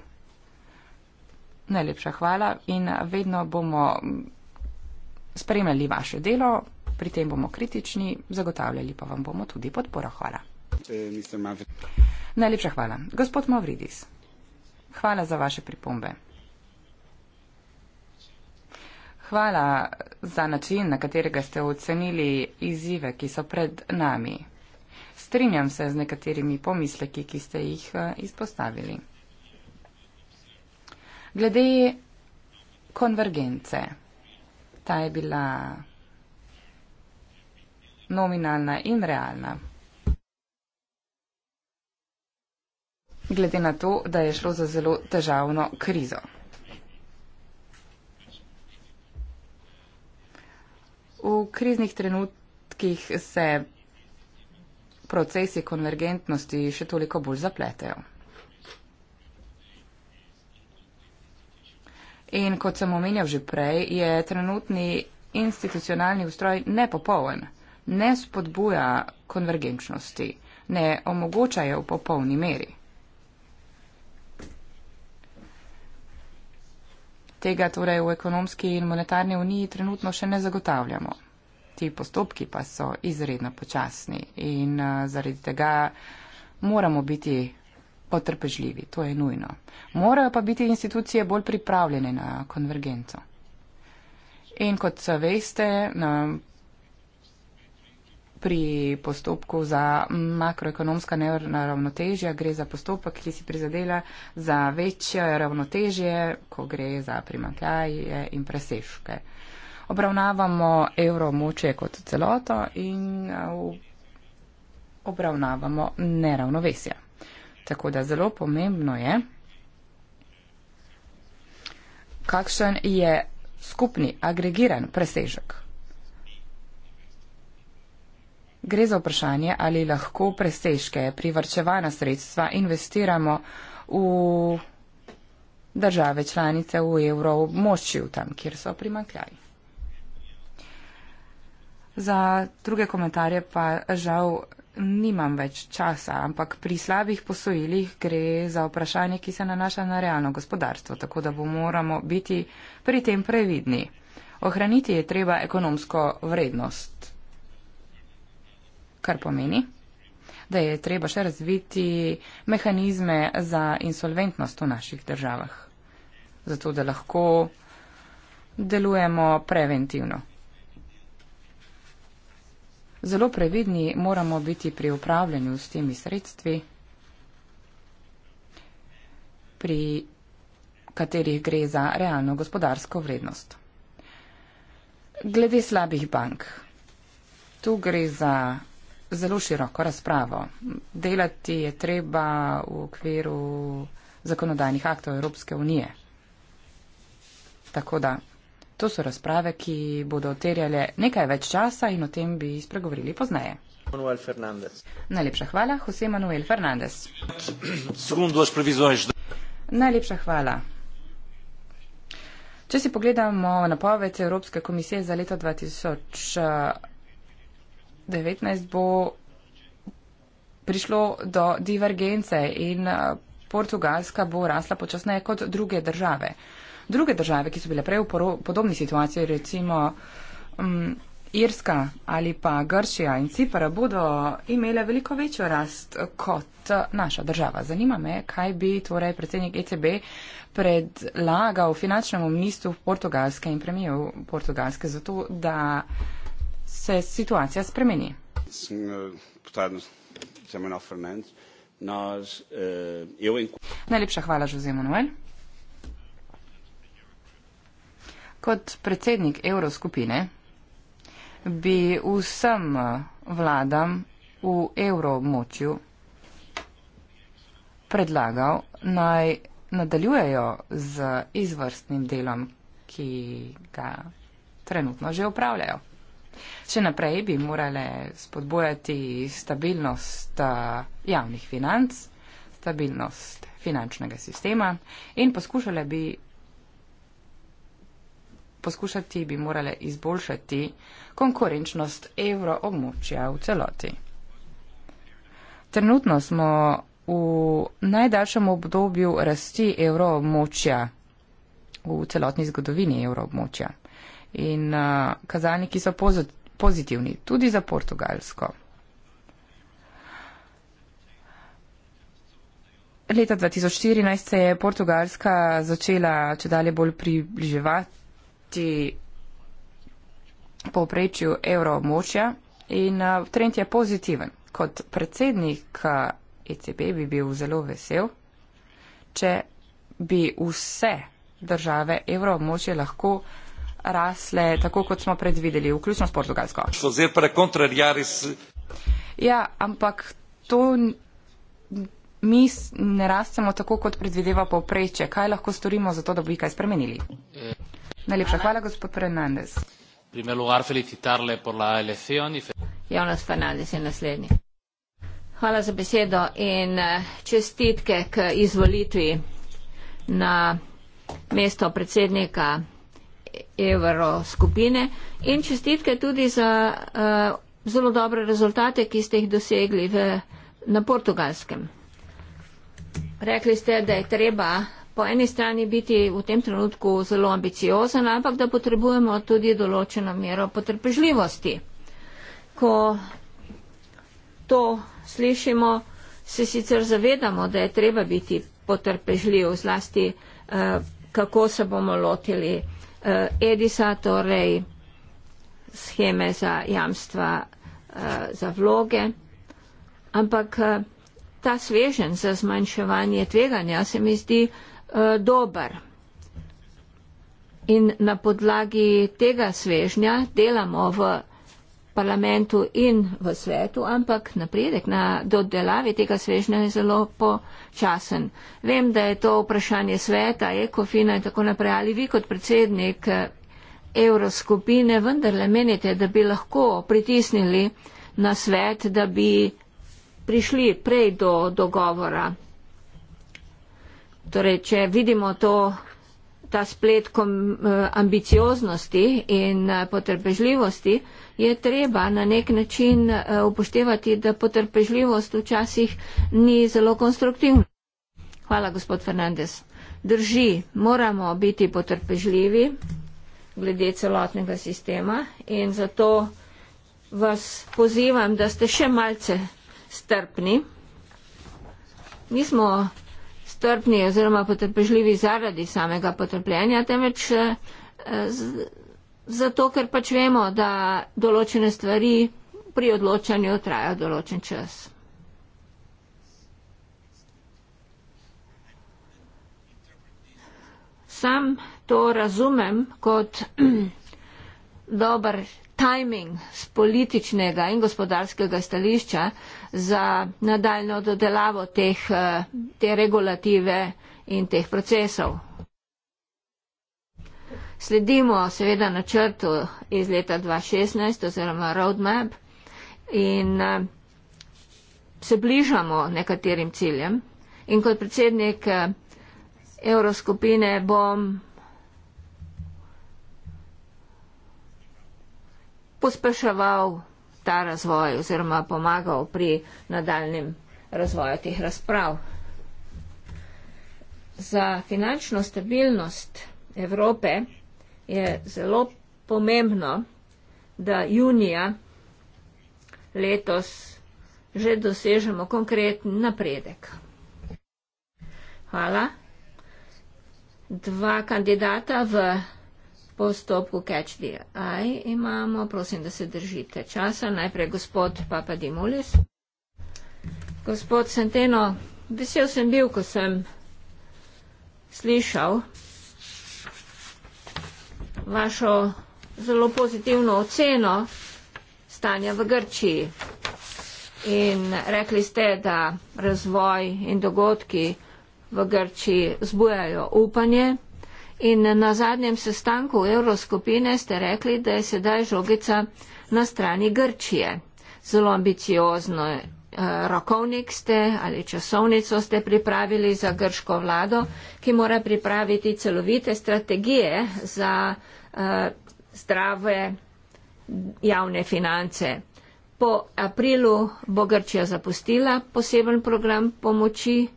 Najlepša hvala in vedno bomo spremljali vaše delo, pri tem bomo kritični, zagotavljali pa vam bomo tudi podporo. Hvala. Najlepša hvala. Gospod Mavridis, hvala za vaše pripombe. Hvala za način, na katerega ste ocenili izzive, ki so pred nami. Strinjam se z nekaterimi pomisleki, ki ste jih eh, izpostavili. Glede konvergence, ta je bila nominalna in realna. glede na to, da je šlo za zelo težavno krizo. V kriznih trenutkih se procesi konvergentnosti še toliko bolj zapletejo. In kot sem omenjal že prej, je trenutni institucionalni ustroj nepopoln, ne spodbuja konvergenčnosti, ne omogočajo v popolni meri. Tega torej v ekonomski in monetarni uniji trenutno še ne zagotavljamo. Ti postopki pa so izredno počasni in eh, zaradi tega moramo biti potrpežljivi, to je nujno. Morajo pa biti institucije bolj pripravljene na konvergenco. In kot veste, na pri postopku za makroekonomska neravnotežja, gre za postopek, ki si prizadela za večje ravnotežje, ko gre za primankljaje in presežke. Obravnavamo evro moče kot celoto in uh, obravnavamo neravnovesja. Tako da zelo pomembno je, kakšen je skupni agregiran presežek. Gre za vprašanje, ali lahko presežke, privrčevana sredstva investiramo v države članice v evroobmočju, tam, kjer so primankljaji. Za druge komentarje pa žal nimam več časa, ampak pri slabih posojilih gre za vprašanje, ki se nanaša na realno gospodarstvo, tako da bo moramo biti pri tem previdni. Ohraniti je treba ekonomsko vrednost kar pomeni, da je treba še razviti mehanizme za insolventnost v naših državah, zato da lahko delujemo preventivno. Zelo previdni moramo biti pri upravljanju s temi sredstvi, pri katerih gre za realno gospodarsko vrednost. Glede slabih bank. Tu gre za zelo široko razpravo. Delati je treba v okviru zakonodajnih aktov Evropske unije. Tako da, to so razprave, ki bodo terjale nekaj več časa in o tem bi spregovorili pozneje. Najlepša hvala, Jose Manuel Fernandez. Najlepša hvala. Če si pogledamo napoved Evropske komisije za leto 2000 bo prišlo do divergence in eh, Portugalska bo rasla počasneje kot druge države. Druge države, ki so bile prej v podobni situaciji, recimo um, Irska ali pa Grčija in Cipra, bodo imele veliko večjo rast kot eh, naša država. Zanima me, kaj bi torej predsednik ECB predlagal finančnemu ministru Portugalske in premijev Portugalske, zato da se situacija spremeni. Najlepša hvala, Jose Manuel. Kot predsednik evroskupine bi vsem vladam v evromočju predlagal naj nadaljujejo z izvrstnim delom, ki ga trenutno že upravljajo. Še naprej bi morale spodbojati stabilnost eh, javnih financ, stabilnost finančnega sistema in poskušale bi poskušati bi morale izboljšati konkurenčnost evroobmočja v celoti. Trenutno smo v najdaljšem obdobju rasti evroobmočja v celotni zgodovini evroobmočja in uh, kazalniki so pozitivni, tudi za Portugalsko. Leta 2014 se je Portugalska začela če dalje bolj približevati povprečju evroobmočja in uh, trend je pozitiven. Kot predsednik uh, ECB bi bil zelo vesel, če bi vse države evroobmočja lahko uh, rasle tako, kot smo predvideli, vključno s Portugalsko. Ja, ampak to mi ne rastemo tako, kot predvideva povpreče. Kaj lahko storimo za to, da bi kaj spremenili? Eh. Najlepša hvala, gospod Fernandez. Jonas Fernandez je naslednji. Hvala za besedo in eh, čestitke k izvolitvi na mesto predsednika evro skupine in čestitke tudi za uh, zelo dobre rezultate, ki ste jih dosegli v, na portugalskem. Rekli ste, da je treba po eni strani biti v tem trenutku zelo ambiciozen, ampak da potrebujemo tudi določeno mero potrpežljivosti. Ko to slišimo, se sicer zavedamo, da je treba biti potrpežljiv, zlasti uh, kako se bomo lotili. Eh, Edisa, torej scheme za jamstva eh, za vloge. Ampak eh, ta svežen za zmanjševanje tveganja se mi zdi dober. In na podlagi tega svežnja delamo v parlamentu in v svetu, ampak napredek na dodelavi tega svežnja je zelo počasen. Vem, da je to vprašanje sveta, ekofina in tako naprej, ali vi kot predsednik eh, evroskupine vendarle menite, da bi lahko pritisnili na svet, da bi prišli prej do dogovora. Torej, če vidimo to ta splet kom, eh, ambicioznosti in eh, potrpežljivosti, je treba na nek način eh, upoštevati, da potrpežljivost včasih ni zelo konstruktivna. Hvala, gospod Fernandez. Drži, moramo biti potrpežljivi glede celotnega sistema in zato vas pozivam, da ste še malce strpni. Nismo strpni oziroma potrpežljivi zaradi samega potrpljenja, temveč eh, zato, ker pač vemo, da določene stvari pri odločanju trajajo določen čas. Sam to razumem kot dober tajming z političnega in gospodarskega stališča za nadaljno dodelavo teh, eh, te regulative in teh procesov. Sledimo seveda načrtu iz leta 2016 oziroma roadmap in eh, se bližamo nekaterim ciljem. In kot predsednik eh, Evroskupine bom pospeševal ta razvoj oziroma pomagal pri nadaljem razvoju teh razprav. Za finančno stabilnost Evrope je zelo pomembno, da junija letos že dosežemo konkreten napredek. Hvala. Dva kandidata v postopku catch the eye imamo. Prosim, da se držite časa. Najprej gospod Papa Dimulis. Gospod Senteno, vesel sem bil, ko sem slišal vašo zelo pozitivno oceno stanja v Grčiji. In rekli ste, da razvoj in dogodki v Grčiji zbujajo upanje, In na zadnjem sestanku Evroskupine ste rekli, da je sedaj žogica na strani Grčije. Zelo ambiciozno je. Eh, rokovnik ste ali časovnico ste pripravili za grško vlado, ki mora pripraviti celovite strategije za uh, zdrave javne finance. Po aprilu bo Grčija zapustila poseben program pomoči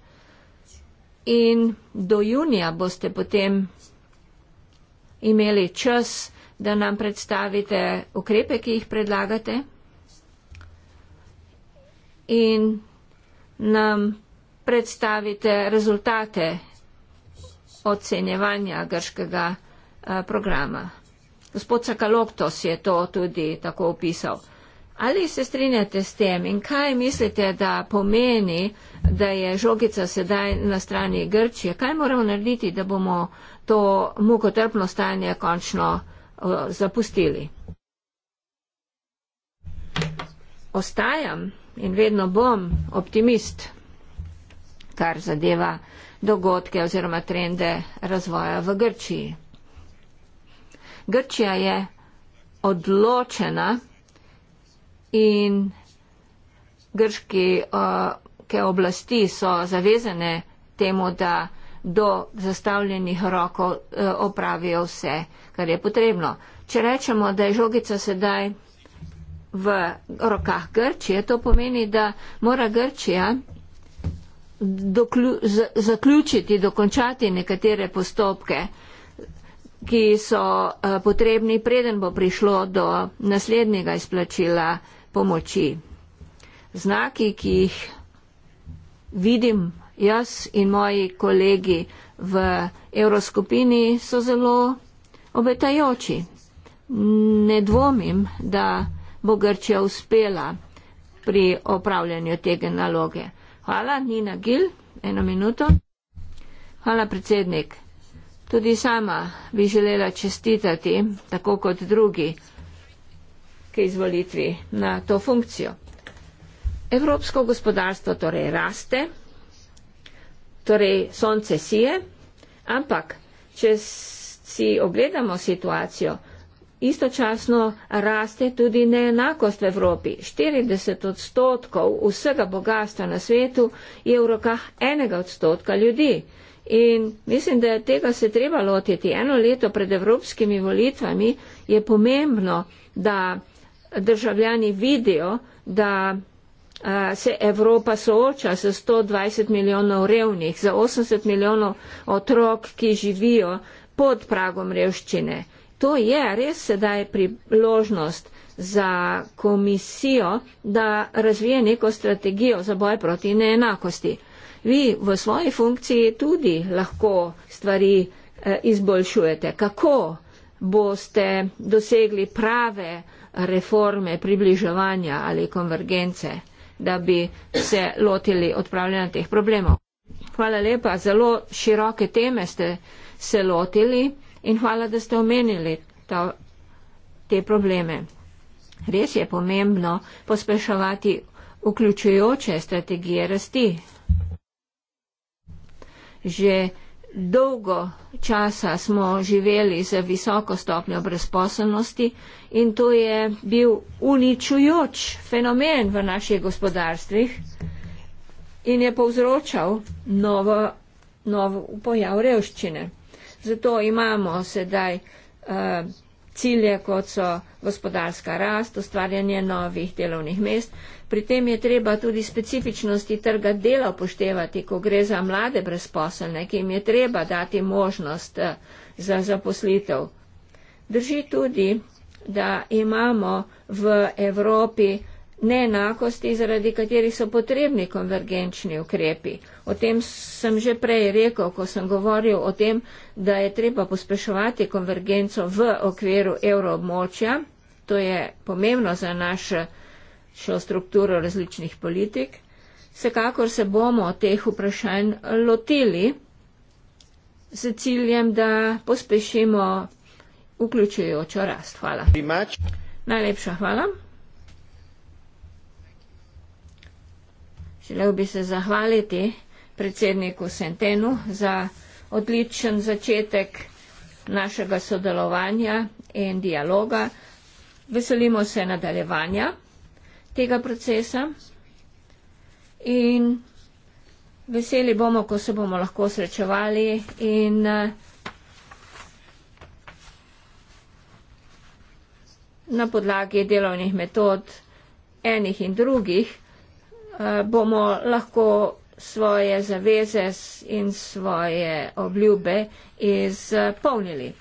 in do junija boste potem imeli čas, da nam predstavite ukrepe, ki jih predlagate in nam predstavite rezultate ocenjevanja grškega eh, programa. Gospod Sakaloktos je to tudi tako opisal. Ali se strinjate s tem in kaj mislite, da pomeni, da je žogica sedaj na strani Grčije? Kaj moramo narediti, da bomo to mukotrpno stanje končno uh, zapustili? Ostajam in vedno bom optimist, kar zadeva dogodke oziroma trende razvoja v Grčiji. Grčija je odločena, in grški eh, ke oblasti so zavezane temu, da do zastavljenih rokov eh, opravijo vse, kar je potrebno. Če rečemo, da je žogica sedaj v rokah Grčije, to pomeni, da mora Grčija doklju, z, zaključiti, dokončati nekatere postopke, ki so uh, potrebni, preden bo prišlo do naslednjega izplačila uh, pomoči. Znaki, ki jih vidim jaz in moji kolegi v Evroskupini, so zelo obetajoči. Ne dvomim, da bo Grčija uspela pri opravljanju tega naloge. Hvala, Nina Gil, eno minuto. Hvala, predsednik. Tudi sama bi želela čestitati, tako kot drugi k izvolitvi na to funkcijo. Evropsko gospodarstvo torej raste, torej sonce sije, ampak če si ogledamo situacijo, istočasno raste tudi neenakost v Evropi. 40 odstotkov vsega bogatstva na svetu je v rokah enega odstotka ljudi. In mislim, da je tega se treba lotiti. Eno leto pred evropskimi volitvami je pomembno, da državljani vidijo, da se Evropa sooča z 120 milijonov revnih, za 80 milijonov otrok, ki živijo pod pragom revščine. To je res sedaj priložnost za komisijo, da razvije neko strategijo za boj proti neenakosti. Vi v svoji funkciji tudi lahko stvari e, izboljšujete. Kako boste dosegli prave reforme, približevanja ali konvergence, da bi se lotili odpravljanja teh problemov. Hvala lepa, zelo široke teme ste se lotili in hvala, da ste omenili ta, te probleme. Res je pomembno pospeševati vključujoče strategije rasti. Že dolgo časa smo živeli z visoko stopnjo brezposobnosti in to je bil uničujoč fenomen v naših gospodarstvih in je povzročal novo, novo pojav revščine. Zato imamo sedaj uh, cilje, kot so gospodarska rast, ustvarjanje novih delovnih mest. Uh, Pri tem je treba tudi specifičnosti trga dela upoštevati, ko gre za mlade brezposelne, ki jim je treba dati možnost eh, za zaposlitev. Drži tudi, da imamo v Evropi neenakosti, zaradi katerih so potrebni konvergenčni ukrepi. O tem sem že prej rekel, ko sem govoril o tem, da je treba pospeševati konvergenco v okviru evroobmočja. To je pomembno za naše šo strukturo različnih politik. Vsekakor se bomo teh vprašanj lotili z ciljem, da pospešimo vključujočo rast. Hvala. Najlepša hvala. Želel bi se zahvaliti predsedniku Sentenu za odličen začetek našega sodelovanja in dialoga. Veselimo se nadaljevanja tega procesa in veseli bomo, ko se bomo lahko srečevali in eh, na podlagi delovnih metod enih in drugih eh, bomo lahko svoje zaveze in svoje obljube izpolnili.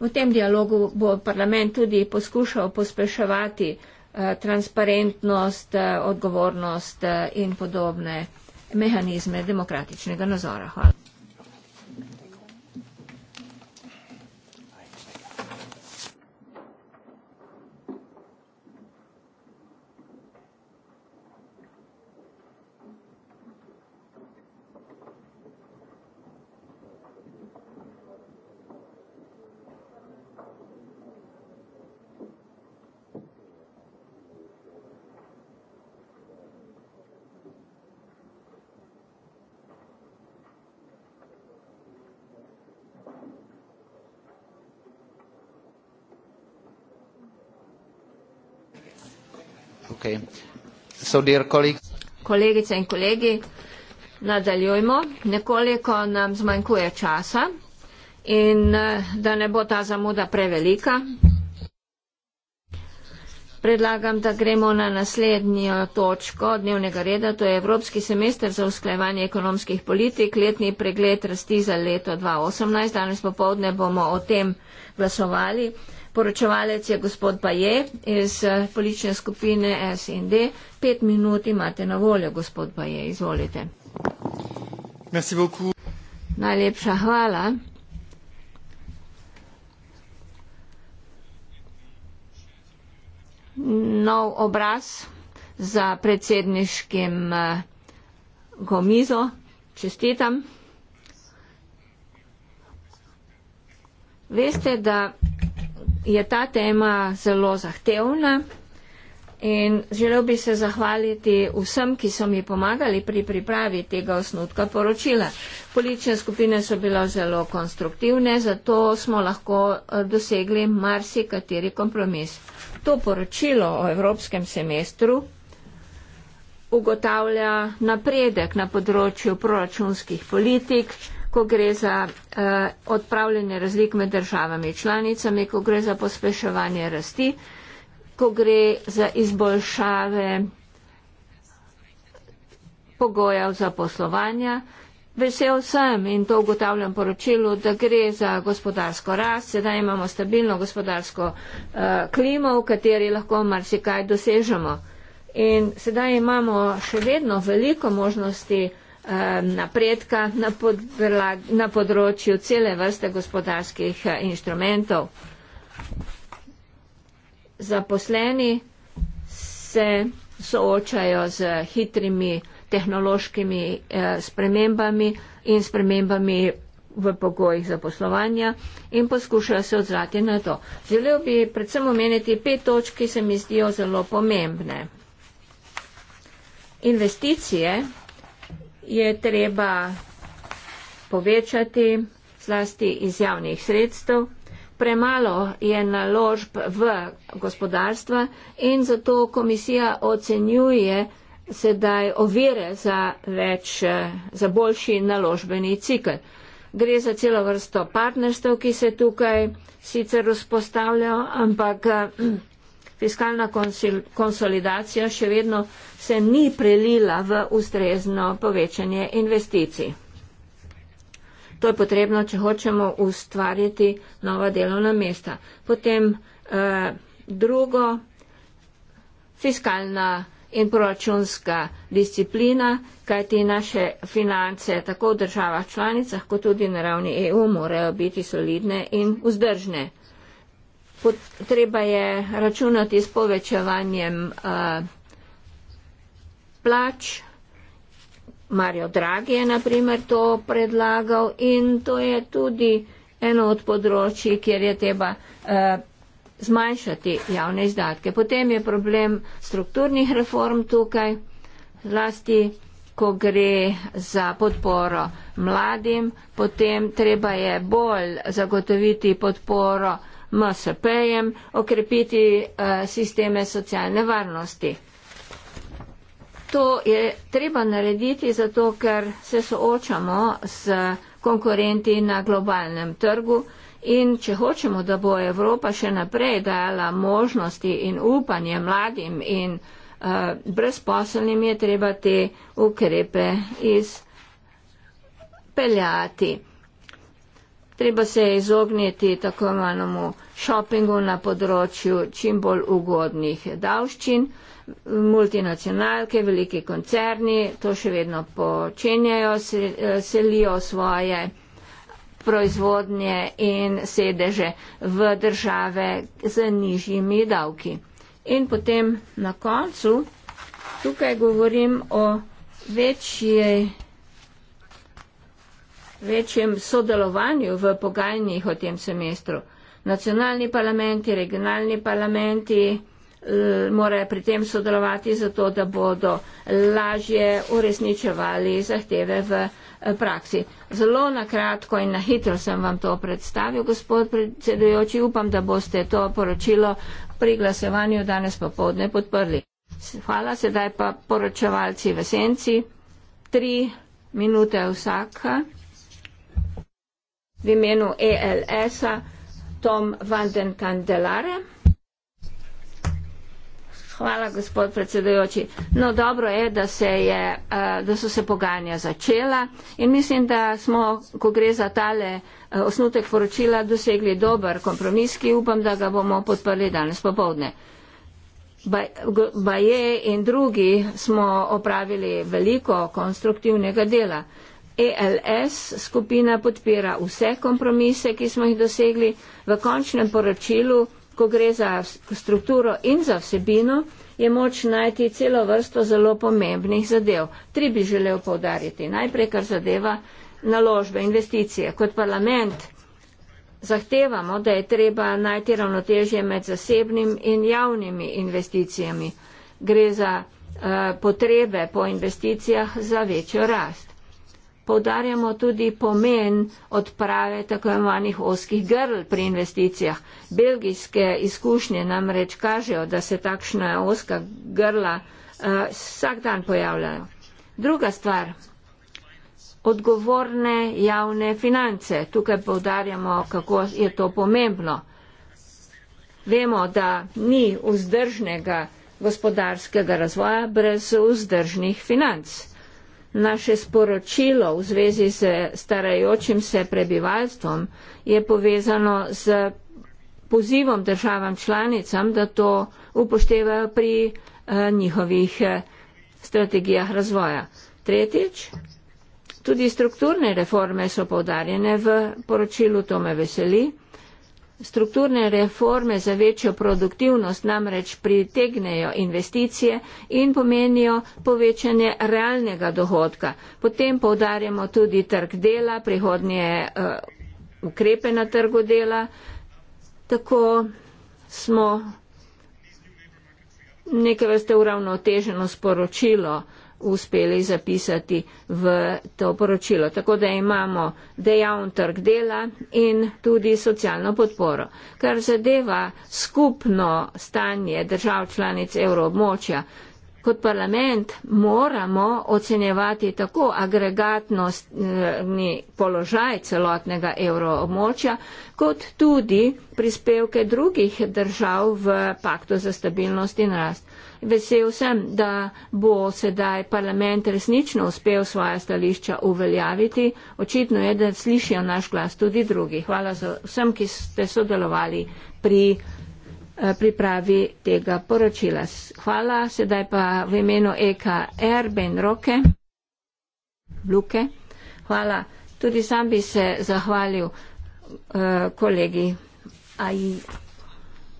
V tem dialogu bo parlament tudi poskušal pospeševati vsega, Eh, transparentnost, eh, odgovornost eh, in podobne mehanizme demokratičnega nazora. Hvala. so dirkali. Kolegice in kolegi, nadaljujmo, nekoliko nam zmanjkuje časa in eh, da ne bo ta zamuda prevelika, predlagam, da gremo na naslednjo točko dnevnega reda, to je Evropski semester za usklajevanje ekonomskih politik, letni pregled rasti za leto 2018. Danes popovdne bomo o tem glasovali. Poročevalec je gospod Paje iz eh, politične skupine SND. Pet minut imate na voljo, gospod Paje, izvolite. Najlepša hvala. nov obraz za predsedniškim eh, gomizo. Čestitam. Veste, da je ta tema zelo zahtevna in želel bi se zahvaliti vsem, ki so mi pomagali pri pripravi tega osnutka poročila. Politične skupine so bile zelo konstruktivne, zato smo lahko eh, dosegli marsikateri kompromis to poročilo o evropskem semestru ugotavlja napredek na področju proračunskih politik, ko gre za eh, odpravljanje razlik med državami in članicami, ko gre za pospeševanje rasti, ko gre za izboljšave pogojev za poslovanja. Vesel sem in to ugotavljam poročilu, da gre za gospodarsko rast, sedaj imamo stabilno gospodarsko uh, klimo, v kateri lahko marsikaj dosežemo. In sedaj imamo še vedno veliko možnosti uh, napredka na, podlag, na področju cele vrste gospodarskih uh, inštrumentov. Zaposleni se soočajo z hitrimi tehnološkimi eh, spremembami in spremembami v pogojih zaposlovanja in poskušajo se odzvati na to. Želel bi predvsem omeniti pet točk, ki se mi zdijo zelo pomembne. Investicije je treba povečati zlasti iz javnih sredstev. Premalo je naložb v gospodarstva in zato komisija ocenjuje, sedaj ovire za, več, eh, za boljši naložbeni cikl. Gre za celo vrsto partnerstev, ki se tukaj sicer vzpostavljajo, ampak eh, fiskalna konsolidacija še vedno se ni prelila v ustrezno povečanje investicij. To je potrebno, če hočemo ustvarjati nova delovna mesta. Potem eh, drugo, fiskalna in proračunska disciplina, kajti naše finance tako v državah članicah, kot tudi na ravni EU morajo biti solidne in vzdržne. Treba je računati s povečevanjem eh, plač. Mario Draghi je naprimer to predlagal in to je tudi eno od področji, kjer je treba eh, zmanjšati javne izdatke. Potem je problem strukturnih reform tukaj, zlasti ko gre za podporo mladim, potem treba je bolj zagotoviti podporo MSP-jem, okrepiti uh, sisteme socialne varnosti. To je treba narediti zato, ker se soočamo s konkurenti na globalnem trgu, In če hočemo, da bo Evropa še naprej dala možnosti in upanje mladim in uh, brezposelnim, je treba te ukrepe izpeljati. Treba se je izogniti tako imenomu šopingu na področju čim bolj ugodnih davščin. Multinacionalke, veliki koncerni to še vedno počenjajo, eh, selijo svoje proizvodnje in sedeže v države z nižjimi davki. In potem na koncu, tukaj govorim o večji, večjem sodelovanju v pogajanjih o tem semestru. Nacionalni parlamenti, regionalni parlamenti eh, morajo pri tem sodelovati, zato da bodo lažje uresničevali zahteve v Eh, praksi. Zelo na kratko in na hitro sem vam to predstavil, gospod predsedujoči. Upam, da boste to poročilo pri glasovanju danes popovdne podprli. Hvala, sedaj pa poročevalci v senci. Tri minute vsaka. V imenu ELS-a Tom Vanden Kandelare. Hvala, gospod predsedujoči. No, dobro je, da, se je, eh, da so se pogajanja začela in mislim, da smo, ko gre za tale eh, osnutek poročila, dosegli dober kompromis, ki upam, da ga bomo podprli danes popovdne. Baje in drugi smo opravili veliko konstruktivnega dela. ELS skupina podpira vse kompromise, ki smo jih dosegli v končnem poročilu ko gre za strukturo in za vsebino, je moč najti celo vrsto zelo pomembnih zadev. Tri bi želel povdariti. Najprej, kar zadeva naložbe, investicije. Kot parlament zahtevamo, da je treba najti ravnotežje med zasebnim in javnimi investicijami. Gre za uh, potrebe po investicijah za večjo rast. Poudarjamo tudi pomen odprave tako imenovanih oskih grl pri investicijah. Belgijske izkušnje namreč kažejo, da se takšna oska grla uh, vsak dan pojavljajo. Druga stvar. Odgovorne javne finance. Tukaj poudarjamo, kako je to pomembno. Vemo, da ni vzdržnega gospodarskega razvoja brez vzdržnih financ. Naše sporočilo v zvezi z starajočim se prebivalstvom je povezano z pozivom državam članicam, da to upoštevajo pri eh, njihovih eh, strategijah razvoja. Tretjič, tudi strukturne reforme so povdarjene v poročilu, to me veseli. Strukturne reforme za večjo produktivnost namreč pritegnejo investicije in pomenijo povečanje realnega dohodka. Potem povdarjamo tudi trg dela, prihodnje uh, ukrepe na trgu dela. Tako smo neke vrste uravnoteženo sporočilo uh, uspeli zapisati v to poročilo. Tako da imamo dejavn trg dela in tudi socialno podporo. Kar zadeva skupno stanje držav članic evroobmočja, kot parlament moramo ocenjevati tako agregatni položaj celotnega evroobmočja, kot tudi prispevke drugih držav v paktu za stabilnost in rast. Vesel sem, da bo sedaj parlament resnično uspel svoja stališča uveljaviti. Očitno je, da slišijo naš glas tudi drugi. Hvala vsem, ki ste sodelovali pri eh, pripravi tega poročila. Hvala, sedaj pa v imenu EKR Ben Roke, Luke. Hvala, tudi sam bi se zahvalil uh, kolegi. Aj.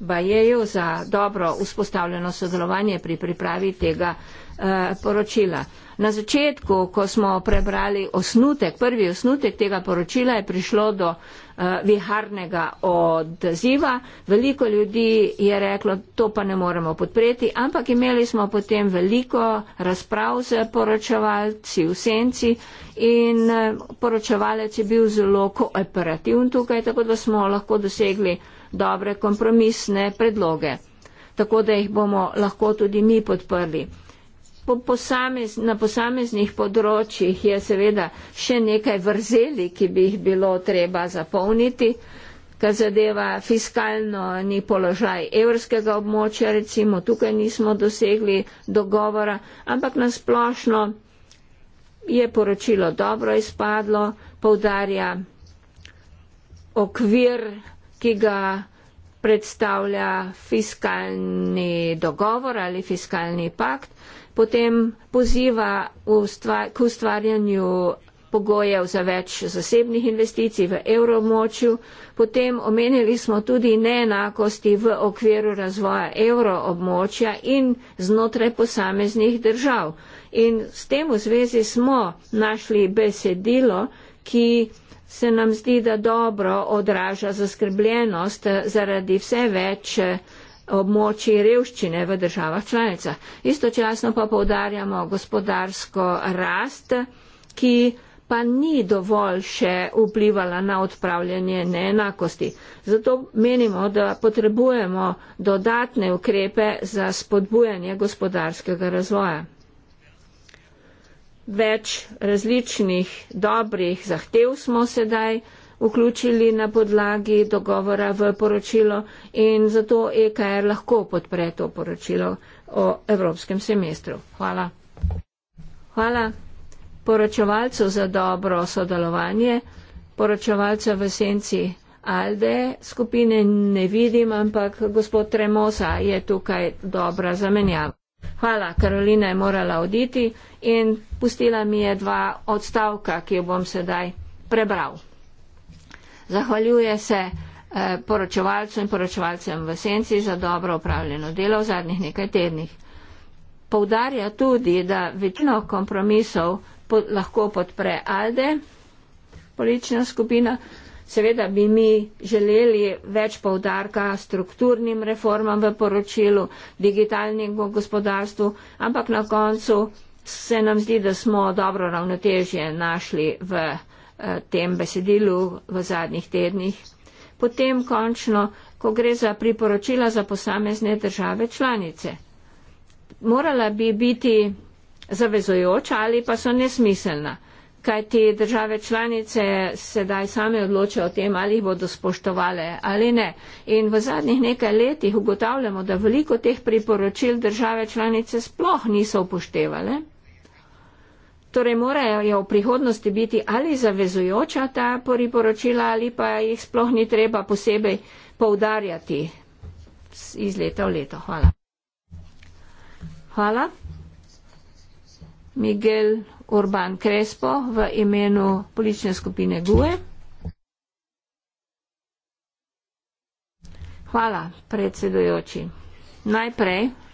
Bajeju za dobro vzpostavljeno sodelovanje pri pripravi tega eh, poročila. Na začetku, ko smo prebrali osnutek, prvi osnutek tega poročila, je prišlo do Eh, viharnega odziva. Veliko ljudi je reklo, to pa ne moremo podpreti, ampak imeli smo potem veliko razprav z poročevalci v senci in eh, poročevalec je bil zelo kooperativen tukaj, tako da smo lahko dosegli dobre kompromisne predloge, tako da jih bomo lahko tudi mi podprli po posamez, na posameznih področjih je seveda še nekaj vrzeli, ki bi jih bilo treba zapolniti, kar zadeva fiskalno ni položaj evrskega območja, recimo tukaj nismo dosegli dogovora, ampak nasplošno je poročilo dobro izpadlo, povdarja okvir, ki ga predstavlja fiskalni dogovor ali fiskalni pakt, potem poziva k ustvarjanju pogojev za več zasebnih investicij v evromočju. Potem omenili smo tudi neenakosti v okviru razvoja evroobmočja in znotraj posameznih držav. In s tem v zvezi smo našli besedilo, ki se nam zdi, da dobro odraža zaskrbljenost eh, zaradi vse več eh, območij revščine v državah članicah. Istočasno pa povdarjamo gospodarsko rast, ki pa ni dovolj še vplivala na odpravljanje neenakosti. Zato menimo, da potrebujemo dodatne ukrepe za spodbujanje gospodarskega razvoja. Več različnih dobrih zahtev smo sedaj vključili na podlagi dogovora v poročilo in zato EKR lahko podpre to poročilo o evropskem semestru. Hvala. Hvala poročevalcu za dobro sodelovanje, poročevalca v senci Alde skupine ne vidim, ampak gospod Tremosa je tukaj dobra zamenjava. Hvala, Karolina je morala oditi in pustila mi je dva odstavka, ki jo bom sedaj prebral. Zahvaljuje se eh, poročevalcu in poročevalcem v senci za dobro upravljeno delo v zadnjih nekaj tednih. Povdarja tudi, da večino kompromisov lahko podpre ALDE, politična skupina. Seveda bi mi želeli več povdarka strukturnim reformam v poročilu, digitalnim gospodarstvu, ampak na koncu se nam zdi, da smo dobro ravnotežje našli v Eh, tem besedilu v zadnjih tednih. Potem končno, ko gre za priporočila za posamezne države članice. Morala bi biti zavezojoča ali pa so nesmiselna, kaj ti države članice sedaj same odločajo o tem, ali jih bodo spoštovale ali ne. In v zadnjih nekaj letih ugotavljamo, da veliko teh priporočil države članice sploh niso upoštevale. Torej morajo v prihodnosti biti ali zavezujoča ta poriporočila ali pa jih sploh ni treba posebej poudarjati iz leta v leto. Hvala. Hvala. Miguel Urban Krespo v imenu politične skupine GUE. Hvala, predsedujoči. Najprej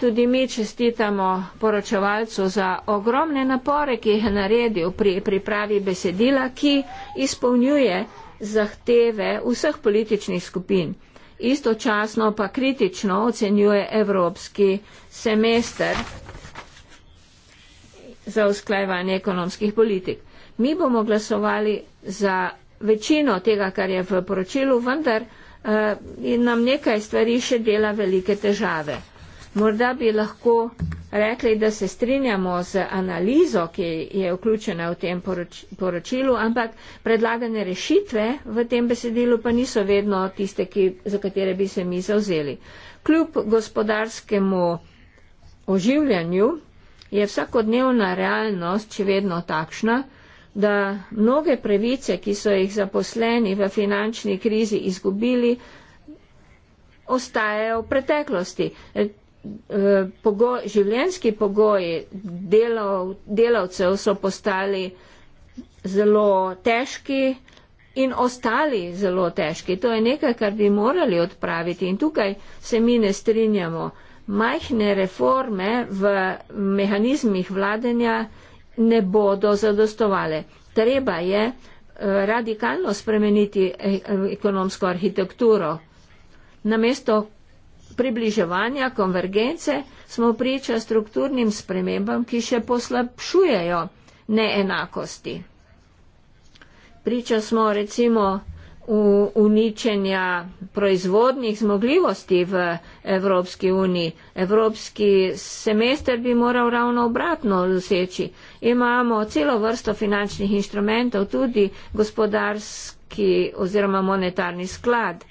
Tudi mi čestitamo poročevalcu za ogromne napore, ki jih je naredil pri pripravi besedila, ki izpolnjuje zahteve vseh političnih skupin. Istočasno pa kritično ocenjuje evropski semester za usklajevanje ekonomskih politik. Mi bomo glasovali za večino tega, kar je v poročilu, vendar uh, nam nekaj stvari še dela velike težave. Morda bi lahko rekli, da se strinjamo z analizo, ki je vključena v tem poroč poročilu, ampak predlagane rešitve v tem besedilu pa niso vedno tiste, ki, za katere bi se mi zauzeli. Kljub gospodarskemu oživljanju je vsakodnevna realnost še vedno takšna, da mnoge pravice, ki so jih zaposleni v finančni krizi izgubili, ostajajo v preteklosti. Eh, pogoj, življenski pogoji delav, delavcev so postali zelo težki in ostali zelo težki. To je nekaj, kar bi morali odpraviti in tukaj se mi ne strinjamo. Majhne reforme v mehanizmih vladanja ne bodo zadostovale. Treba je eh, radikalno spremeniti eh, ekonomsko arhitekturo. Namesto približevanja konvergence smo priča strukturnim spremembam, ki še poslabšujejo neenakosti. Priča smo recimo v uničenja proizvodnih zmogljivosti v Evropski uniji. Evropski semester bi moral ravno obratno doseči. Imamo celo vrsto finančnih inštrumentov, tudi gospodarski oziroma monetarni sklad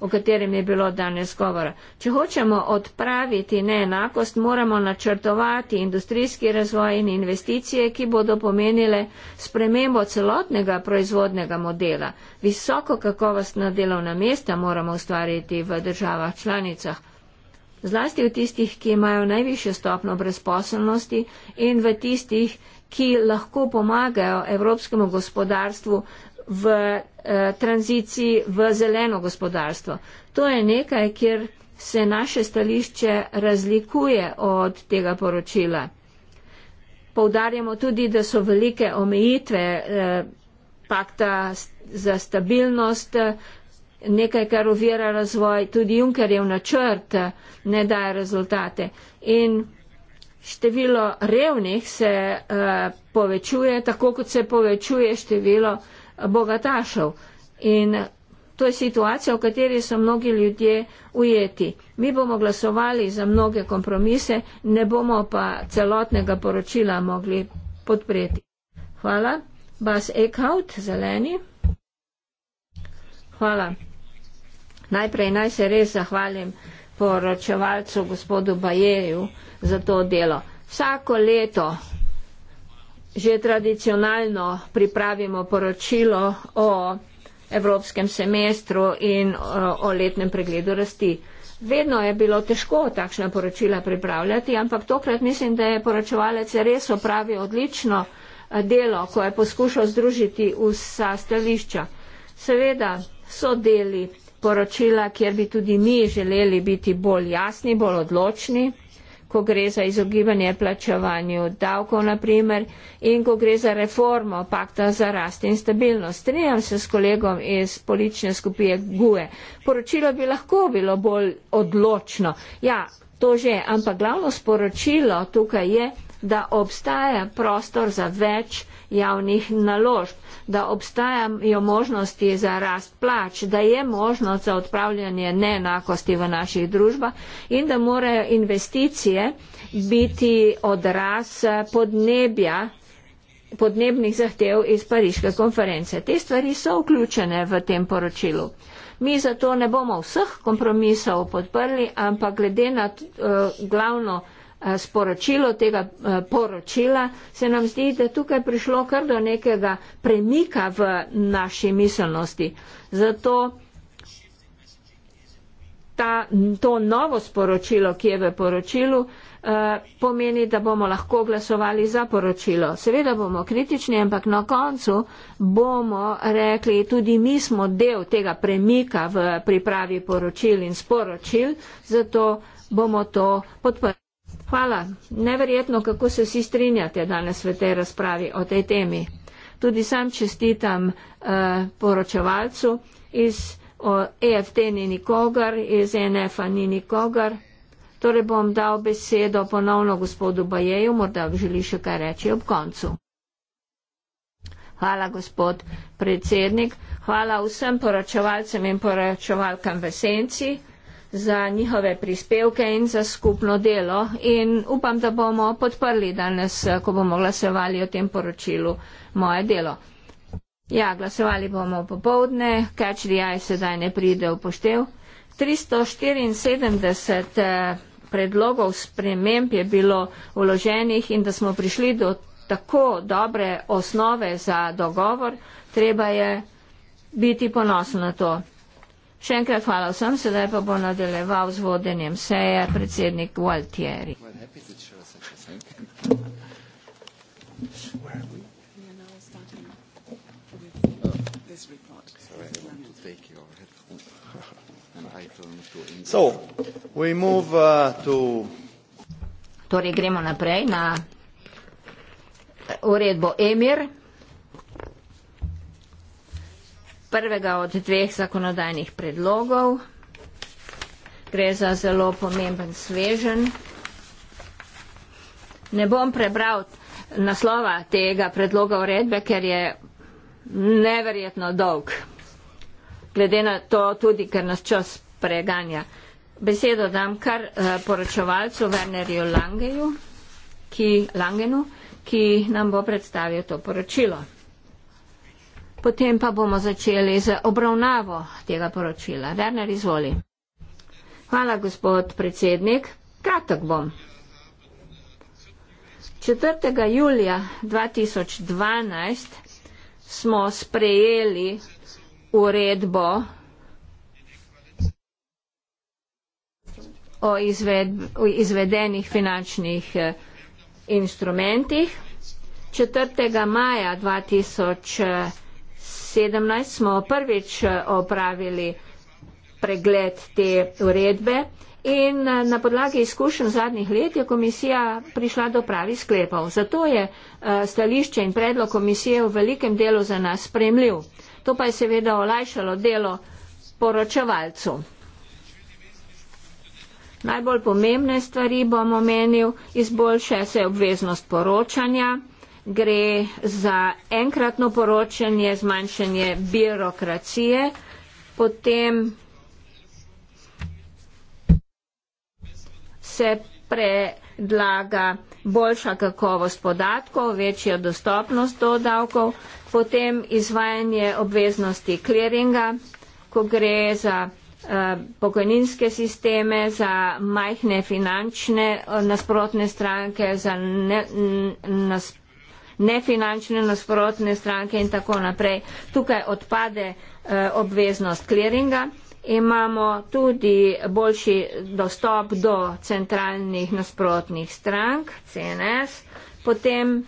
o katerem je bilo danes govora. Če hočemo odpraviti neenakost, moramo načrtovati industrijski razvoj in investicije, ki bodo pomenile spremembo celotnega proizvodnega modela. Visoko kakovostna delovna mesta moramo ustvariti v državah članicah. Zlasti v tistih, ki imajo najvišjo stopno brezposobnosti in v tistih, ki lahko pomagajo evropskemu gospodarstvu v eh, tranziciji v zeleno gospodarstvo. To je nekaj, kjer se naše stališče razlikuje od tega poročila. Poudarjamo tudi, da so velike omejitve eh, pakta za stabilnost, nekaj, kar uvira razvoj, tudi Junkerjev načrt eh, ne daje rezultate. In število revnih se povečuje, tako kot se povečuje število bogatašev. In to je situacija, v kateri so mnogi ljudje ujeti. Mi bomo glasovali za mnoge kompromise, ne bomo pa celotnega poročila mogli podpreti. Hvala. Bas Ekaut, zeleni. Hvala. Najprej naj se res zahvalim poročevalcu gospodu Bajeju za to delo. Vsako leto že tradicionalno pripravimo poročilo o evropskem semestru in o, eh, o letnem pregledu rasti. Vedno je bilo težko takšna poročila pripravljati, ampak tokrat mislim, da je poročevalec res opravil odlično eh, delo, ko je poskušal združiti vsa stališča. Seveda so deli poročila, kjer bi tudi mi želeli biti bolj jasni, bolj odločni ko gre za izogibanje plačevanju davkov, naprimer, in ko gre za reformo pakta za rast in stabilnost. Strenjam se s kolegom iz politične skupije GUE. Poročilo bi lahko bilo bolj odločno. Ja, to že, ampak glavno sporočilo tukaj je, da obstaja prostor za več, javnih naložb, da obstajajo možnosti za rast plač, da je možnost za odpravljanje neenakosti v naših družbah in da morajo investicije biti odraz podnebja podnebnih zahtev iz Pariške konference. Te stvari so vključene v tem poročilu. Mi zato ne bomo vseh kompromisov podprli, ampak glede na uh, glavno Eh, sporočilo tega eh, poročila, se nam zdi, da tukaj prišlo kar do nekega premika v naši miselnosti. Zato ta, to novo sporočilo, ki je v poročilu, eh, pomeni, da bomo lahko glasovali za poročilo. Seveda bomo kritični, ampak na koncu bomo rekli, tudi mi smo del tega premika v pripravi poročil in sporočil, zato bomo to podprli. Hvala. Neverjetno, kako se vsi strinjate danes v tej razpravi o tej temi. Tudi sam čestitam uh, poročevalcu iz EFT ni nikogar, iz NF-a ni nikogar. Torej bom dal besedo ponovno gospodu Bajeju, morda želi še kaj reči ob koncu. Hvala, gospod predsednik. Hvala vsem poročevalcem in poročevalkam v senci za njihove prispevke in za skupno delo. In upam, da bomo podprli danes, ko bomo glasovali o tem poročilu moje delo. Ja, glasovali bomo popovdne, catch the eye sedaj ne pride v poštev. 374 eh, predlogov sprememb je bilo uloženih in da smo prišli do tako dobre osnove za dogovor, treba je biti ponosen na to. Še enkrat hvala vsem, sedaj pa bo nadaljeval z vodenjem seje predsednik Gualtieri. So, move, uh, to... Torej gremo naprej na uredbo Emir. prvega od dveh zakonodajnih predlogov. Gre za zelo pomemben svežen. Ne bom prebral naslova tega predloga uredbe, ker je neverjetno dolg. Glede na to tudi, ker nas čas preganja. Besedo dam kar eh, poročevalcu Wernerju Langeju, ki, Langenu, ki nam bo predstavil to poročilo potem pa bomo začeli z obravnavo tega poročila. Werner, izvoli. Hvala, gospod predsednik. Kratek bom. 4. julija 2012 smo sprejeli uredbo o izvedenih finančnih eh, instrumentih. 4. maja 2012 2017 smo prvič eh, opravili pregled te uredbe in eh, na podlagi izkušenj zadnjih let je komisija prišla do pravih sklepov. Zato je eh, stališče in predlog komisije v velikem delu za nas spremljiv. To pa je seveda olajšalo delo poročevalcu. Najbolj pomembne stvari bom omenil, izboljša se obveznost poročanja gre za enkratno poročanje, zmanjšanje birokracije, potem se predlaga boljša kakovost podatkov, večja dostopnost do davkov, potem izvajanje obveznosti kliringa, ko gre za eh, pokojninske sisteme, za majhne finančne eh, nasprotne stranke, za ne, n, nasprotne nefinančne nasprotne stranke in tako naprej. Tukaj odpade eh, obveznost kliringa. Imamo tudi boljši dostop do centralnih nasprotnih strank, CNS, potem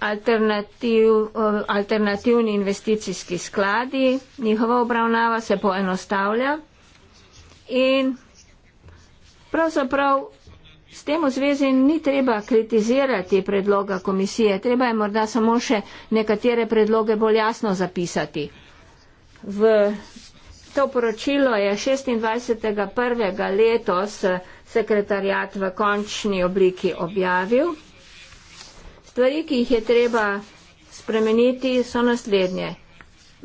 alternativ, eh, alternativni investicijski skladi, njihova obravnava se poenostavlja in pravzaprav S tem v zvezi ni treba kritizirati predloga komisije, treba je morda samo še nekatere predloge bolj jasno zapisati. V to poročilo je 26.1. letos sekretarjat v končni obliki objavil. Stvari, ki jih je treba spremeniti, so naslednje.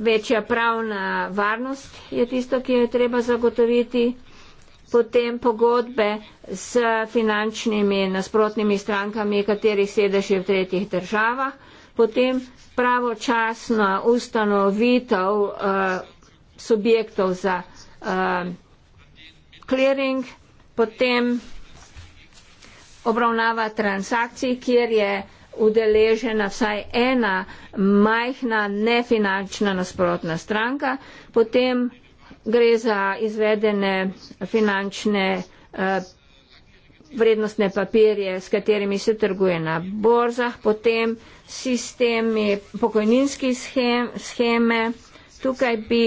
Večja pravna varnost je tisto, ki jo je treba zagotoviti potem pogodbe s finančnimi nasprotnimi strankami, katerih sedež je v tretjih državah, potem pravočasno ustanovitev uh, subjektov za uh, clearing, potem obravnava transakcij, kjer je udeležena vsaj ena majhna nefinančna nasprotna stranka, potem gre za izvedene finančne eh, vrednostne papirje, s katerimi se trguje na borzah, potem sistemi pokojninskih schem, scheme. Tukaj bi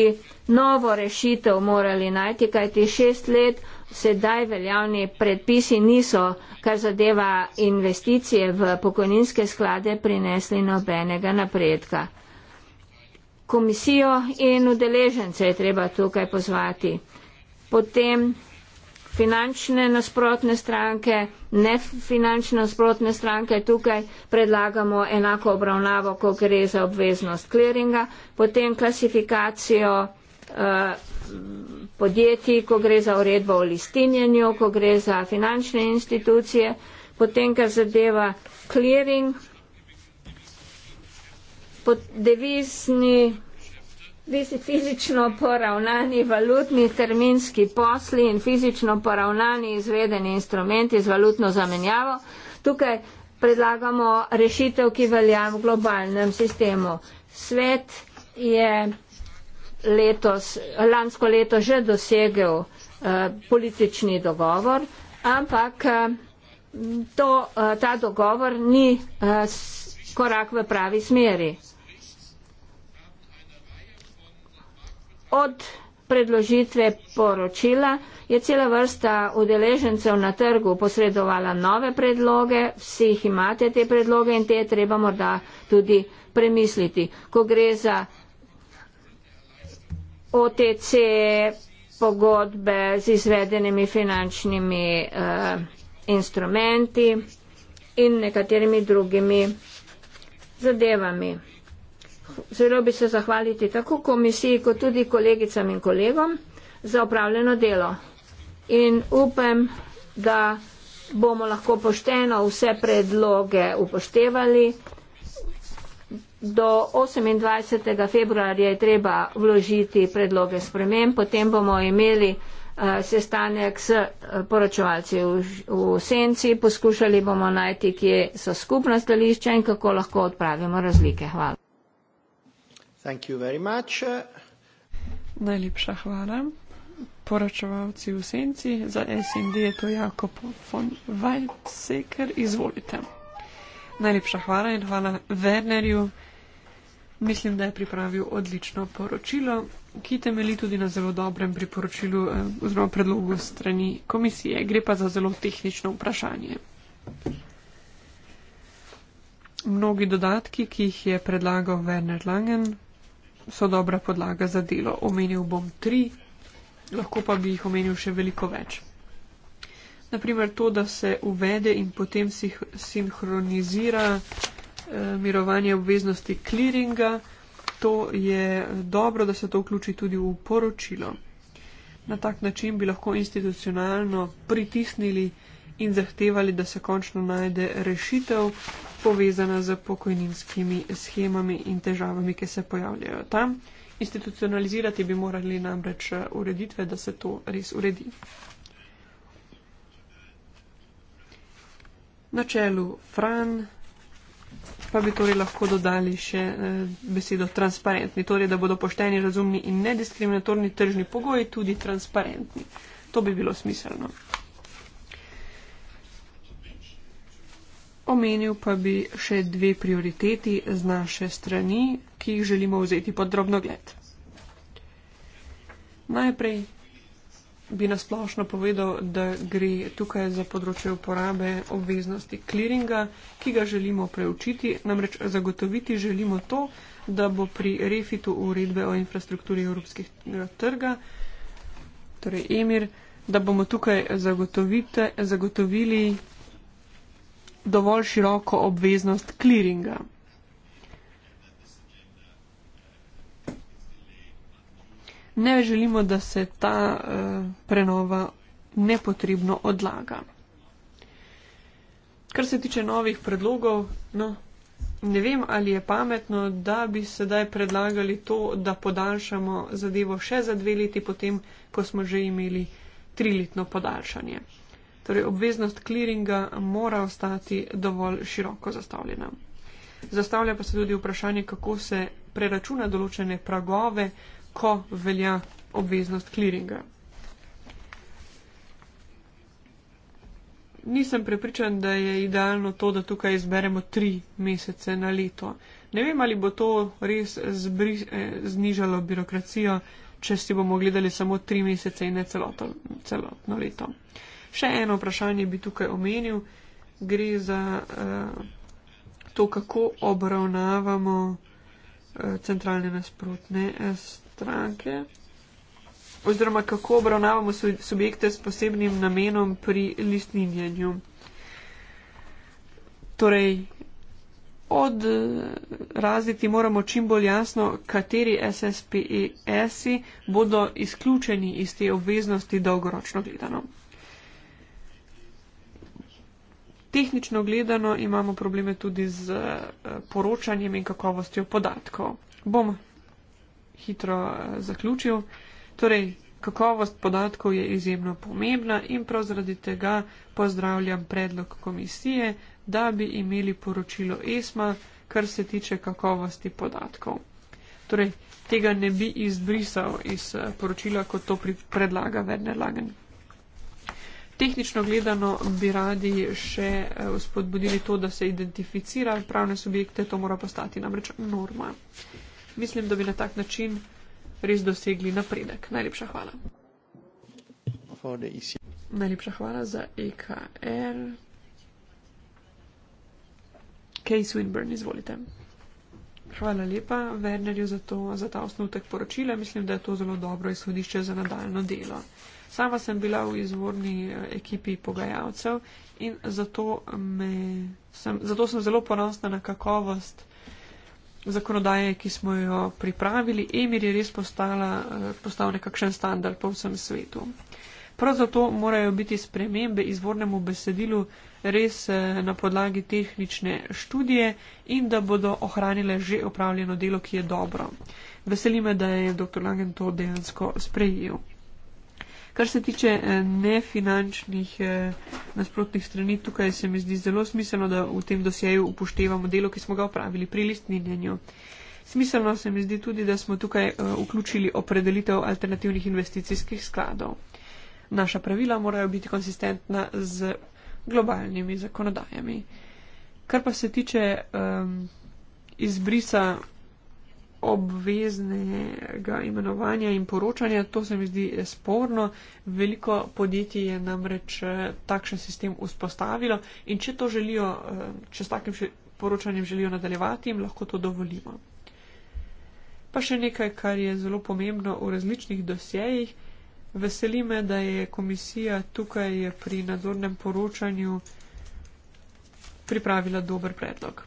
novo rešitev morali najti, kajti šest let sedaj veljavni predpisi niso, kar zadeva investicije v pokojninske sklade, prinesli nobenega napredka komisijo in udeležence je treba tukaj pozvati. Potem finančne nasprotne stranke, nefinančne nasprotne stranke, tukaj predlagamo enako obravnavo, ko gre za obveznost kliringa, potem klasifikacijo uh, podjetij, ko gre za uredbo o listinjenju, ko gre za finančne institucije, potem, kar zadeva kliring, devizni, devizni fizično poravnani valutni terminski posli in fizično poravnani izvedeni instrumenti z valutno zamenjavo. Tukaj predlagamo rešitev, ki velja v globalnem sistemu. Svet je letos, lansko leto že dosegel eh, politični dogovor, ampak eh, to, eh, ta dogovor ni eh, korak v pravi smeri. Od predložitve poročila je cela vrsta udeležencev na trgu posredovala nove predloge, vsi jih imate te predloge in te je treba morda tudi premisliti. Ko gre za OTC pogodbe z izvedenimi finančnimi uh, instrumenti in nekaterimi drugimi zadevami. Zelo bi se zahvaliti tako komisiji, kot tudi kolegicam in kolegom za upravljeno delo. In upam, da bomo lahko pošteno vse predloge upoštevali. Do 28. februarja je treba vložiti predloge spremem, potem bomo imeli. Eh, sestanek s eh, poročevalci v, v senci. Poskušali bomo najti, kje so skupna stališča in kako lahko odpravimo razlike. Hvala. Najlepša hvala. Poročevalci v senci za SND je to Jakob von Weizsäcker. Izvolite. Najlepša hvala in hvala Wernerju. Mislim, da je pripravil odlično poročilo, ki temeli tudi na zelo dobrem priporočilu eh, oziroma predlogu strani komisije. Gre pa za zelo tehnično vprašanje. Mnogi dodatki, ki jih je predlagal Werner Langen, so dobra podlaga za delo. Omenil bom tri, lahko pa bi jih omenil še veliko več. Naprimer to, da se uvede in potem sinhronizira. Eh, mirovanje obveznosti kliringa. To je dobro, da se to vključi tudi v poročilo. Na tak način bi lahko institucionalno pritisnili in zahtevali, da se končno najde rešitev povezana z pokojninskimi schemami in težavami, ki se pojavljajo tam. Institucionalizirati bi morali namreč eh, ureditve, da se to res uredi. Na čelu Fran pa bi torej lahko dodali še eh, besedo transparentni, torej da bodo pošteni, razumni in nediskriminatorni tržni pogoji tudi transparentni. To bi bilo smiselno. Omenil pa bi še dve prioriteti z naše strani, ki jih želimo vzeti pod drobno gled. Najprej bi nasplošno povedal, da gre tukaj za področje uporabe obveznosti kliringa, ki ga želimo preučiti, namreč zagotoviti želimo to, da bo pri refitu uredbe o infrastrukturi evropskih trga, torej emir, da bomo tukaj zagotovili dovolj široko obveznost kliringa. ne želimo, da se ta eh, prenova nepotrebno odlaga. Kar se tiče novih predlogov, no, ne vem, ali je pametno, da bi sedaj predlagali to, da podaljšamo zadevo še za dve leti, potem, ko smo že imeli triletno podaljšanje. Torej, obveznost kliringa mora ostati dovolj široko zastavljena. Zastavlja pa se tudi vprašanje, kako se preračuna določene pragove ko velja obveznost kliringa. Nisem prepričan, da je idealno to, da tukaj izberemo tri mesece na leto. Ne vem, ali bo to res zbri, eh, znižalo birokracijo, če si bomo gledali samo tri mesece in ne celoto, celotno leto. Še eno vprašanje bi tukaj omenil. Gre za eh, to, kako obravnavamo eh, centralne nasprotne eh, stranke. Oziroma, kako obravnavamo subjekte s posebnim namenom pri listninjenju. Torej, odraziti moramo čim bolj jasno, kateri SSPES-i bodo izključeni iz te obveznosti dolgoročno gledano. Tehnično gledano imamo probleme tudi z eh, poročanjem in kakovostjo podatkov. Bom hitro eh, zaključil. Torej, kakovost podatkov je izjemno pomembna in prav zaradi tega pozdravljam predlog komisije, da bi imeli poročilo ESMA, kar se tiče kakovosti podatkov. Torej, tega ne bi izbrisal iz eh, poročila, kot to predlaga Werner Lagen. Tehnično gledano bi radi še spodbudili eh, to, da se identificira pravne subjekte, to mora postati namreč norma mislim, da bi na tak način res dosegli napredek. Najlepša hvala. E Najlepša hvala za EKR. Kej Swinburne, izvolite. Hvala lepa Wernerju za, to, za ta osnutek poročila. Mislim, da je to zelo dobro izhodišče za nadaljno delo. Sama sem bila v izvorni eh, ekipi pogajalcev in zato, me, sem, zato sem zelo ponosna na kakovost zakonodaje, ki smo jo pripravili, emir je res postala, eh, postal nekakšen standard po vsem svetu. Prav zato morajo biti spremembe izvornemu besedilu res eh, na podlagi tehnične študije in da bodo ohranile že opravljeno delo, ki je dobro. Veseli me, da je dr. Langen to dejansko sprejel. Kar se tiče eh, nefinančnih eh, nasprotnih strani, tukaj se mi zdi zelo smiselno, da v tem dosjeju upoštevamo delo, ki smo ga opravili pri listninjenju. Smiselno se mi zdi tudi, da smo tukaj eh, vključili opredelitev alternativnih investicijskih skladov. Naša pravila morajo biti konsistentna z globalnimi zakonodajami. Kar pa se tiče um, izbrisa obveznega imenovanja in poročanja. To se mi zdi sporno. Veliko podjetij je namreč eh, takšen sistem vzpostavilo in če to želijo, eh, če s takim poročanjem želijo nadaljevati, jim lahko to dovolimo. Pa še nekaj, kar je zelo pomembno v različnih dosjejih. Veseli me, da je komisija tukaj pri nadzornem poročanju pripravila dober predlog.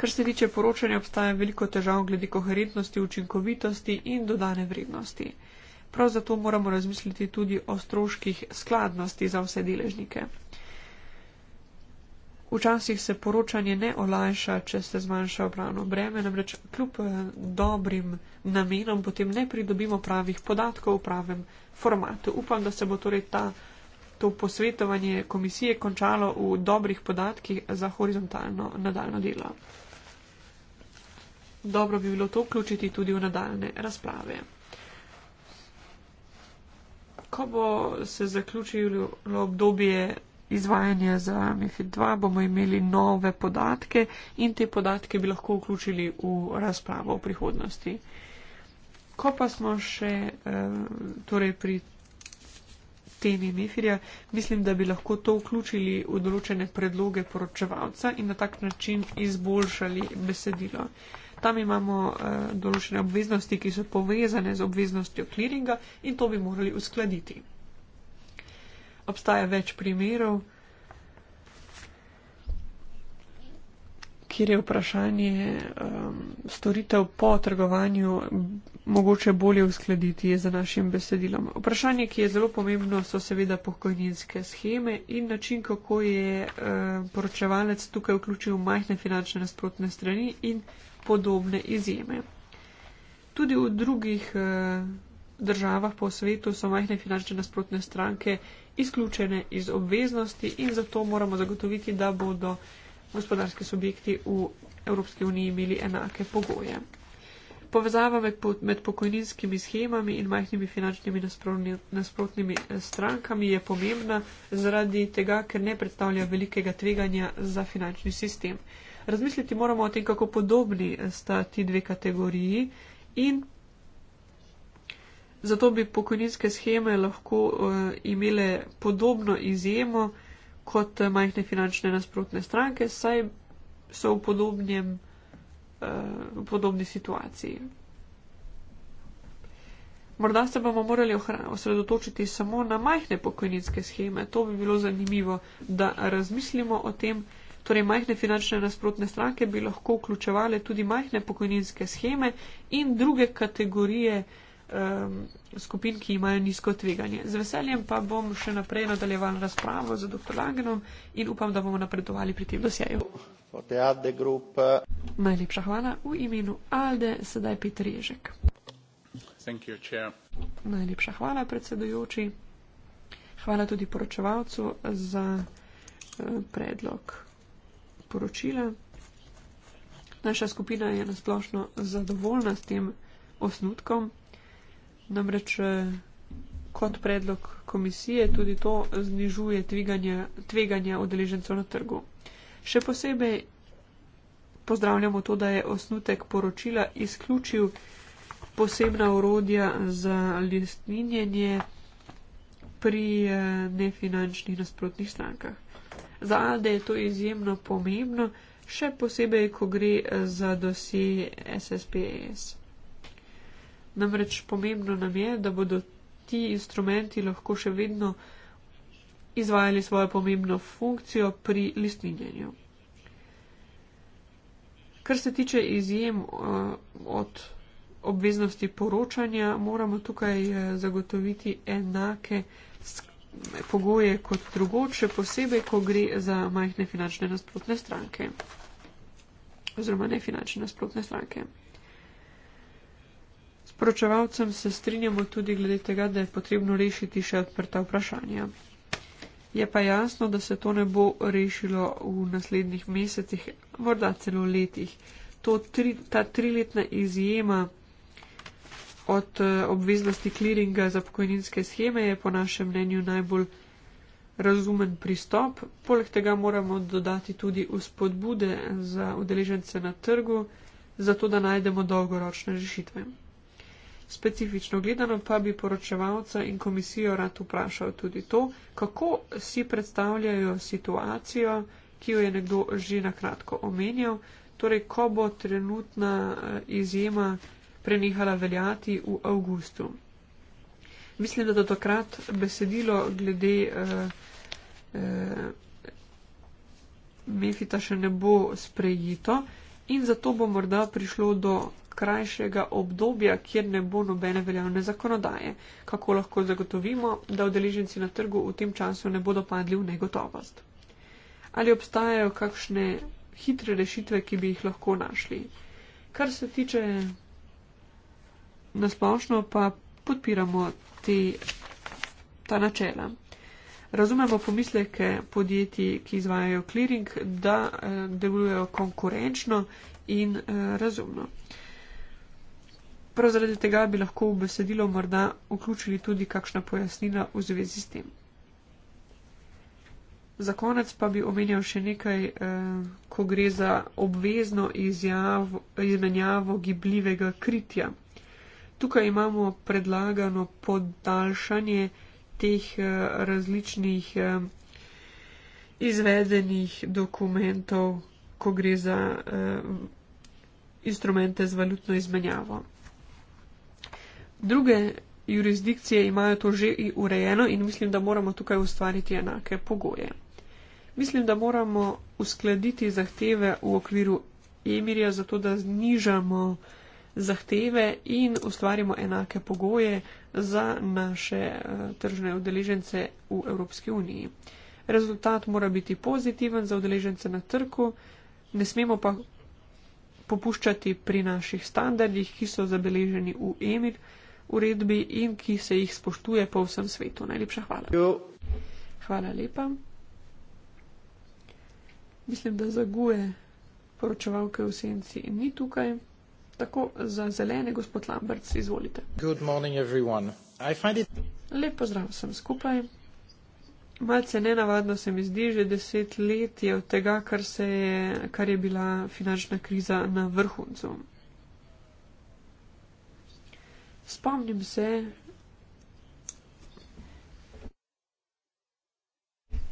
Kar se tiče poročanja, obstaja veliko težav glede koherentnosti, učinkovitosti in dodane vrednosti. Prav zato moramo razmisliti tudi o stroških skladnosti za vse deležnike. Včasih se poročanje ne olajša, če se zmanjša obrano breme, namreč kljub eh, dobrim namenom potem ne pridobimo pravih podatkov v pravem formatu. Upam, da se bo torej ta, to posvetovanje komisije končalo v dobrih podatkih za horizontalno nadaljno delo dobro bi bilo to vključiti tudi v nadaljne razprave. Ko bo se zaključilo obdobje izvajanja za MIFID 2, bomo imeli nove podatke in te podatke bi lahko vključili v razpravo v prihodnosti. Ko pa smo še eh, torej pri temi MIFIR-ja, mislim, da bi lahko to vključili v določene predloge poročevalca in na tak način izboljšali besedilo. Tam imamo uh, določene obveznosti, ki so povezane z obveznostjo kliringa in to bi morali uskladiti. Obstaja več primerov, kjer je vprašanje um, storitev po trgovanju mogoče bolje uskladiti za našim besedilom. Vprašanje, ki je zelo pomembno, so seveda pokojninske scheme in način, kako je uh, poročevalec tukaj vključil majhne finančne nasprotne strani in podobne izjeme. Tudi v drugih eh, državah po svetu so majhne finančne nasprotne stranke izključene iz obveznosti in zato moramo zagotoviti, da bodo gospodarski subjekti v Evropski uniji imeli enake pogoje. Povezava med pokojninskimi schemami in majhnimi finančnimi nasprotnimi eh, strankami je pomembna zaradi tega, ker ne predstavlja velikega tveganja za finančni sistem razmisliti moramo o tem, kako podobni sta ti dve kategoriji in zato bi pokojninske scheme lahko uh, imele podobno izjemo kot eh, majhne finančne nasprotne stranke, saj so v, podobnjem, uh, v podobni situaciji. Morda se bomo morali osredotočiti samo na majhne pokojninske scheme. To bi bilo zanimivo, da razmislimo o tem, Torej, majhne finančne nasprotne stranke bi lahko vključevale tudi majhne pokojninske scheme in druge kategorije um, skupin, ki imajo nizko tveganje. Z veseljem pa bom še naprej nadaljeval razpravo z dr. Langenom in upam, da bomo napredovali pri tem dosjeju. Najlepša hvala. V imenu Alde sedaj Peter Ježek. Najlepša hvala, predsedujoči. Hvala tudi poročevalcu za eh, predlog poročila. Naša skupina je nasplošno zadovoljna s tem osnutkom, namreč eh, kot predlog komisije tudi to znižuje tveganja odeležencev na trgu. Še posebej pozdravljamo to, da je osnutek poročila izključil posebna urodja za listninjenje pri eh, nefinančnih nasprotnih strankah. Za Alde je to izjemno pomembno, še posebej, ko gre eh, za dosje SSPS. Namreč pomembno nam je, da bodo ti instrumenti lahko še vedno izvajali svojo pomembno funkcijo pri listinjenju. Kar se tiče izjem eh, od obveznosti poročanja, moramo tukaj eh, zagotoviti enake pogoje kot drugoče, posebej, ko gre za majhne finančne nasprotne stranke oziroma nefinančne nasprotne stranke. S poročevalcem se strinjamo tudi glede tega, da je potrebno rešiti še odprta vprašanja. Je pa jasno, da se to ne bo rešilo v naslednjih mesecih, morda celo letih. To tri, ta triletna izjema od eh, obveznosti kliringa za pokojninske scheme je po našem mnenju najbolj razumen pristop. Poleg tega moramo dodati tudi vzpodbude za udeležence na trgu, zato da najdemo dolgoročne rešitve. Specifično gledano pa bi poročevalca in komisijo rad vprašal tudi to, kako si predstavljajo situacijo, ki jo je nekdo že nakratko omenjal, torej ko bo trenutna eh, izjema prenehala veljati v avgustu. Mislim, da do takrat besedilo glede eh, eh, Mefita še ne bo sprejito in zato bo morda prišlo do krajšega obdobja, kjer ne bo nobene veljavne zakonodaje. Kako lahko zagotovimo, da odeleženci na trgu v tem času ne bodo padli v negotovost? Ali obstajajo kakšne hitre rešitve, ki bi jih lahko našli? Kar se tiče nasplošno pa podpiramo te, ta načela. Razumemo pomisleke podjetij, ki izvajajo clearing, da eh, delujejo konkurenčno in eh, razumno. Prav zaradi tega bi lahko v besedilo morda vključili tudi kakšna pojasnila v zvezi s tem. Za konec pa bi omenjal še nekaj, eh, ko gre za obvezno izjavo, izmenjavo gibljivega kritja. Tukaj imamo predlagano podaljšanje teh eh, različnih eh, izvedenih dokumentov, ko gre za eh, instrumente z valutno izmenjavo. Druge jurisdikcije imajo to že urejeno in mislim, da moramo tukaj ustvariti enake pogoje. Mislim, da moramo uskladiti zahteve v okviru emirja, zato da znižamo zahteve in ustvarimo enake pogoje za naše eh, tržne udeležence v Evropski uniji. Rezultat mora biti pozitiven za udeležence na trgu, ne smemo pa popuščati pri naših standardih, ki so zabeleženi v EMIR uredbi in ki se jih spoštuje po vsem svetu. Najlepša hvala. Hvala lepa. Mislim, da zaguje poročevalke v senci ni tukaj. Tako za zelene, gospod Lambert, izvolite. Lep pozdrav sem skupaj. Malce nenavadno se mi zdi, že deset let je od tega, kar, se je, kar je bila finančna kriza na vrhuncu. Spomnim se,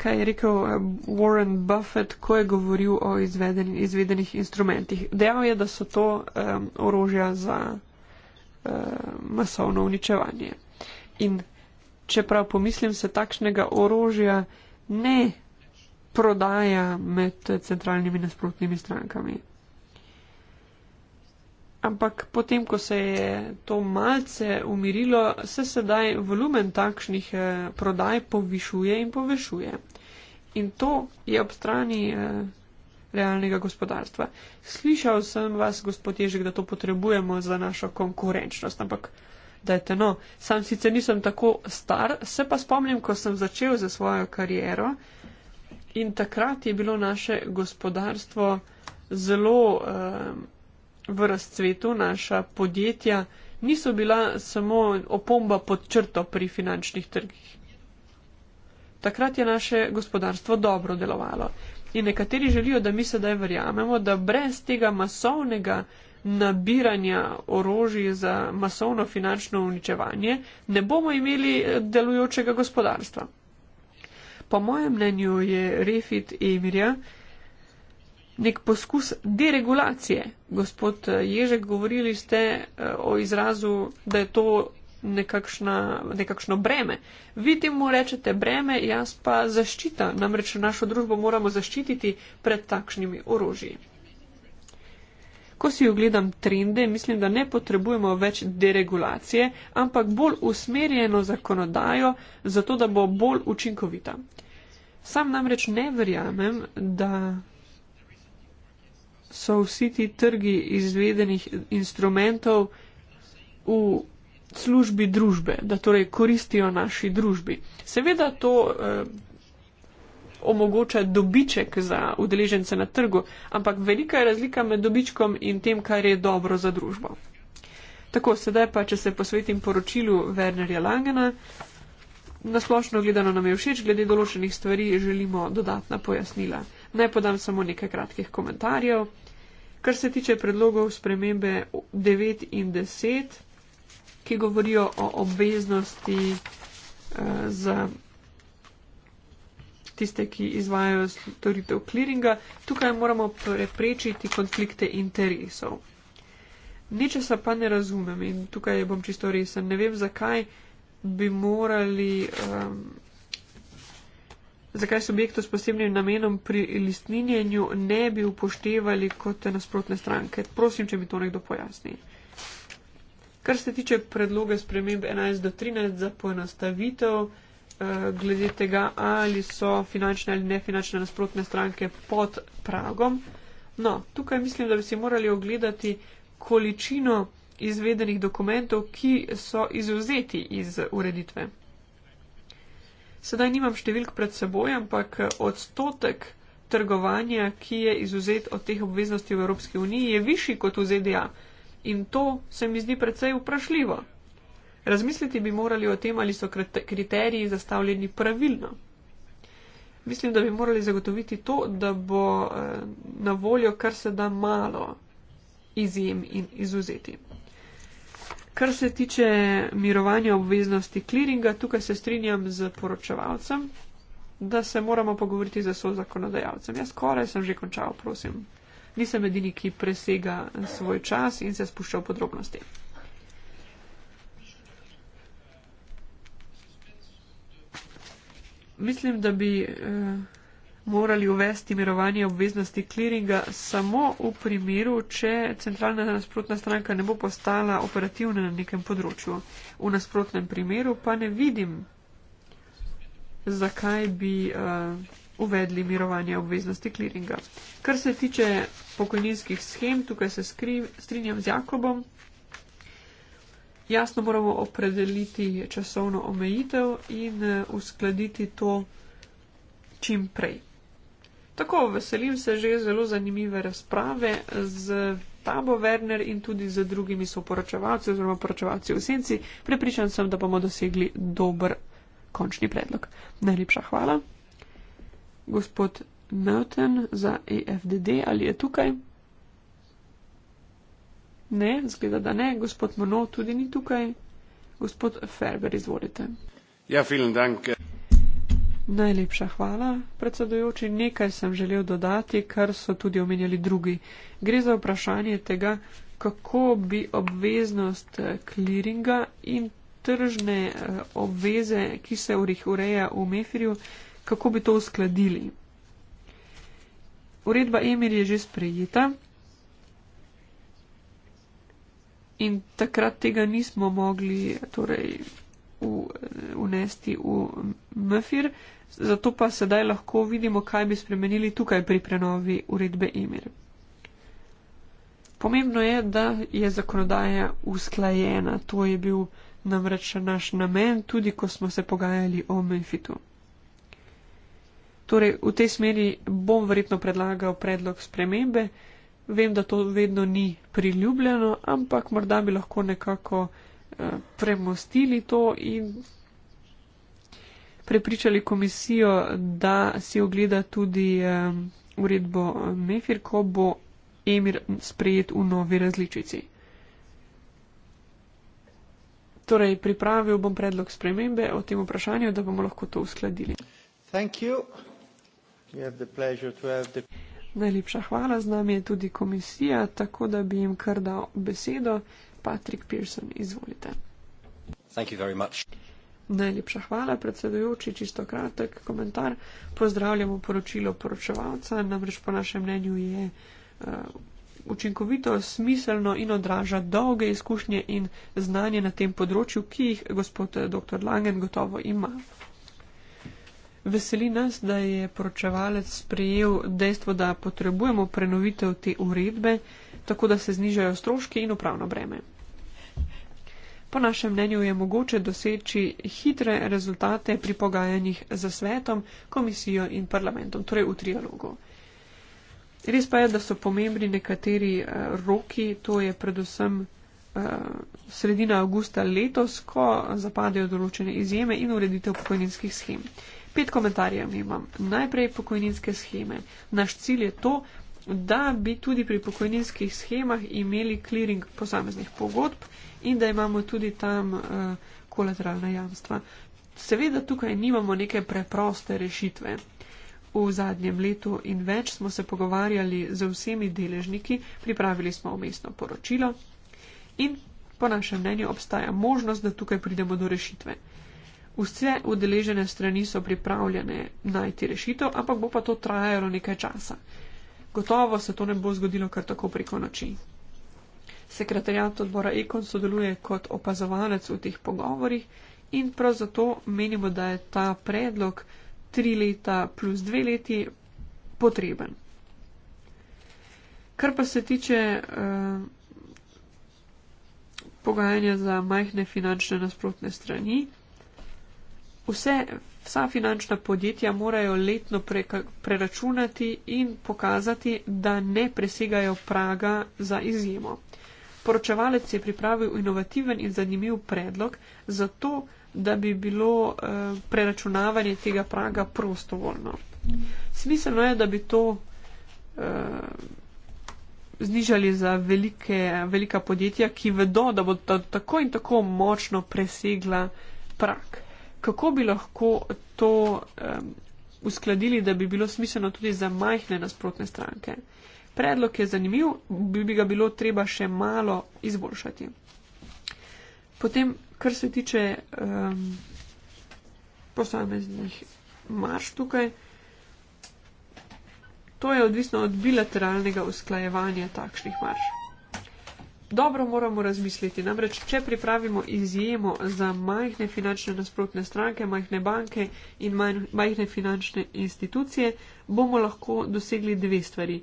kaj je rekel eh, Warren Buffett, ko je govoril o izveden, izvedenih instrumentih. Dejal je, da so to um, orožja za um, masovno uničevanje. In čeprav pomislim, se takšnega orožja ne prodaja med centralnimi nasprotnimi strankami. Ampak potem, ko se je to malce umirilo, se sedaj volumen takšnih eh, prodaj povišuje in povišuje in to je ob strani eh, realnega gospodarstva. Slišal sem vas, gospod Ježek, da to potrebujemo za našo konkurenčnost, ampak dajte no, sam sicer nisem tako star, se pa spomnim, ko sem začel za svojo kariero in takrat je bilo naše gospodarstvo zelo eh, v razcvetu, naša podjetja niso bila samo opomba pod črto pri finančnih trgih. Takrat je naše gospodarstvo dobro delovalo. In nekateri želijo, da mi sedaj verjamemo, da brez tega masovnega nabiranja orožij za masovno finančno uničevanje ne bomo imeli eh, delujočega gospodarstva. Po mojem mnenju je Refit Emirja nek poskus deregulacije. Gospod eh, Ježek, govorili ste eh, o izrazu, da je to nekakšna, nekakšno breme. Vi temu rečete breme, jaz pa zaščita, namreč našo družbo moramo zaščititi pred takšnimi orožji. Ko si ogledam trende, mislim, da ne potrebujemo več deregulacije, ampak bolj usmerjeno zakonodajo, zato da bo bolj učinkovita. Sam namreč ne verjamem, da so vsi ti trgi izvedenih instrumentov v službi družbe, da torej koristijo naši družbi. Seveda to eh, omogoča dobiček za udeležence na trgu, ampak velika je razlika med dobičkom in tem, kar je dobro za družbo. Tako, sedaj pa, če se posvetim poročilu Wernerja Langena, nasplošno gledano nam je všeč, glede določenih stvari želimo dodatna pojasnila. Naj podam samo nekaj kratkih komentarjev. Kar se tiče predlogov spremembe 9 in 10, ki govorijo o obveznosti uh, za tiste, ki izvajajo storitev kliringa. Tukaj moramo preprečiti konflikte interesov. Niče se pa ne razumem in tukaj bom čisto resen. Ne vem, zakaj bi morali. Um, Zakaj subjektu s posebnim namenom pri listninjenju ne bi upoštevali kot nasprotne stranke? Prosim, če mi to nekdo pojasni. Kar se tiče predloga sprememb 11 do 13 za poenostavitev, eh, glede tega, ali so finančne ali nefinančne nasprotne stranke pod pragom. No, tukaj mislim, da bi si morali ogledati količino izvedenih dokumentov, ki so izuzeti iz ureditve. Sedaj nimam številk pred seboj, ampak odstotek trgovanja, ki je izuzet od teh obveznosti v Evropski uniji, je višji kot v ZDA in to se mi zdi precej vprašljivo. Razmisliti bi morali o tem, ali so kriteriji zastavljeni pravilno. Mislim, da bi morali zagotoviti to, da bo eh, na voljo kar se da malo izjem in izuzeti. Kar se tiče mirovanja obveznosti kliringa, tukaj se strinjam z poročevalcem, da se moramo pogovoriti za so zakonodajalcem. Jaz skoraj sem že končal, prosim nisem edini, ki presega svoj čas in se spušča v podrobnosti. Mislim, da bi eh, morali uvesti mirovanje obveznosti kliringa samo v primeru, če centralna nasprotna stranka ne bo postala operativna na nekem področju. V nasprotnem primeru pa ne vidim, zakaj bi. Eh, uvedli mirovanje obveznosti kliringa. Kar se tiče pokojninskih schem, tukaj se skri, strinjam z Jakobom. Jasno moramo opredeliti časovno omejitev in eh, uskladiti to čim prej. Tako, veselim se že zelo zanimive razprave z tabo, Werner, in tudi z drugimi soporočevalci oziroma poročevalci v senci. Prepričan sem, da bomo dosegli dober končni predlog. Najlepša hvala gospod Melton za AFDD, e ali je tukaj? Ne, zgleda, da ne. Gospod Mono tudi ni tukaj. Gospod Ferber, izvolite. Ja, filen dank. Najlepša hvala, predsedujoči. Nekaj sem želel dodati, kar so tudi omenjali drugi. Gre za vprašanje tega, kako bi obveznost kliringa eh, in tržne eh, obveze, ki se ureja v Mefirju, kako bi to uskladili. Uredba Emir je že sprejeta in takrat tega nismo mogli torej, v, vnesti v MFIR, zato pa sedaj lahko vidimo, kaj bi spremenili tukaj pri prenovi uredbe Emir. Pomembno je, da je zakonodaja usklajena. To je bil namreč naš namen, tudi ko smo se pogajali o MFIT-u. Torej, v tej smeri bom verjetno predlagal predlog spremembe. Vem, da to vedno ni priljubljeno, ampak morda bi lahko nekako eh, premostili to in prepričali komisijo, da si ogleda tudi eh, uredbo eh, Mefir, ko bo Emir sprejet v novi različici. Torej, pripravil bom predlog spremembe o tem vprašanju, da bomo lahko to uskladili. Thank you. Najlepša hvala, z nami je tudi komisija, tako da bi jim kar dal besedo. Patrik Pearson, izvolite. Najlepša hvala, predsedujoči, čisto kratek komentar. Pozdravljamo poročilo poročevalca, namreč po našem mnenju je uh, učinkovito, smiselno in odraža dolge izkušnje in znanje na tem področju, ki jih gospod dr. Langen gotovo ima. Veseli nas, da je poročevalec sprejel dejstvo, da potrebujemo prenovitev te uredbe, tako da se znižajo stroški in upravno breme. Po našem mnenju je mogoče doseči hitre rezultate pri pogajanjih za svetom, komisijo in parlamentom, torej v trialogu. Res pa je, da so pomembni nekateri eh, roki, to je predvsem eh, sredina avgusta letos, ko zapadajo določene izjeme in ureditev pokojninskih schem. Pet komentarjev imam. Najprej pokojninske scheme. Naš cilj je to, da bi tudi pri pokojninskih schemah imeli clearing posameznih pogodb in da imamo tudi tam uh, kolateralna jamstva. Seveda tukaj nimamo neke preproste rešitve. V zadnjem letu in več smo se pogovarjali z vsemi deležniki, pripravili smo umestno poročilo in po našem mnenju obstaja možnost, da tukaj pridemo do rešitve. Vse udeležene strani so pripravljene najti rešitev, ampak bo pa to trajalo nekaj časa. Gotovo se to ne bo zgodilo kar tako preko noči. Sekretarjat odbora Ekon sodeluje kot opazovalec v teh pogovorih in prav zato menimo, da je ta predlog tri leta plus dve leti potreben. Kar pa se tiče eh, pogajanja za majhne finančne nasprotne strani, Vse, vsa finančna podjetja morajo letno pre, preračunati in pokazati, da ne presegajo praga za izjemo. Poročevalec je pripravil inovativen in zanimiv predlog za to, da bi bilo eh, preračunavanje tega praga prostovoljno. Smiselno je, da bi to eh, znižali za velike, velika podjetja, ki vedo, da bodo tako in tako močno presegla prag kako bi lahko to um, uskladili, da bi bilo smiselno tudi za majhne nasprotne stranke. Predlog je zanimiv, bi, bi ga bilo treba še malo izboljšati. Potem, kar se tiče um, posameznih marš tukaj, to je odvisno od bilateralnega usklajevanja takšnih marš dobro moramo razmisliti. Namreč, če pripravimo izjemo za majhne finančne nasprotne stranke, majhne banke in majhne finančne institucije, bomo lahko dosegli dve stvari.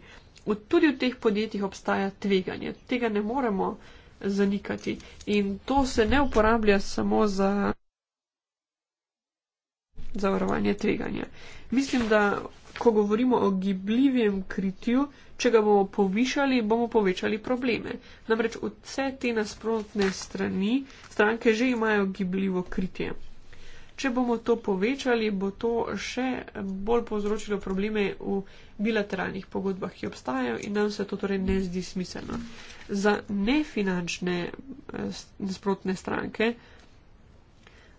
Tudi v teh podjetjih obstaja tveganje. Tega ne moremo zanikati. In to se ne uporablja samo za zavarovanje tveganja. Mislim, da ko govorimo o gibljivem kritju, če ga bomo povišali, bomo povečali probleme. Namreč vse te nasprotne strani, stranke že imajo gibljivo kritje. Če bomo to povečali, bo to še bolj povzročilo probleme v bilateralnih pogodbah, ki obstajajo in nam se to torej ne zdi smiselno. Za nefinančne eh, nasprotne stranke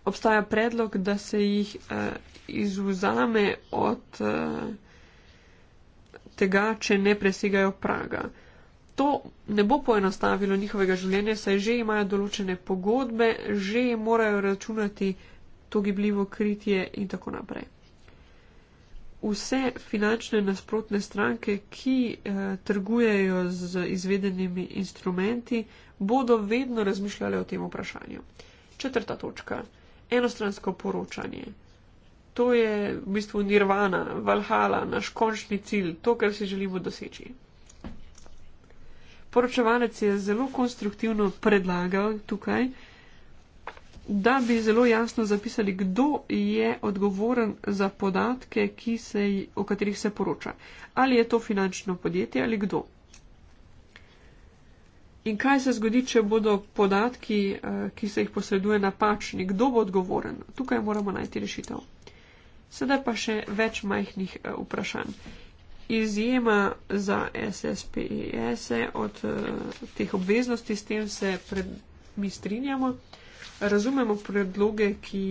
obstaja predlog, da se jih uh, eh, izuzame od uh, tega, če ne presegajo praga. To ne bo poenostavilo njihovega življenja, saj že imajo določene pogodbe, že morajo računati to gibljivo kritje in tako naprej. Vse finančne nasprotne stranke, ki eh, trgujejo z izvedenimi instrumenti, bodo vedno razmišljale o tem vprašanju. Četrta točka enostransko poročanje. To je v bistvu nirvana, valhala, naš končni cilj, to, kar si želimo doseči. Poročevalec je zelo konstruktivno predlagal tukaj, da bi zelo jasno zapisali, kdo je odgovoren za podatke, se, o katerih se poroča. Ali je to finančno podjetje ali kdo. In kaj se zgodi, če bodo podatki, eh, ki se jih posreduje, napačni? Kdo bo odgovoren? Tukaj moramo najti rešitev. Sedaj pa še več majhnih eh, vprašanj. Izjema za SSPES e od eh, teh obveznosti, s tem se pred, mi strinjamo. Razumemo predloge, ki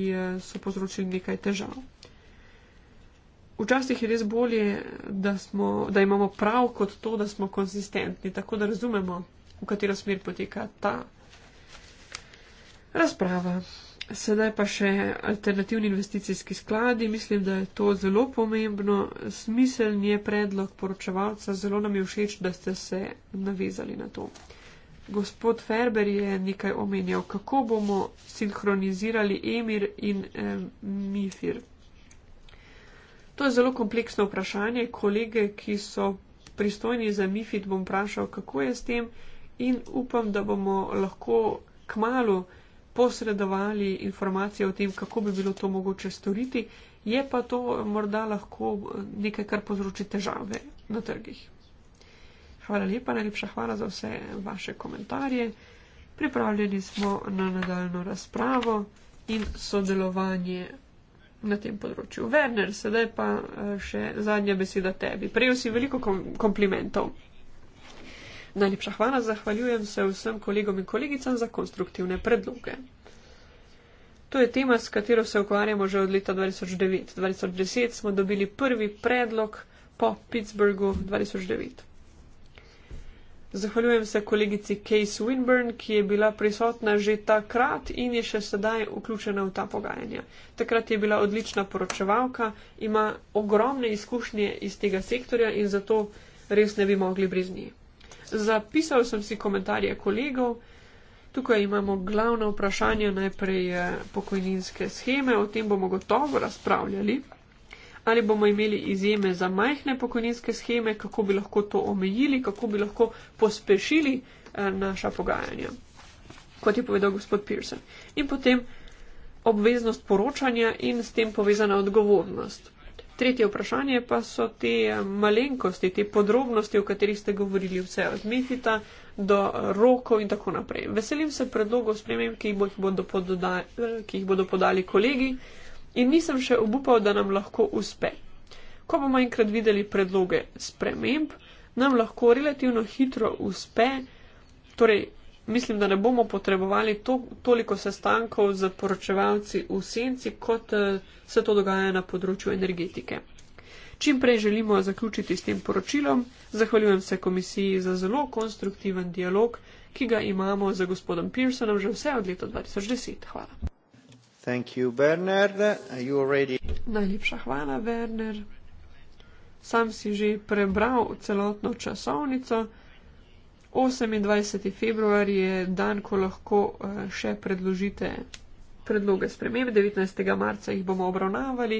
so povzročili nekaj težav. Včasih je res bolje, da, smo, da imamo prav kot to, da smo konsistentni, tako da razumemo v katero smer poteka ta razprava. Sedaj pa še alternativni investicijski skladi. Mislim, da je to zelo pomembno. Smiseln je predlog poročevalca. Zelo nam je všeč, da ste se navezali na to. Gospod Ferber je nekaj omenjal, kako bomo sinhronizirali emir in eh, mifir. To je zelo kompleksno vprašanje. Kolege, ki so pristojni za mifit, bom vprašal, kako je s tem in upam, da bomo lahko kmalo posredovali informacije o tem, kako bi bilo to mogoče storiti. Je pa to morda lahko nekaj, kar povzroči težave na trgih. Hvala lepa, najlepša hvala za vse vaše komentarje. Pripravljeni smo na nadaljno razpravo in sodelovanje na tem področju. Werner, sedaj pa eh, še zadnja beseda tebi. Prejel si veliko komplimentov. Najlepša hvala, zahvaljujem se vsem kolegom in kolegicam za konstruktivne predloge. To je tema, s katero se ukvarjamo že od leta 2009. 2010 smo dobili prvi predlog po Pittsburghu 2009. Zahvaljujem se kolegici Case Winburn, ki je bila prisotna že takrat in je še sedaj vključena v ta pogajanja. Takrat je bila odlična poročevalka, ima ogromne izkušnje iz tega sektorja in zato res ne bi mogli brez njej zapisal sem si komentarje kolegov. Tukaj imamo glavno vprašanje najprej eh, pokojninske scheme, o tem bomo gotovo razpravljali. Ali bomo imeli izjeme za majhne pokojninske scheme, kako bi lahko to omejili, kako bi lahko pospešili eh, naša pogajanja, kot je povedal gospod Pearson. In potem obveznost poročanja in s tem povezana odgovornost. Tretje vprašanje pa so te eh, malenkosti, te podrobnosti, o katerih ste govorili, vse od Mifita do eh, rokov in tako naprej. Veselim se predlogov spremem, ki jih, bodo pododali, ki jih bodo podali kolegi in nisem še obupal, da nam lahko uspe. Ko bomo enkrat videli predloge sprememb, nam lahko relativno hitro uspe, torej mislim, da ne bomo potrebovali to, toliko sestankov z poročevalci v senci, kot eh, se to dogaja na področju energetike. Čim prej želimo zaključiti s tem poročilom, zahvaljujem se komisiji za zelo konstruktiven dialog, ki ga imamo z gospodom Pearsonom že vse od leta 2010. Hvala. You, you already... Najlepša hvala, Werner. Sam si že prebral celotno časovnico. 28. februar je dan, ko lahko eh, še predložite predloge sprememb, 19. marca jih bomo obravnavali,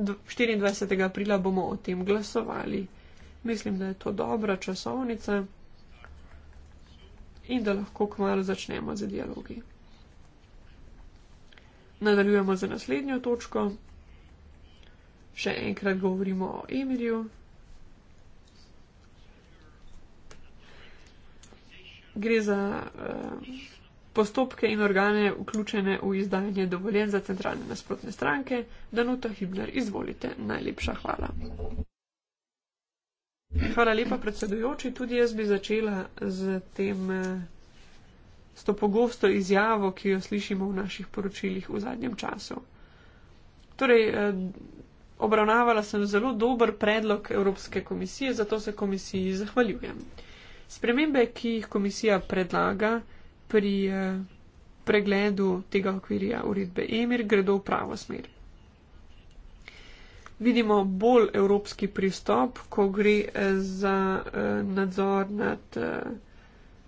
24. aprila bomo o tem glasovali. Mislim, da je to dobra časovnica in da lahko kmalo začnemo z dialogi. Nadaljujemo z naslednjo točko. Še enkrat govorimo o Emirju. gre za uh, postopke in organe vključene v izdajanje dovoljen za centralne nasprotne stranke. Danuta Hibner, izvolite. Najlepša hvala. Hvala lepa, predsedujoči. Tudi jaz bi začela z tem. Uh, S to pogosto izjavo, ki jo slišimo v naših poročilih v zadnjem času. Torej, eh, obravnavala sem zelo dober predlog Evropske komisije, zato se komisiji zahvaljujem. Spremembe, ki jih komisija predlaga pri eh, pregledu tega okvirja uredbe EMIR, gredo v pravo smer. Vidimo bolj evropski pristop, ko gre eh, za eh, nadzor nad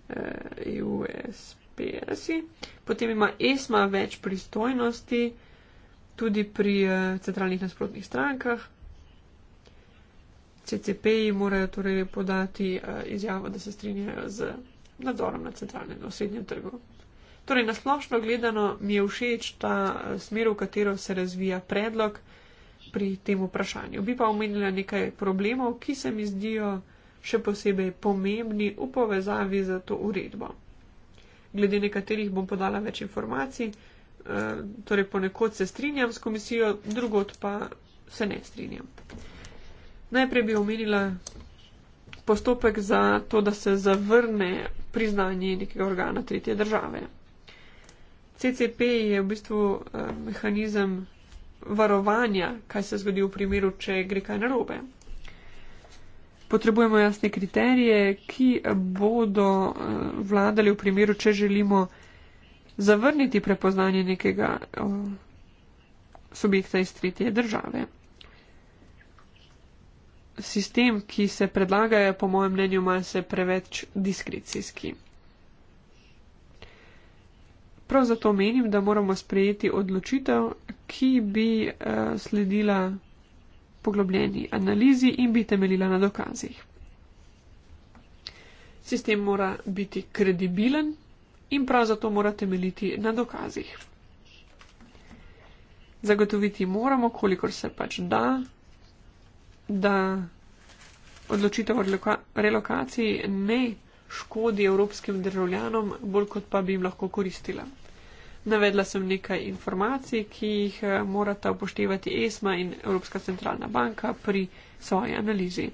EUSPS-i. E Potem ima ESMA več pristojnosti tudi pri centralnih nasprotnih strankah. CCP-ji morajo torej podati eh, izjavo, da se strinjajo z nadzorom na centralnem osrednjem trgu. Torej, nasplošno gledano mi je všeč ta eh, smer, v katero se razvija predlog pri tem vprašanju. Bi pa omenila nekaj problemov, ki se mi zdijo še posebej pomembni v povezavi z to uredbo. Glede nekaterih bom podala več informacij, eh, torej ponekod se strinjam s komisijo, drugot pa se ne strinjam. Najprej bi omenila postopek za to, da se zavrne priznanje nekega organa tretje države. CCP je v bistvu eh, mehanizem varovanja, kaj se zgodi v primeru, če gre kaj narobe. Potrebujemo jasne kriterije, ki bodo eh, vladali v primeru, če želimo zavrniti prepoznanje nekega eh, subjekta iz tretje države sistem, ki se predlaga, je po mojem mnenju malce preveč diskrecijski. Prav zato menim, da moramo sprejeti odločitev, ki bi uh, sledila poglobljeni analizi in bi temeljila na dokazih. Sistem mora biti kredibilen in prav zato mora temeljiti na dokazih. Zagotoviti moramo, kolikor se pač da, da odločitev o relokaciji ne škodi evropskim državljanom, bolj kot pa bi jim lahko koristila. Navedla sem nekaj informacij, ki jih eh, morata upoštevati ESMA in Evropska centralna banka pri svoji analizi.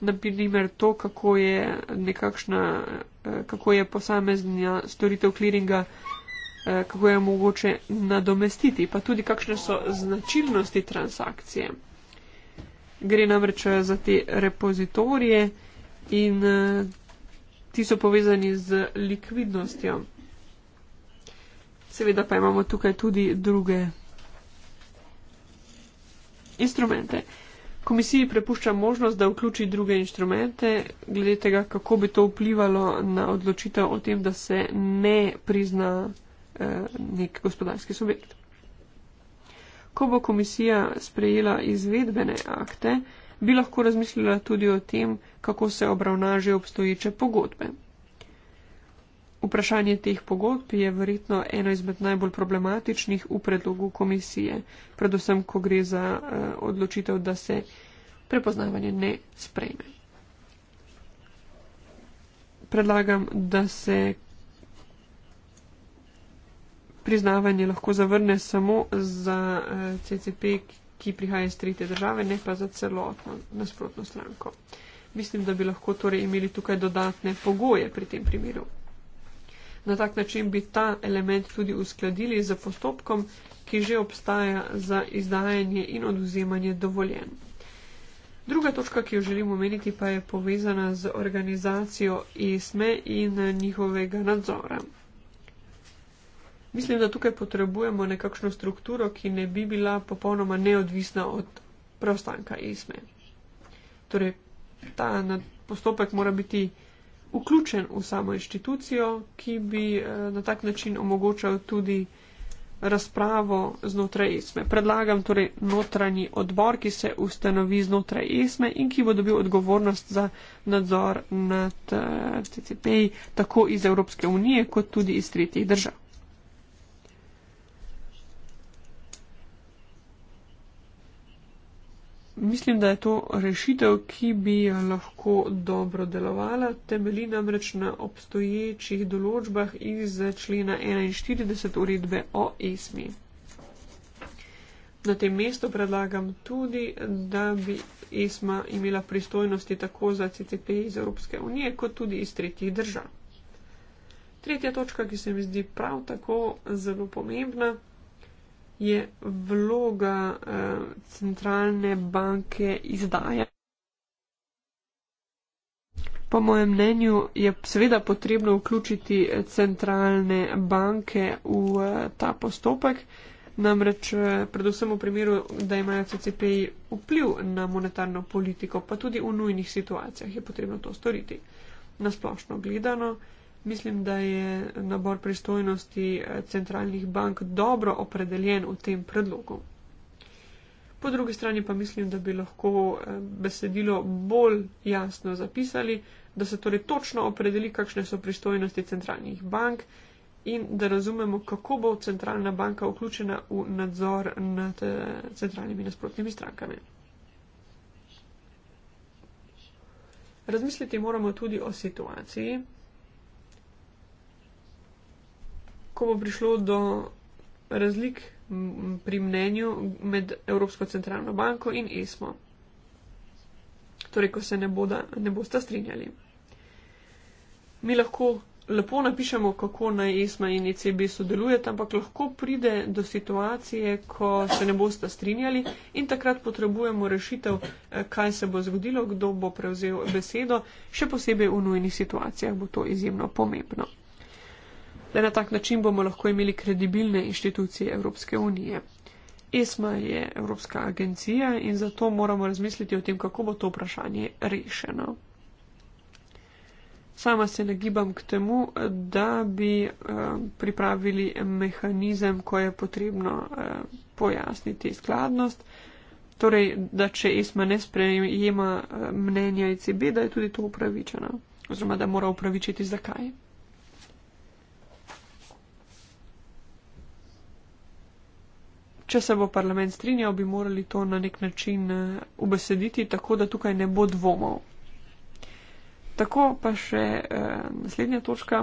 Naprimer to, kako je, nekakšna, eh, kako je posameznja storitev kliringa, eh, kako je mogoče nadomestiti, pa tudi kakšne so značilnosti transakcije gre namreč eh, za te repozitorije in eh, ti so povezani z likvidnostjo. Seveda pa imamo tukaj tudi druge instrumente. Komisiji prepušča možnost, da vključi druge instrumente, glede tega, kako bi to vplivalo na odločitev o tem, da se ne prizna eh, nek gospodarski subjekt. Ko bo komisija sprejela izvedbene akte, bi lahko razmislila tudi o tem, kako se obravnažajo obstoječe pogodbe. Vprašanje teh pogodb je verjetno eno izmed najbolj problematičnih v predlogu komisije, predvsem, ko gre za uh, odločitev, da se prepoznavanje ne sprejme. Predlagam, da se priznavanje lahko zavrne samo za eh, CCP, ki prihaja iz tretje države, ne pa za celotno nasprotno stranko. Mislim, da bi lahko torej imeli tukaj dodatne pogoje pri tem primeru. Na tak način bi ta element tudi uskladili z postopkom, ki že obstaja za izdajanje in oduzemanje dovoljen. Druga točka, ki jo želim omeniti, pa je povezana z organizacijo ESME e in njihovega nadzora. Mislim, da tukaj potrebujemo nekakšno strukturo, ki ne bi bila popolnoma neodvisna od preostanka esme. Torej, ta postopek mora biti vključen v samo inštitucijo, ki bi eh, na tak način omogočal tudi razpravo znotraj esme. Predlagam torej notranji odbor, ki se ustanovi znotraj esme in ki bo dobil odgovornost za nadzor nad eh, CCP tako iz Evropske unije kot tudi iz tretjih držav. mislim, da je to rešitev, ki bi lahko dobro delovala. Temelji namreč na obstoječih določbah iz člena 41 uredbe o ESMI. Na tem mestu predlagam tudi, da bi ESMA imela pristojnosti tako za CCP iz Evropske unije, kot tudi iz tretjih držav. Tretja točka, ki se mi zdi prav tako zelo pomembna je vloga uh, centralne banke izdaja. Po mojem mnenju je seveda potrebno vključiti centralne banke v uh, ta postopek, namreč uh, predvsem v primeru, da imajo CCP-ji vpliv na monetarno politiko, pa tudi v nujnih situacijah je potrebno to storiti. Nasplošno gledano, uh, Mislim, da je nabor pristojnosti eh, centralnih bank dobro opredeljen v tem predlogu. Po drugi strani pa mislim, da bi lahko eh, besedilo bolj jasno zapisali, da se torej točno opredeli, kakšne so pristojnosti centralnih bank in da razumemo, kako bo centralna banka vključena v nadzor nad eh, centralnimi nasprotnimi strankami. Razmisliti moramo tudi o situaciji, ko bo prišlo do razlik pri mnenju med Evropsko centralno banko in ESMO. Torej, ko se ne, boda, ne boste strinjali. Mi lahko lepo napišemo, kako naj ESMA in ECB sodelujeta, ampak lahko pride do situacije, ko se ne boste strinjali in takrat potrebujemo rešitev, eh, kaj se bo zgodilo, kdo bo prevzel besedo, še posebej v nujnih situacijah bo to izjemno pomembno. Le na tak način bomo lahko imeli kredibilne inštitucije Evropske unije. ESMA je Evropska agencija in zato moramo razmisliti o tem, kako bo to vprašanje rešeno. Sama se nagibam k temu, da bi eh, pripravili mehanizem, ko je potrebno eh, pojasniti skladnost. Torej, da če ESMA ne sprejema eh, mnenja ICB, e da je tudi to upravičeno. Oziroma, da mora upravičiti zakaj. Če se bo parlament strinjal, bi morali to na nek način eh, ubesediti, tako da tukaj ne bo dvomov. Tako pa še eh, naslednja točka,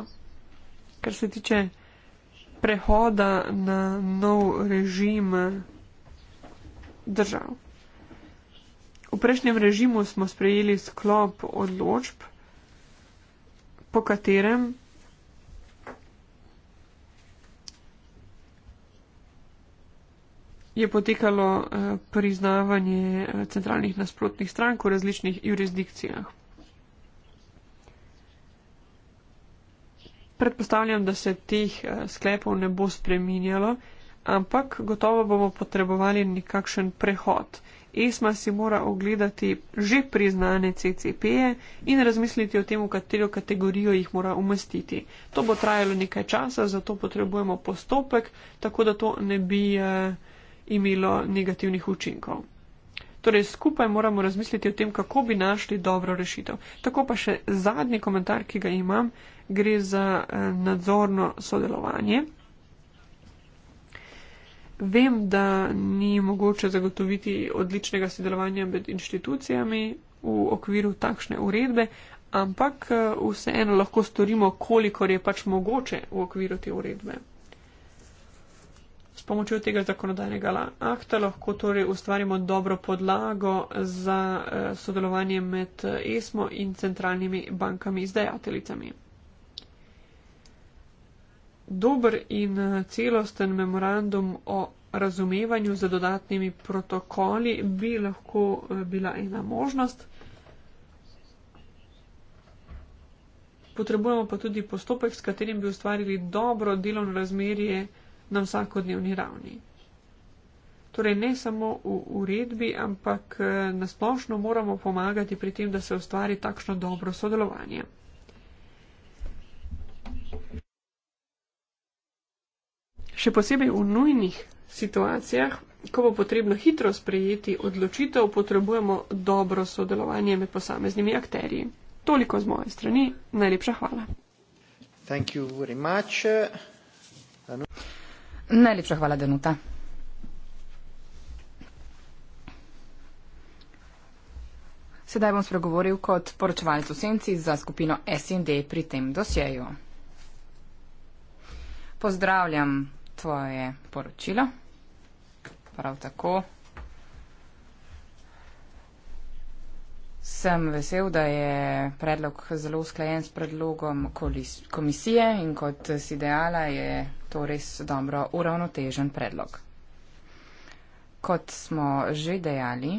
kar se tiče prehoda na nov režim eh, držav. V prejšnjem režimu smo sprejeli sklop odločb, po katerem je potekalo eh, priznavanje eh, centralnih nasprotnih strank v različnih jurisdikcijah. Predpostavljam, da se teh eh, sklepov ne bo spreminjalo, ampak gotovo bomo potrebovali nekakšen prehod. ESMA si mora ogledati že priznane CCP-je in razmisliti o tem, v katero kategorijo jih mora umestiti. To bo trajalo nekaj časa, zato potrebujemo postopek, tako da to ne bi. Eh, imelo negativnih učinkov. Torej, skupaj moramo razmisliti o tem, kako bi našli dobro rešitev. Tako pa še zadnji komentar, ki ga imam, gre za eh, nadzorno sodelovanje. Vem, da ni mogoče zagotoviti odličnega sodelovanja med inštitucijami v okviru takšne uredbe, ampak eh, vseeno lahko storimo, kolikor je pač mogoče v okviru te uredbe. S pomočjo tega zakonodajnega akta lahko torej ustvarimo dobro podlago za eh, sodelovanje med eh, ESMO in centralnimi bankami izdajateljicami. Dober in eh, celosten memorandum o razumevanju z dodatnimi protokoli bi lahko bila ena možnost. Potrebujemo pa tudi postopek, s katerim bi ustvarili dobro delovno razmerje na vsakodnevni ravni. Torej ne samo v uredbi, ampak eh, nasplošno moramo pomagati pri tem, da se ustvari takšno dobro sodelovanje. Še posebej v nujnih situacijah, ko bo potrebno hitro sprejeti odločitev, potrebujemo dobro sodelovanje med posameznimi akterji. Toliko z moje strani. Najlepša hvala. Thank you very much. Uh, no. Najlepša hvala, Danuta. Sedaj bom spregovoril kot poročevalec v senci za skupino SND pri tem dosjeju. Pozdravljam tvoje poročilo. Prav tako sem vesel, da je predlog zelo usklajen s predlogom komisije in kot si dejala, je to res dobro uravnotežen predlog. Kot smo že dejali,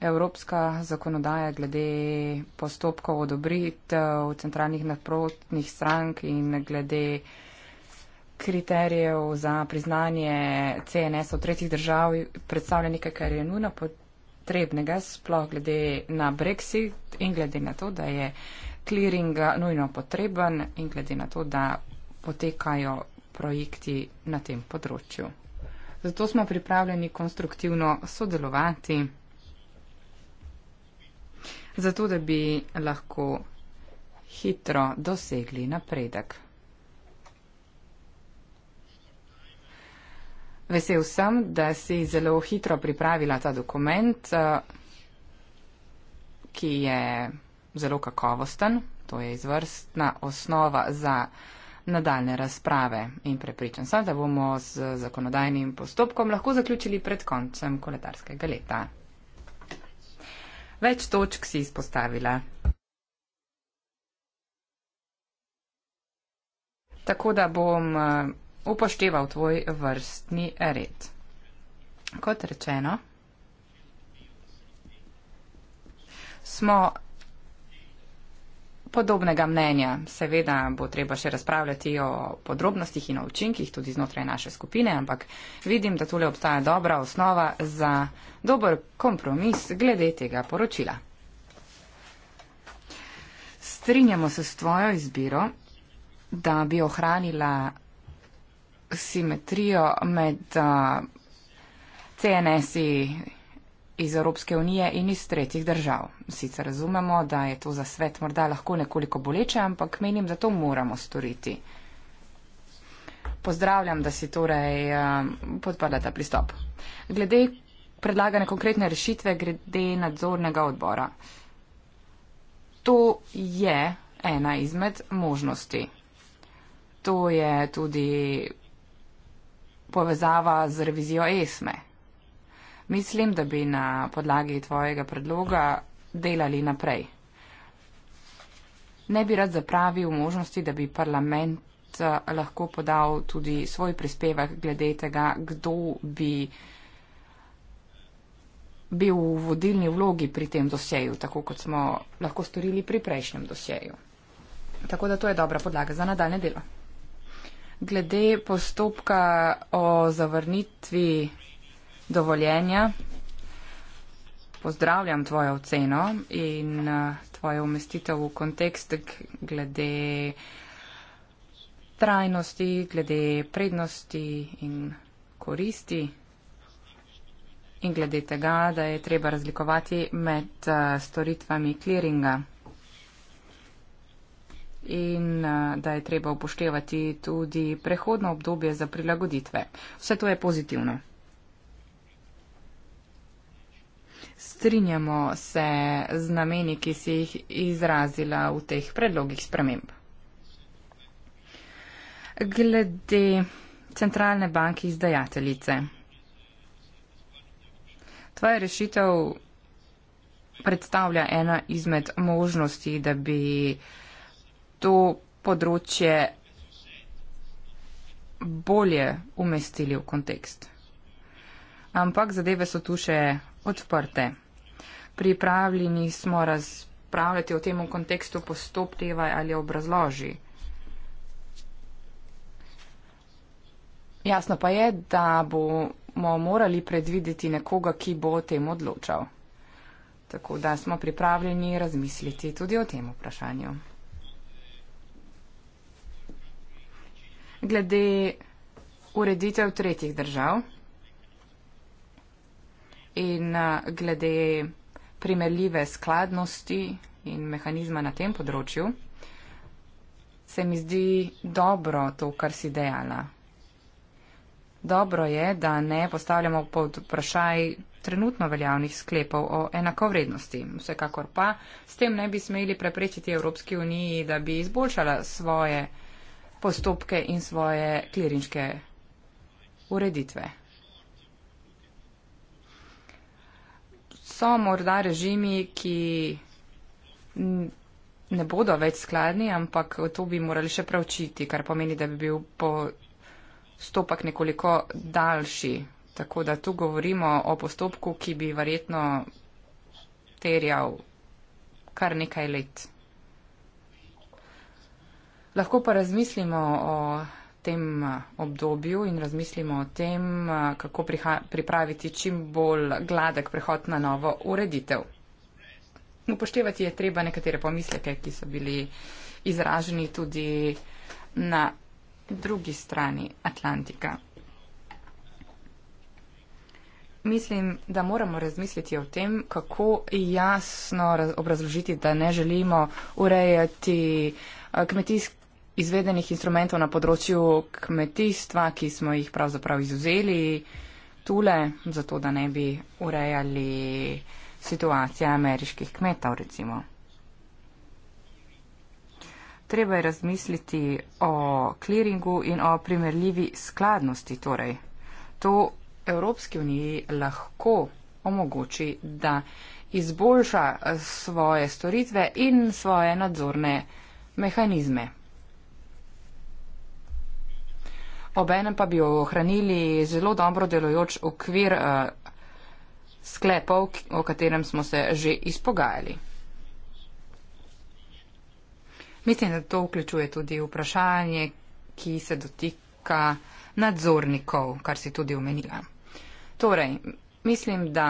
evropska zakonodaja glede postopkov odobritev centralnih naprotnih strank in glede kriterijev za priznanje CNS v tretjih držav predstavlja nekaj, kar je nujno potrebnega, sploh glede na Brexit in glede na to, da je clearing nujno potreben in glede na to, da potekajo projekti na tem področju. Zato smo pripravljeni konstruktivno sodelovati, zato da bi lahko hitro dosegli napredek. Vesel sem, da si zelo hitro pripravila ta dokument, ki je zelo kakovosten, to je izvrstna osnova za nadaljne razprave in prepričan sem, da bomo z zakonodajnim postopkom lahko zaključili pred koncem koledarskega leta. Več točk si izpostavila. Tako da bom eh, upošteval tvoj vrstni red. Kot rečeno, smo podobnega mnenja. Seveda bo treba še razpravljati o podrobnostih in o učinkih tudi znotraj naše skupine, ampak vidim, da tule obstaja dobra osnova za dober kompromis glede tega poročila. Strinjamo se s tvojo izbiro, da bi ohranila simetrijo med uh, eh, CNS-i iz Evropske unije in iz tretjih držav. Sicer razumemo, da je to za svet morda lahko nekoliko boleče, ampak menim, da to moramo storiti. Pozdravljam, da si torej eh, podpada ta pristop. Glede predlagane konkretne rešitve, glede nadzornega odbora. To je ena izmed možnosti. To je tudi povezava z revizijo ESME, mislim, da bi na podlagi tvojega predloga delali naprej. Ne bi rad zapravil možnosti, da bi parlament eh, lahko podal tudi svoj prispevek glede tega, kdo bi bil v vodilni vlogi pri tem dosjeju, tako kot smo lahko storili pri prejšnjem dosjeju. Tako da to je dobra podlaga za nadaljne delo. Glede postopka o zavrnitvi dovoljenja. Pozdravljam tvojo oceno in eh, tvojo umestitev v kontekst glede trajnosti, glede prednosti in koristi in glede tega, da je treba razlikovati med eh, storitvami kliringa in eh, da je treba upoštevati tudi prehodno obdobje za prilagoditve. Vse to je pozitivno. strinjamo se z nameni, ki si jih izrazila v teh predlogih sprememb. Glede centralne banke izdajateljice. Tvoja rešitev predstavlja ena izmed možnosti, da bi to področje bolje umestili v kontekst. Ampak zadeve so tu še odprte. Pripravljeni smo razpravljati o tem v kontekstu postopteva ali obrazloži. Jasno pa je, da bomo morali predvideti nekoga, ki bo o tem odločal. Tako da smo pripravljeni razmisliti tudi o tem vprašanju. Glede ureditev tretjih držav in glede primerljive skladnosti in mehanizma na tem področju, se mi zdi dobro to, kar si dejala. Dobro je, da ne postavljamo pod vprašaj trenutno veljavnih sklepov o enakovrednosti. Vsekakor pa s tem ne bi smeli preprečiti Evropski uniji, da bi izboljšala svoje postopke in svoje klirinške ureditve. so morda režimi, ki ne bodo več skladni, ampak to bi morali še pravčiti, kar pomeni, da bi bil postopek nekoliko daljši. Tako da tu govorimo o postopku, ki bi verjetno terjal kar nekaj let. Lahko pa razmislimo o tem eh, obdobju in razmislimo o tem, eh, kako pripraviti čim bolj gladek prehod na novo ureditev. Upoštevati je treba nekatere pomisleke, ki so bili izraženi tudi na drugi strani Atlantika. Mislim, da moramo razmisliti o tem, kako jasno obrazložiti, da ne želimo urejati eh, kmetijske izvedenih instrumentov na področju kmetijstva, ki smo jih pravzaprav izuzeli tule, zato da ne bi urejali situacije ameriških kmetov, recimo. Treba je razmisliti o kliringu in o primerljivi skladnosti. Torej. To Evropski uniji lahko omogoči, da izboljša svoje storitve in svoje nadzorne mehanizme. obenem pa bi ohranili zelo dobro delojoč okvir uh, sklepov, o katerem smo se že izpogajali. Mislim, da to vključuje tudi vprašanje, ki se dotika nadzornikov, kar si tudi omenila. Torej, mislim, da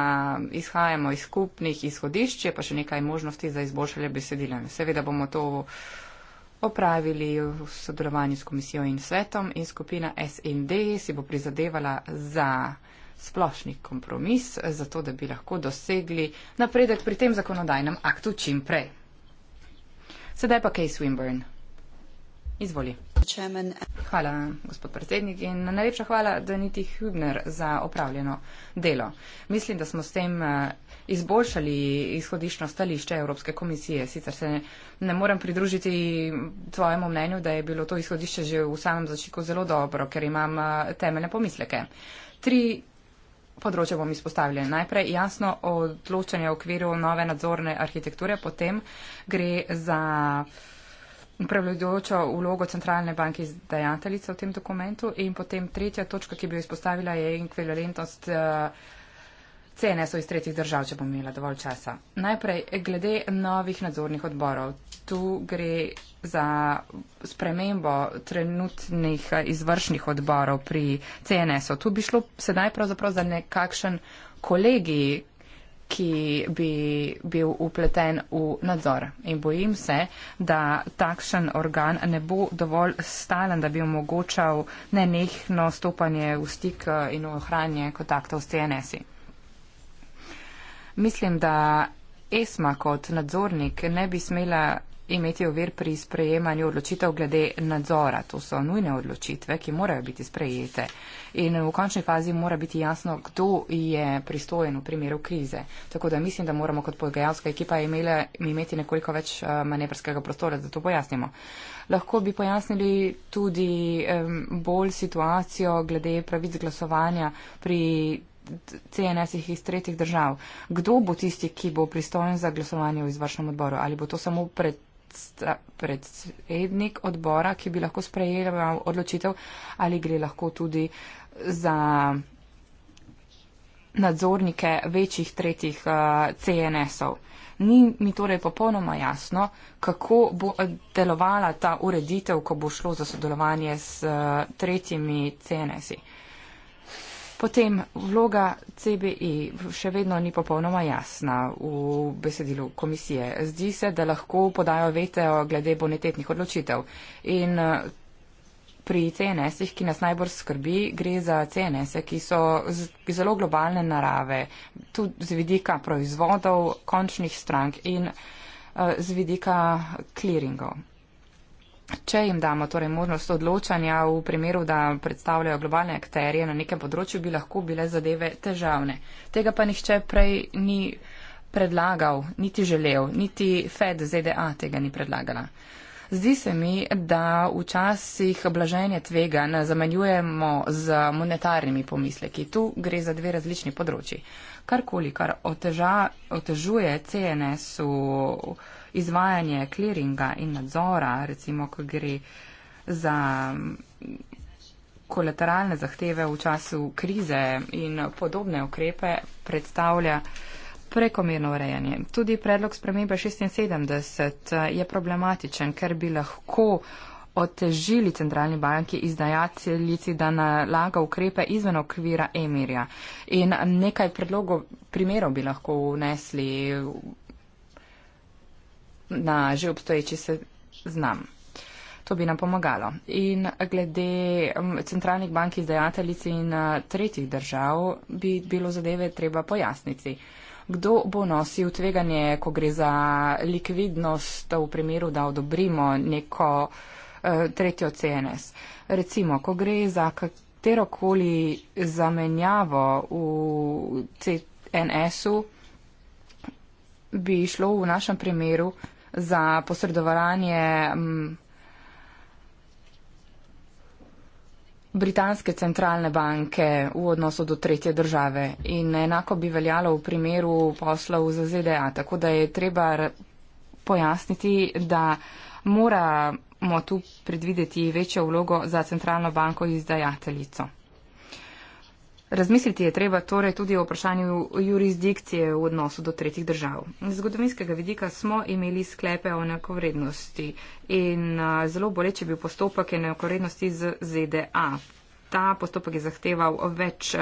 izhajamo iz skupnih izhodišč, pa še nekaj možnosti za izboljšanje besedila. Seveda bomo to. Uh, opravili v sodelovanju s komisijo in svetom in skupina SND si bo prizadevala za splošni kompromis, zato da bi lahko dosegli napredek pri tem zakonodajnem aktu čim prej. Sedaj pa Kay Swinburne. Izvoli. Hvala, gospod predsednik, in najlepša hvala Danitih Hübner za opravljeno delo. Mislim, da smo s tem eh, izboljšali izhodiščno stališče Evropske komisije. Sicer se ne, ne morem pridružiti tvojemu mnenju, da je bilo to izhodišče že v samem začetku zelo dobro, ker imam eh, temeljne pomisleke. Tri področje bom izpostavila. Najprej jasno odločanje v okviru nove nadzorne arhitekture, potem gre za prevladujočo vlogo centralne banke izdajateljice v tem dokumentu in potem tretja točka, ki bi jo izpostavila, je inkvalentnost uh, eh, Cene so iz tretjih držav, če bom imela dovolj časa. Najprej, glede novih nadzornih odborov. Tu gre za spremembo trenutnih eh, izvršnih odborov pri CNS-u. Tu bi šlo sedaj pravzaprav za nekakšen kolegij, ki bi bil upleten v nadzor. In bojim se, da takšen organ ne bo dovolj stalen, da bi omogočal nenehno stopanje v stik eh, in ohranje kontaktov s CNS-i. Mislim, da ESMA kot nadzornik ne bi smela imeti ovir pri sprejemanju odločitev glede nadzora. To so nujne odločitve, ki morajo biti sprejete. In v končni fazi mora biti jasno, kdo je pristojen v primeru krize. Tako da mislim, da moramo kot pogajalska ekipa imele, imeti nekoliko več eh, manevrskega prostora, da to pojasnimo. Lahko bi pojasnili tudi um, bolj situacijo glede pravic glasovanja pri CNS-ih iz tretjih držav. Kdo bo tisti, ki bo pristojen za glasovanje v izvršnem odboru? Ali bo to samo predsednik odbora, ki bi lahko sprejeljal odločitev, ali gre lahko tudi za nadzornike večjih tretjih uh, eh, CNS-ov. Ni mi torej popolnoma jasno, kako bo eh, delovala ta ureditev, ko bo šlo za sodelovanje s uh, tretjimi CNS-i. Uh, Potem vloga CBI e še vedno ni popolnoma jasna v besedilu komisije. Zdi se, da lahko podajo veto glede bonitetnih odločitev. In eh, pri CNS-ih, ki nas najbolj skrbi, gre za CNS-e, ki so zelo globalne narave, tudi z vidika proizvodov, končnih strank in eh, z vidika kliringov če jim damo torej možnost odločanja v primeru, da predstavljajo globalne akterije na nekem področju, bi lahko bile zadeve težavne. Tega pa nihče prej ni predlagal, niti želel, niti Fed ZDA tega ni predlagala. Zdi se mi, da včasih blaženje tvega zamenjujemo z monetarnimi pomisleki. Tu gre za dve različni področji. Karkoli, kar oteža, otežuje CNS-u izvajanje kliringa in nadzora, recimo, ko gre za mm, kolateralne zahteve v času krize in podobne ukrepe, predstavlja prekomerno urejanje. Tudi predlog spremembe 76 eh, je problematičen, ker bi lahko otežili centralni banki izdajateljici, da nalaga ukrepe izven okvira emirja. In nekaj predlogov, primerov bi lahko unesli na že obstoječi se znam. To bi nam pomagalo. In glede centralnih bank izdajateljic in tretjih držav bi bilo zadeve treba pojasniti. Kdo bo nosil tveganje, ko gre za likvidnost v primeru, da odobrimo neko e, tretjo CNS? Recimo, ko gre za katerokoli zamenjavo v CNS-u, bi šlo v našem primeru za posredovanje m, mm, Britanske centralne banke v odnosu do tretje države in enako bi veljalo v primeru poslov za ZDA. Tako da je treba pojasniti, da moramo tu predvideti večjo vlogo za centralno banko izdajateljico. Razmisliti je treba torej tudi o vprašanju jurisdikcije v odnosu do tretjih držav. Z zgodovinskega vidika smo imeli sklepe o enakovrednosti in zelo boleče bil postopek enakovrednosti z ZDA. Ta postopek je zahteval več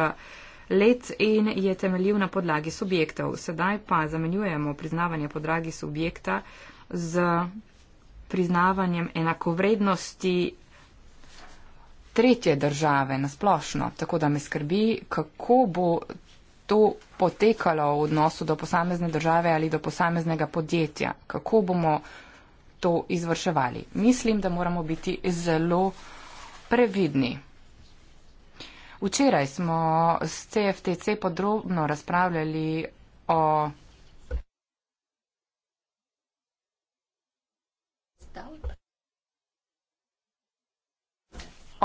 let in je temeljil na podlagi subjektov. Sedaj pa zamenjujemo priznavanje podlagi subjekta z priznavanjem enakovrednosti tretje države nasplošno. Tako da me skrbi, kako bo to potekalo v odnosu do posamezne države ali do posameznega podjetja. Kako bomo to izvrševali. Mislim, da moramo biti zelo previdni. Včeraj smo s CFTC podrobno razpravljali o. Stavljaj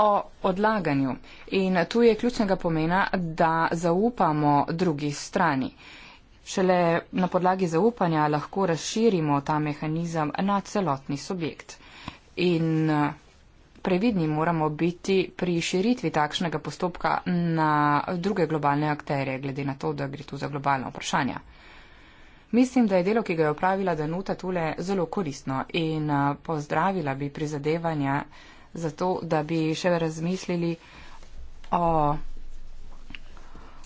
o odlaganju. In tu je ključnega pomena, da zaupamo drugi strani. Šele na podlagi zaupanja lahko razširimo ta mehanizem na celotni subjekt. In eh, previdni moramo biti pri širitvi takšnega postopka na druge globalne akterje, glede na to, da gre tu za globalna vprašanja. Mislim, da je delo, ki ga je opravila Danuta, tule zelo koristno in eh, pozdravila bi prizadevanja zato, da bi še razmislili o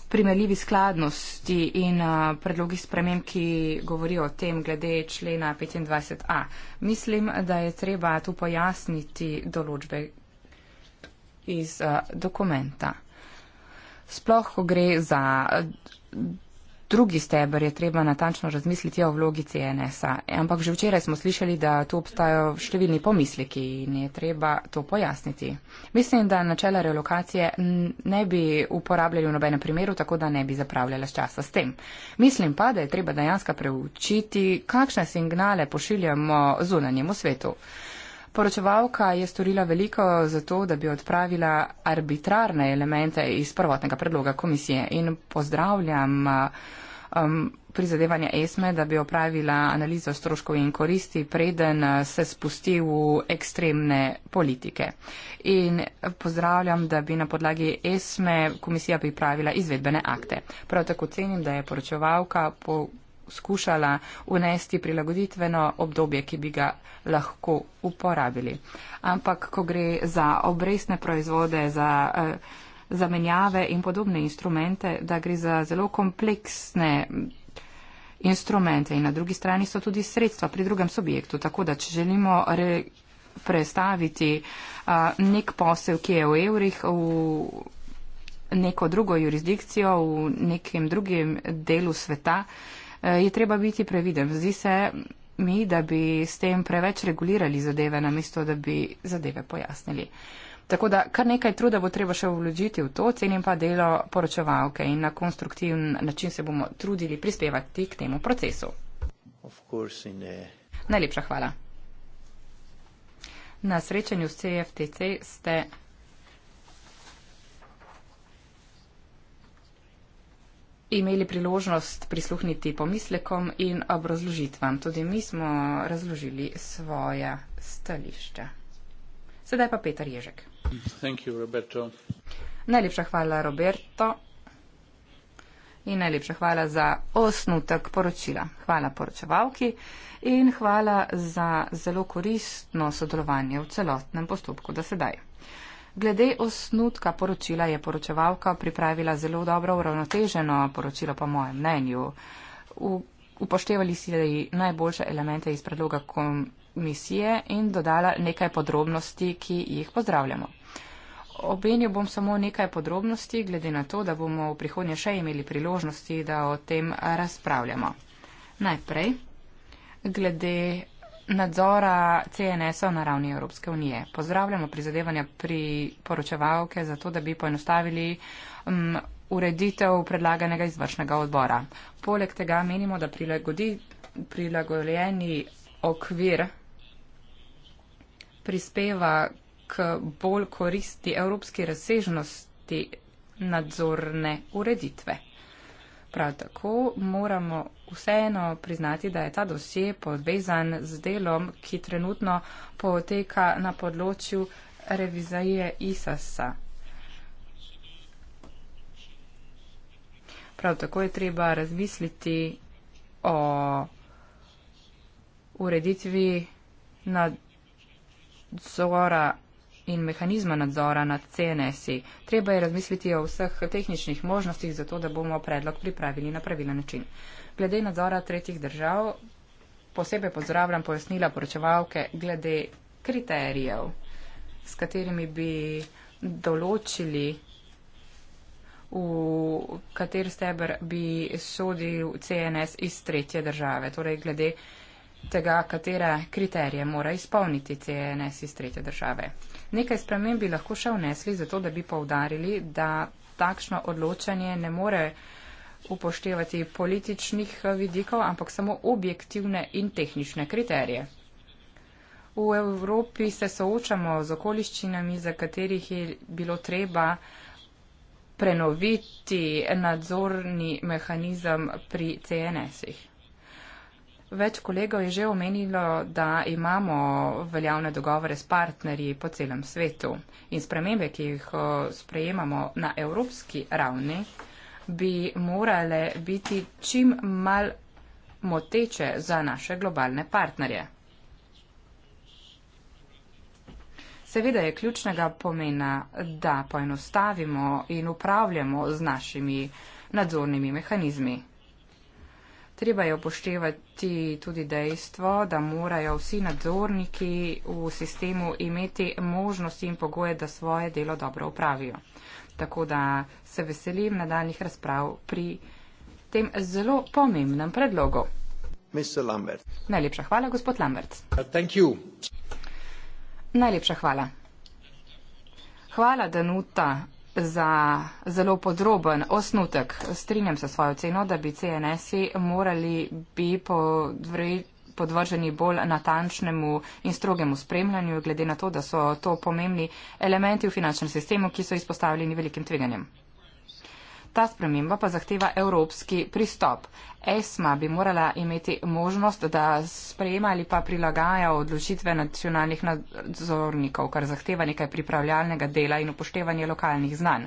primerljivi skladnosti in predlogi sprememb, ki govorijo o tem glede člena 25a. Mislim, da je treba tu pojasniti določbe iz dokumenta. Sploh, ko gre za drugi steber je treba natančno razmisliti o vlogi CNS-a. Ampak že včeraj smo slišali, da tu obstajajo številni pomisliki in je treba to pojasniti. Mislim, da načela relokacije ne bi uporabljali v nobenem primeru, tako da ne bi zapravljala časa s tem. Mislim pa, da je treba dejansko preučiti, kakšne signale pošiljamo zunanjemu svetu. Poročevalka je storila veliko za to, da bi odpravila arbitrarne elemente iz prvotnega predloga komisije in pozdravljam um, prizadevanja ESME, da bi opravila analizo stroškov in koristi, preden uh, se spusti v ekstremne politike. In pozdravljam, da bi na podlagi ESME komisija pripravila izvedbene akte. Prav tako cenim, da je poročevalka po skušala unesti prilagoditveno obdobje, ki bi ga lahko uporabili. Ampak, ko gre za obresne proizvode, za eh, zamenjave in podobne instrumente, da gre za zelo kompleksne instrumente in na drugi strani so tudi sredstva pri drugem subjektu. Tako da, če želimo prestaviti eh, nek posel, ki je v evrih, v neko drugo jurisdikcijo, v nekem drugem delu sveta, Eh, je treba biti previden. Zdi se mi, da bi s tem preveč regulirali zadeve, namesto da bi zadeve pojasnili. Tako da kar nekaj truda bo treba še vložiti v to, cenim pa delo poročevalke in na konstruktivn način se bomo trudili prispevati k temu procesu. Eh, Najlepša hvala. Na srečanju s CFTC ste. imeli priložnost prisluhniti pomislekom in obrazložitvam. Tudi mi smo razložili svoja stališča. Sedaj pa Petar Ježek. You, najlepša hvala, Roberto. In najlepša hvala za osnutek poročila. Hvala poročevalki in hvala za zelo koristno sodelovanje v celotnem postopku do sedaj. Glede osnutka poročila je poročevalka pripravila zelo dobro uravnoteženo poročilo, po mojem mnenju. U, upoštevali si najboljše elemente iz predloga komisije in dodala nekaj podrobnosti, ki jih pozdravljamo. Obenil bom samo nekaj podrobnosti, glede na to, da bomo v prihodnje še imeli priložnosti, da o tem razpravljamo. Najprej, glede nadzora CNS-a na ravni Evropske unije. Pozdravljamo prizadevanja pri poročevalke za to, da bi poenostavili um, ureditev predlaganega izvršnega odbora. Poleg tega menimo, da prilagodi prilagojeni okvir prispeva k bolj koristi evropski razsežnosti nadzorne ureditve. Prav tako moramo vseeno priznati, da je ta dosje podvezan z delom, ki trenutno poteka na področju revizije ISAS-a. Prav tako je treba razmisliti o ureditvi nadzora in mehanizma nadzora nad CNS-i. Treba je razmisliti o vseh tehničnih možnostih za to, da bomo predlog pripravili na pravilen način. Glede nadzora tretjih držav, posebej pozdravljam pojasnila poročevalke glede kriterijev, s katerimi bi določili, v kater steber bi sodil CNS iz tretje države. Torej, glede tega, katere kriterije mora izpolniti CNS iz tretje države. Nekaj sprememb bi lahko še vnesli, zato da bi povdarili, da takšno odločanje ne more upoštevati političnih vidikov, ampak samo objektivne in tehnične kriterije. V Evropi se soočamo z okoliščinami, za katerih je bilo treba prenoviti nadzorni mehanizem pri CNS-ih. Več kolegov je že omenilo, da imamo veljavne dogovore s partnerji po celem svetu in spremembe, ki jih sprejemamo na evropski ravni, bi morale biti čim mal moteče za naše globalne partnerje. Seveda je ključnega pomena, da poenostavimo in upravljamo z našimi nadzornimi mehanizmi. Treba je upoštevati tudi dejstvo, da morajo vsi nadzorniki v sistemu imeti možnosti in pogoje, da svoje delo dobro upravijo. Tako da se veselim nadaljnih razprav pri tem zelo pomembnem predlogu. Najlepša hvala, gospod Lambert. Uh, Najlepša hvala. Hvala, Danuta za zelo podroben osnutek. Strinjam se s svojo ceno, da bi CNS-i morali bi podvrženi bolj natančnemu in strogemu spremljanju, glede na to, da so to pomembni elementi v finančnem sistemu, ki so izpostavljeni velikim tveganjem. Ta sprememba pa zahteva evropski pristop. ESMA bi morala imeti možnost, da sprejema ali pa prilagaja odločitve nacionalnih nadzornikov, kar zahteva nekaj pripravljalnega dela in upoštevanje lokalnih znanj.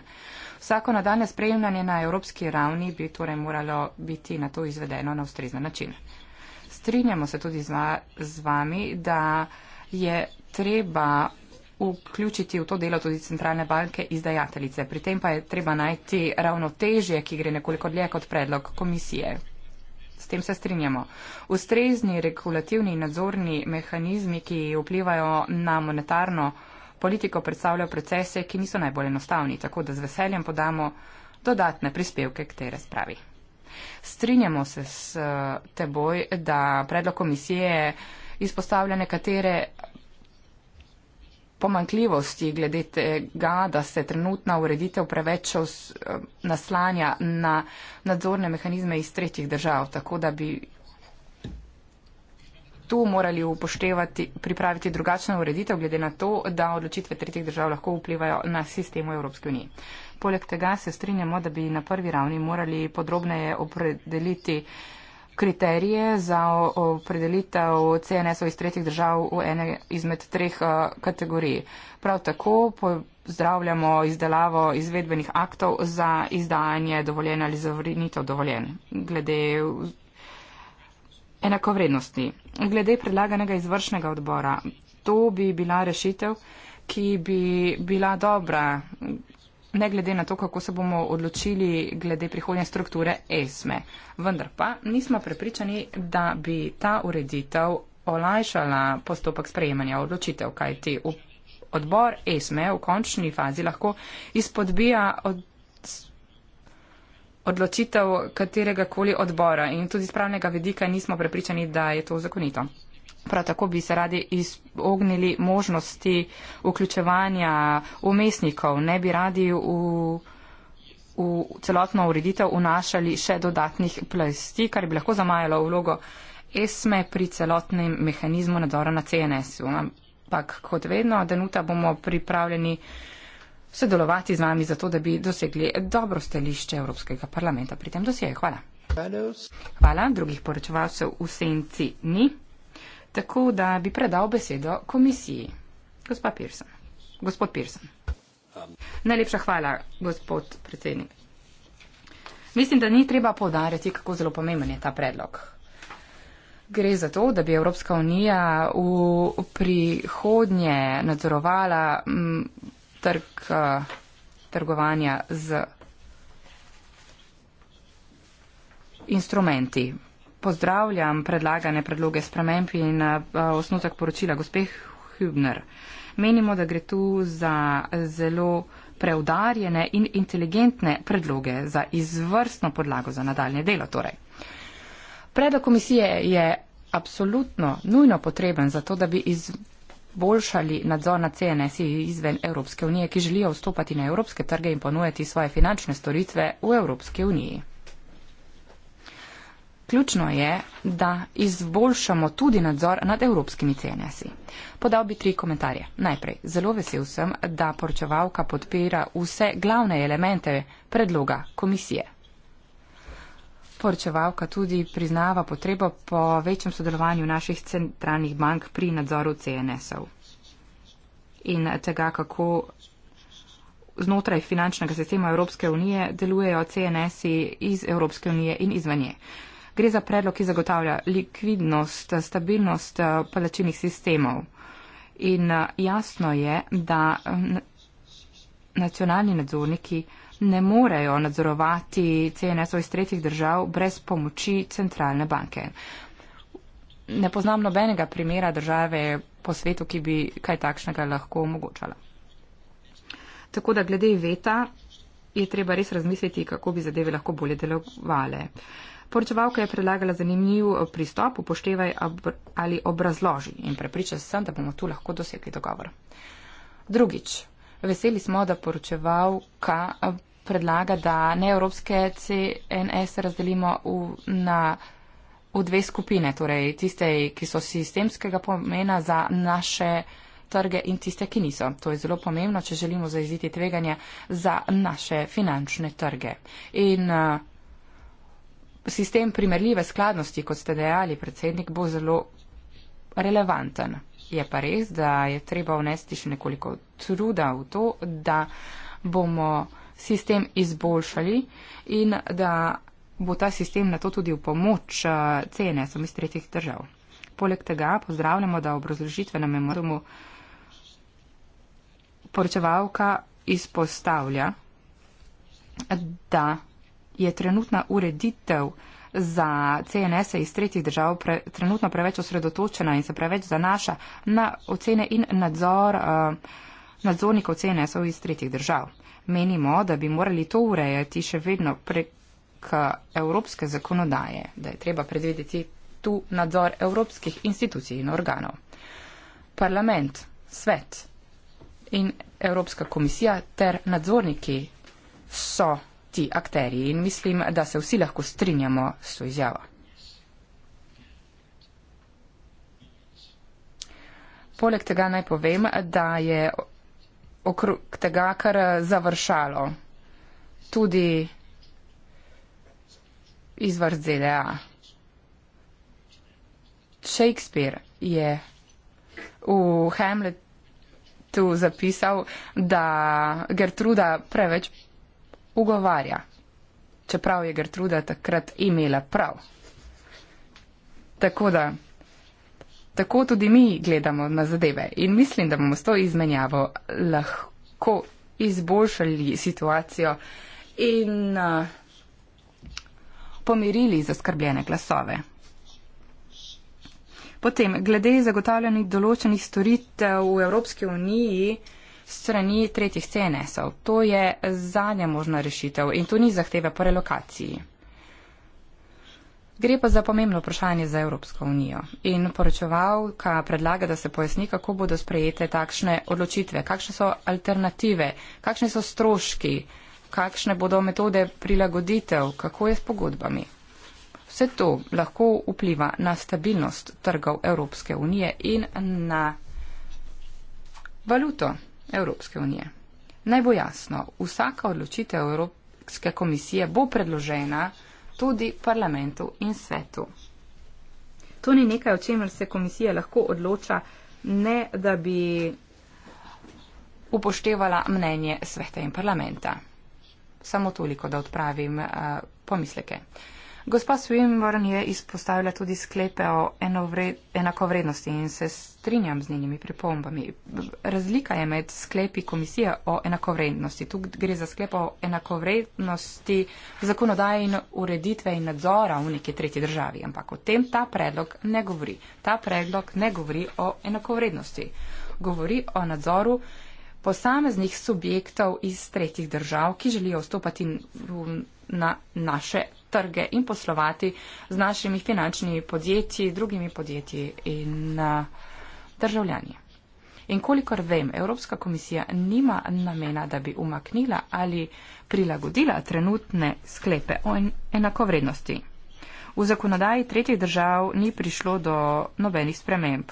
Vsako nadaljne sprejemanje na evropski ravni bi torej moralo biti na to izvedeno na ustrezen način. Strinjamo se tudi z vami, da je treba vključiti v to delo tudi centralne banke izdajateljice. Pri tem pa je treba najti ravnotežje, ki gre nekoliko dlje kot predlog komisije. S tem se strinjamo. Ustrezni regulativni in nadzorni mehanizmi, ki vplivajo na monetarno politiko, predstavljajo procese, ki niso najbolj enostavni, tako da z veseljem podamo dodatne prispevke k tej razpravi. Strinjamo se s eh, teboj, da predlog komisije izpostavlja nekatere pomankljivosti glede tega, da se trenutna ureditev preveč naslanja na nadzorne mehanizme iz tretjih držav, tako da bi tu morali upoštevati, pripraviti drugačno ureditev glede na to, da odločitve tretjih držav lahko vplivajo na sistem v Evropski uniji. Poleg tega se strinjamo, da bi na prvi ravni morali podrobneje opredeliti kriterije za opredelitev CNS-ov iz tretjih držav v ene izmed treh kategorij. Prav tako pozdravljamo izdelavo izvedbenih aktov za izdajanje dovoljen ali zavrnitev dovoljen. Glede enakovrednosti. Glede predlaganega izvršnega odbora, to bi bila rešitev, ki bi bila dobra ne glede na to, kako se bomo odločili glede prihodnje strukture ESME. Vendar pa nismo prepričani, da bi ta ureditev olajšala postopek sprejemanja odločitev, kaj ti odbor ESME v končni fazi lahko izpodbija od, odločitev kateregakoli odbora in tudi z pravnega vidika nismo prepričani, da je to zakonito. Prav tako bi se radi izognili možnosti vključevanja umestnikov. Ne bi radi v, v celotno ureditev vnašali še dodatnih plasti, kar bi lahko zamajalo vlogo ESME pri celotnem mehanizmu nadzora na CNS-u. Ampak kot vedno, denuta bomo pripravljeni sodelovati z vami, zato da bi dosegli dobro stališče Evropskega parlamenta pri tem dosjeju. Hvala. Hvala, drugih poročevalcev v senci ni. Tako da bi predal besedo komisiji. Gospa Pearson. Gospod Pearson. Najlepša hvala, gospod predsednik. Mislim, da ni treba povdarjati, kako zelo pomemben je ta predlog. Gre za to, da bi Evropska unija v prihodnje nadzorovala mm, trg eh, trgovanja z instrumenti, pozdravljam predlagane predloge sprememb in eh, osnutek poročila gospe Hübner. Menimo, da gre tu za zelo preudarjene in inteligentne predloge za izvrstno podlago za nadaljne delo. Torej. Predlog komisije je absolutno nujno potreben za to, da bi izboljšali nadzor na CNS izven Evropske unije, ki želijo vstopati na evropske trge in ponujati svoje finančne storitve v Evropske uniji. Ključno je, da izboljšamo tudi nadzor nad evropskimi CNS-i. Podal bi tri komentarje. Najprej, zelo vesel sem, da poročevalka podpira vse glavne elemente predloga komisije. Poročevalka tudi priznava potrebo po večjem sodelovanju naših centralnih bank pri nadzoru CNS-ov in tega, kako znotraj finančnega sistema Evropske unije delujejo CNS-i iz Evropske unije in izvanje. Gre za predlog, ki zagotavlja likvidnost, stabilnost eh, plačilnih sistemov. In eh, jasno je, da eh, nacionalni nadzorniki ne morejo nadzorovati CNS-ov iz tretjih držav brez pomoči centralne banke. Ne poznam nobenega primera države po svetu, ki bi kaj takšnega lahko omogočala. Tako da glede veta je treba res razmisliti, kako bi zadeve lahko bolje delovale. Uh, Poročevalka je predlagala zanimiv eh, pristop, upoštevaj ali obrazloži in prepriča sem, da bomo tu lahko dosegli dogovor. Drugič, veseli smo, da poročevalka eh, predlaga, da neevropske CNS razdelimo v, na, v dve skupine, torej tiste, ki so sistemskega pomena za naše trge in tiste, ki niso. To je zelo pomembno, če želimo zaiziti tveganje za naše finančne trge. In uh, sistem primerljive skladnosti, kot ste dejali, predsednik, bo zelo relevanten. Je pa res, da je treba vnesti še nekoliko truda v to, da bomo sistem izboljšali in da bo ta sistem na to tudi v pomoč eh, cene, sem iz tretjih držav. Poleg tega pozdravljamo, da obrazložitve na memorumu poročevalka izpostavlja, da je trenutna ureditev za CNS-e iz tretjih držav pre, trenutno preveč osredotočena in se preveč zanaša na ocene in nadzor uh, nadzornikov CNS-ov iz tretjih držav. Menimo, da bi morali to urejati še vedno prek eh, evropske zakonodaje, da je treba predvideti tu nadzor evropskih institucij in organov. Parlament, svet in Evropska komisija ter nadzorniki so ti akteri in mislim, da se vsi lahko strinjamo s to izjavo. Poleg tega naj povem, da je okrog tega kar završalo tudi izvor ZDA. Shakespeare je v Hamletu zapisal, da Gertruda preveč ugovarja. Čeprav je Gertruda takrat imela prav. Tako da, tako tudi mi gledamo na zadeve in mislim, da bomo s to izmenjavo lahko izboljšali situacijo in uh, pomirili zaskrbljene glasove. Potem, glede zagotavljanja določenih storitev v Evropski uniji, uh, strani tretjih CNS-ov. To je zadnja možna rešitev in to ni zahteve po relokaciji. Gre pa za pomembno vprašanje za Evropsko unijo in poročevalka predlaga, da se pojasni, kako bodo sprejete takšne odločitve, kakšne so alternative, kakšne so stroški, kakšne bodo metode prilagoditev, kako je s pogodbami. Vse to lahko vpliva na stabilnost trgov Evropske unije in na valuto. Evropske unije. Naj bo jasno, vsaka odločitev Evropske komisije bo predložena tudi parlamentu in svetu. To ni nekaj, o čemer se komisija lahko odloča, ne da bi upoštevala mnenje sveta in parlamenta. Samo toliko, da odpravim uh, pomisleke. Uh, Gospa Swinburne je izpostavila tudi sklepe o enakovrednosti in se strinjam z njenimi pripombami. Razlika je med sklepi komisije o enakovrednosti. Tu gre za sklep o enakovrednosti zakonodaje in ureditve in nadzora v neki tretji državi, ampak o tem ta predlog ne govori. Ta predlog ne govori o enakovrednosti. Govori o nadzoru posameznih subjektov iz tretjih držav, ki želijo vstopati na naše trge in poslovati z našimi finančnimi podjetji, drugimi podjetji in eh, državljani. In kolikor vem, Evropska komisija nima namena, da bi umaknila ali prilagodila trenutne sklepe o enakovrednosti. V zakonodaji tretjih držav ni prišlo do nobenih sprememb.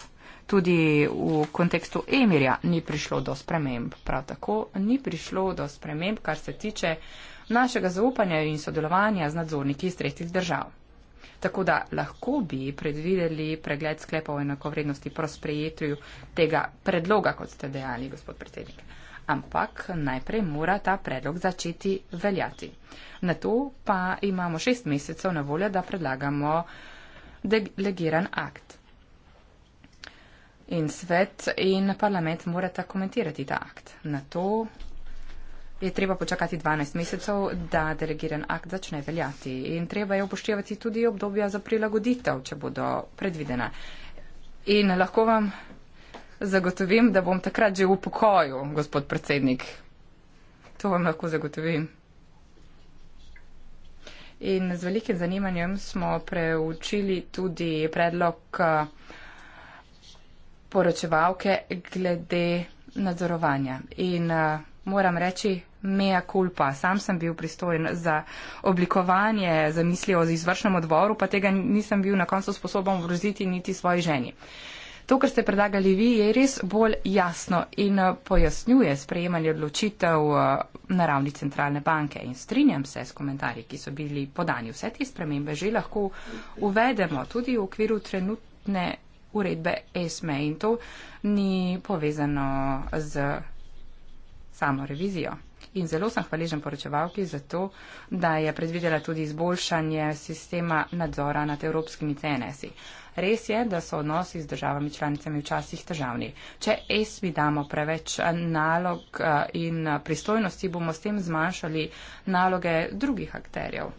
Tudi v kontekstu emirja ni prišlo do sprememb. Prav tako ni prišlo do sprememb, kar se tiče našega zaupanja in sodelovanja z nadzorniki iz tretjih držav. Tako da lahko bi predvideli pregled sklepov enakovrednosti pro sprejetju tega predloga, kot ste dejali, gospod predsednik. Ampak najprej mora ta predlog začeti veljati. Na to pa imamo šest mesecev na voljo, da predlagamo delegiran akt. In svet in parlament morata komentirati ta akt. Na to je treba počakati 12 mesecev, da delegiran akt začne veljati. In treba je upoštevati tudi obdobja za prilagoditev, če bodo predvidena. In lahko vam zagotovim, da bom takrat že v pokoju, gospod predsednik. To vam lahko zagotovim. In z velikim zanimanjem smo preučili tudi predlog eh, poročevalke glede nadzorovanja. In eh, moram reči, mea culpa. Sam sem bil pristojen za oblikovanje zamisli o izvršnem odboru, pa tega nisem bil na koncu sposoben vroziti niti svoji ženi. To, kar ste predlagali vi, je res bolj jasno in eh, pojasnjuje sprejemanje odločitev eh, na ravni centralne banke. In strinjam se s komentarji, ki so bili podani. Vse te spremembe že lahko uvedemo tudi v okviru trenutne uredbe ESME e in to ni povezano z samo revizijo in zelo sem hvaležen poročevalki za to, da je predvidela tudi izboljšanje sistema nadzora nad evropskimi CNS-i. Res je, da so odnosi z državami članicami včasih težavni. Če ESMI damo preveč eh, nalog eh, in pristojnosti, bomo s tem zmanjšali naloge drugih akterjev.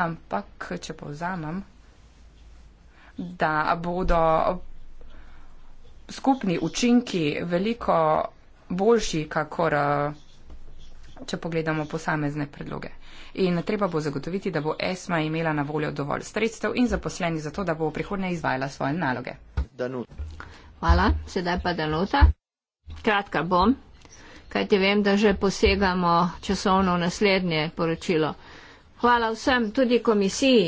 Ampak, če povzamem, da bodo skupni učinki veliko boljši, kakor. Eh, če pogledamo posamezne predloge. In treba bo zagotoviti, da bo ESMA imela na voljo dovolj sredstev in zaposleni za to, da bo v prihodnje izvajala svoje naloge. Danut. Hvala, sedaj pa Danuta. Kratka bom, kajti vem, da že posegamo časovno v naslednje poročilo. Hvala vsem, tudi komisiji.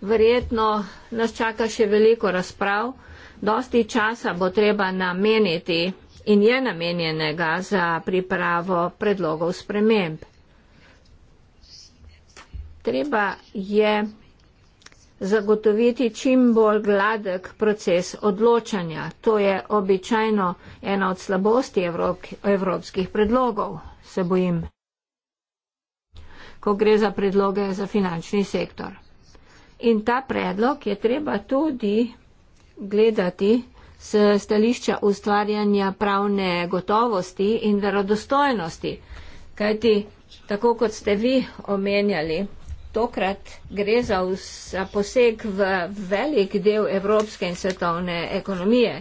Verjetno nas čaka še veliko razprav. Dosti časa bo treba nameniti in je namenjenega za pripravo predlogov sprememb. Treba je zagotoviti čim bolj gladek proces odločanja. To je običajno ena od slabosti evropskih predlogov, se bojim, ko gre za predloge za finančni sektor. In ta predlog je treba tudi gledati s stališča ustvarjanja pravne gotovosti in verodostojnosti. Kajti, tako kot ste vi omenjali, tokrat gre za, vs, za poseg v velik del evropske in svetovne ekonomije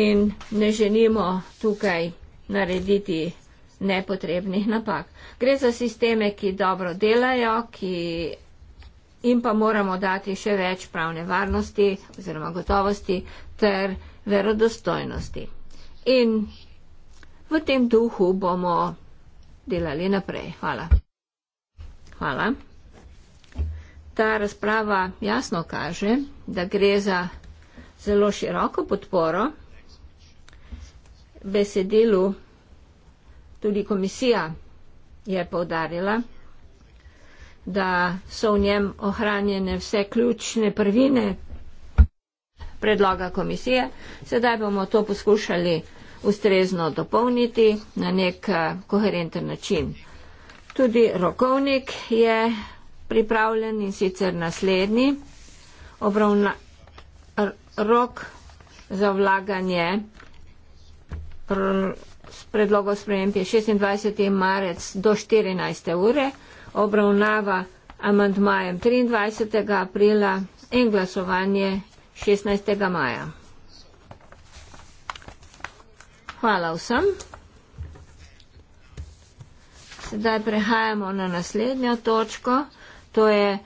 in ne želimo tukaj narediti nepotrebnih napak. Gre za sisteme, ki dobro delajo, ki in pa moramo dati še več pravne varnosti oziroma gotovosti ter verodostojnosti. In v tem duhu bomo delali naprej. Hvala. Hvala. Ta razprava jasno kaže, da gre za zelo široko podporo besedilu. Tudi komisija je povdarila, da so v njem ohranjene vse ključne prvine predloga komisije. Sedaj bomo to poskušali ustrezno dopolniti na nek eh, koherenten način. Tudi rokovnik je pripravljen in sicer naslednji. Obravna, rok za vlaganje predlogov sprememb je 26. marec do 14. ure obravnava amantmajem 23. aprila in glasovanje 16. maja. Hvala vsem. Sedaj prehajamo na naslednjo točko, to je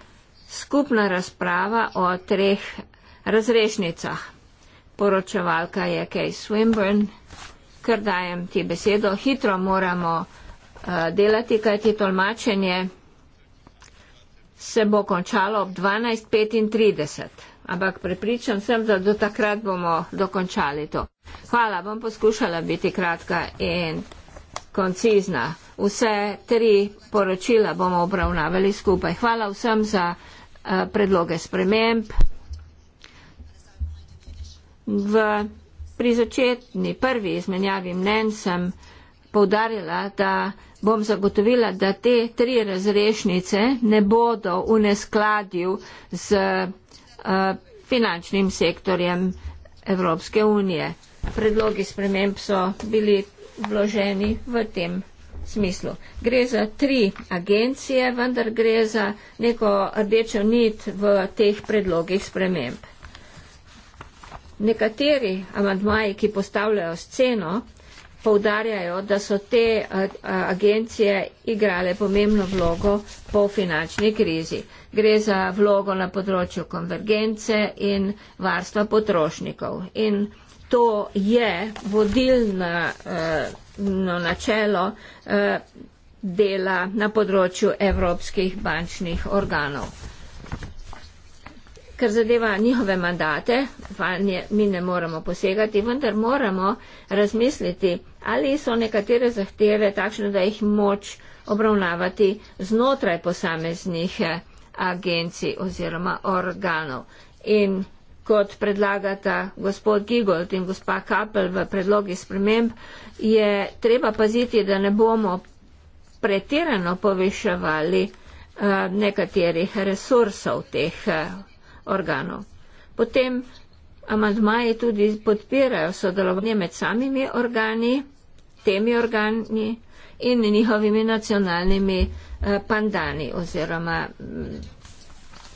skupna razprava o treh razrešnicah. Poročevalka je Kay Swinburne, ker dajem ti besedo, hitro moramo uh, delati, kajti tolmačenje se bo končalo ob 12.35, ampak prepričan sem, da do takrat bomo dokončali to. Hvala, bom poskušala biti kratka in koncizna. Vse tri poročila bomo obravnavali skupaj. Hvala vsem za uh, predloge sprememb. V, pri začetni prvi izmenjavi mnen sem povdarjala, da bom zagotovila, da te tri razrešnice ne bodo v neskladju z eh, finančnim sektorjem Evropske unije. Predlogi sprememb so bili vloženi v tem smislu. Gre za tri agencije, vendar gre za neko rdečo nit v teh predlogih sprememb. Nekateri amadmaji, ki postavljajo sceno, poudarjajo, da so te agencije igrale pomembno vlogo po finančni krizi. Gre za vlogo na področju konvergence in varstva potrošnikov. In to je vodilno no, na načelo dela na področju evropskih bančnih organov kar zadeva njihove mandate, pa nje, mi ne moremo posegati, vendar moramo razmisliti, ali so nekatere zahteve takšne, da jih moč obravnavati znotraj posameznih eh, agencij oziroma organov. In kot predlagata gospod Gigold in gospa Kapel v predlogi sprememb, je treba paziti, da ne bomo pretirano poviševali eh, nekaterih resursov teh eh, organov. Potem amantmaji tudi podpirajo sodelovanje med samimi organi, temi organi in njihovimi nacionalnimi eh, pandani oziroma mm,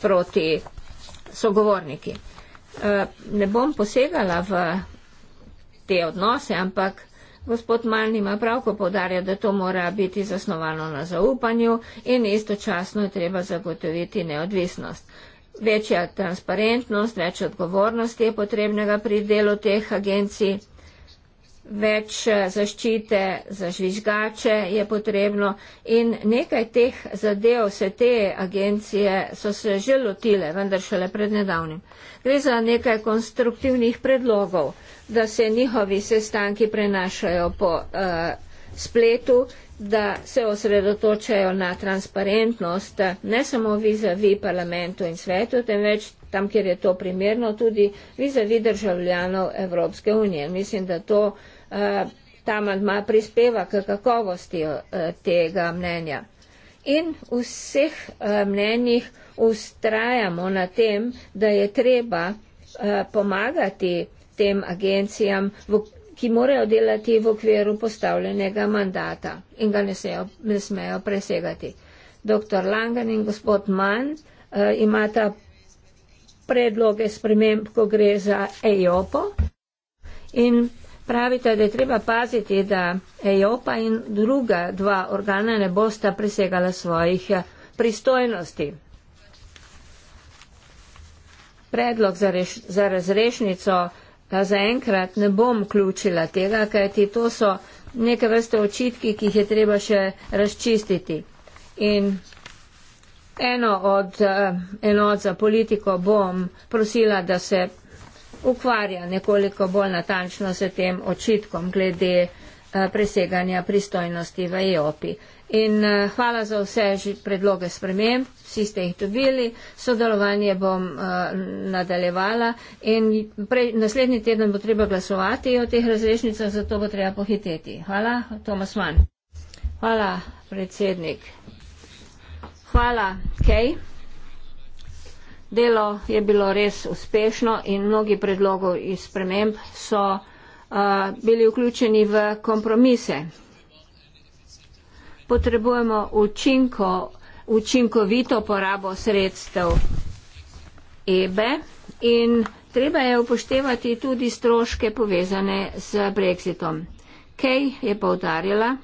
proti sogovorniki. Eh, ne bom posegala v te odnose, ampak gospod Malni ima pravko podarja, da to mora biti zasnovano na zaupanju in istočasno je treba zagotoviti neodvisnost večja transparentnost, več odgovornosti je potrebnega pri delu teh agencij, več eh, zaščite za žvižgače je potrebno in nekaj teh zadev se te agencije so se že lotile, vendar šele pred nedavnim. Gre za nekaj konstruktivnih predlogov, da se njihovi sestanki prenašajo po uh, spletu da se osredotočajo na transparentnost, ne samo vizavi parlamentu in svetu, temveč tam, kjer je to primerno, tudi vizavi državljanov Evropske unije. Mislim, da to eh, ta mandma prispeva k kakovosti eh, tega mnenja. In v vseh eh, mnenjih ustrajamo na tem, da je treba pomagati tem agencijam v ki morajo delati v okviru postavljenega mandata in ga ne, sejo, ne smejo presegati. Dr. Langan in gospod Mann uh, imata predloge sprememb, ko gre za EIOPO in pravite, da je treba paziti, da EIOPA in druga dva organa ne bosta presegala svojih eh, pristojnosti. Predlog za, reš, za razrešnico Pa zaenkrat ne bom ključila tega, kajti to so neke vrste očitki, ki jih je treba še razčistiti. In eno od eh, enot za politiko bom prosila, da se ukvarja nekoliko bolj natančno s tem očitkom glede eh, preseganja pristojnosti v EOP. In eh, hvala za vse predloge spremem vsi ste jih dobili, sodelovanje bom eh, nadaljevala in prej, naslednji teden bo treba glasovati o teh razrešnicah, zato bo treba pohiteti. Hvala, Tomas Mann. Hvala, predsednik. Hvala, Kej. Delo je bilo res uspešno in mnogi predlogov iz sprememb so uh, bili vključeni v kompromise. Potrebujemo učinko učinkovito porabo sredstev EBE in treba je upoštevati tudi stroške povezane z Brexitom. Kej je povdarjala,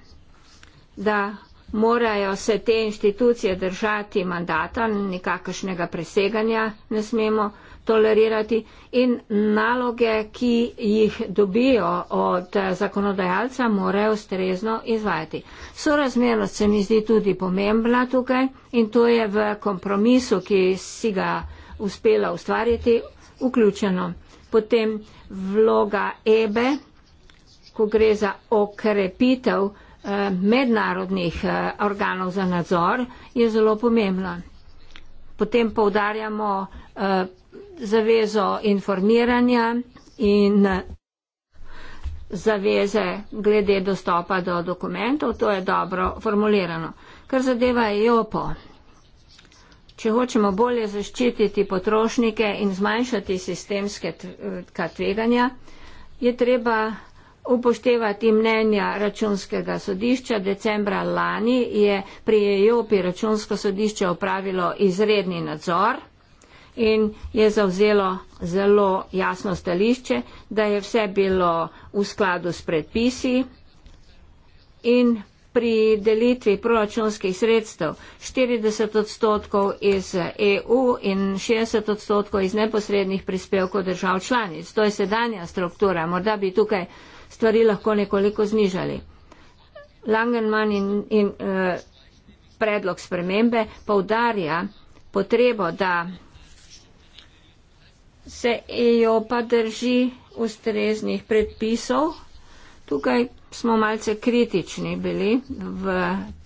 da morajo se te inštitucije držati mandata, nikakršnega preseganja ne smemo tolerirati in naloge, ki jih dobijo od zakonodajalca, morajo ustrezno izvajati. Sorazmernost se mi zdi tudi pomembna tukaj in to je v kompromisu, ki si ga uspela ustvariti, vključeno. Potem vloga EBE, ko gre za okrepitev eh, mednarodnih eh, organov za nadzor, je zelo pomembna. Potem poudarjamo eh, zavezo informiranja in zaveze glede dostopa do dokumentov. To je dobro formulirano. Kar zadeva EOPO, če hočemo bolje zaščititi potrošnike in zmanjšati sistemske tveganja, je treba upoštevati mnenja računskega sodišča. Decembra lani je pri EOPI računsko sodišče opravilo izredni nadzor in je zauzelo zelo jasno stališče, da je vse bilo v skladu s predpisi in pri delitvi proračunskih sredstev 40 odstotkov iz EU in 60 odstotkov iz neposrednih prispevkov držav članic. To je sedanja struktura, morda bi tukaj stvari lahko nekoliko znižali. Langenman in, in eh, predlog spremembe poudarja potrebo, da se EO pa drži ustreznih predpisov. Tukaj smo malce kritični bili v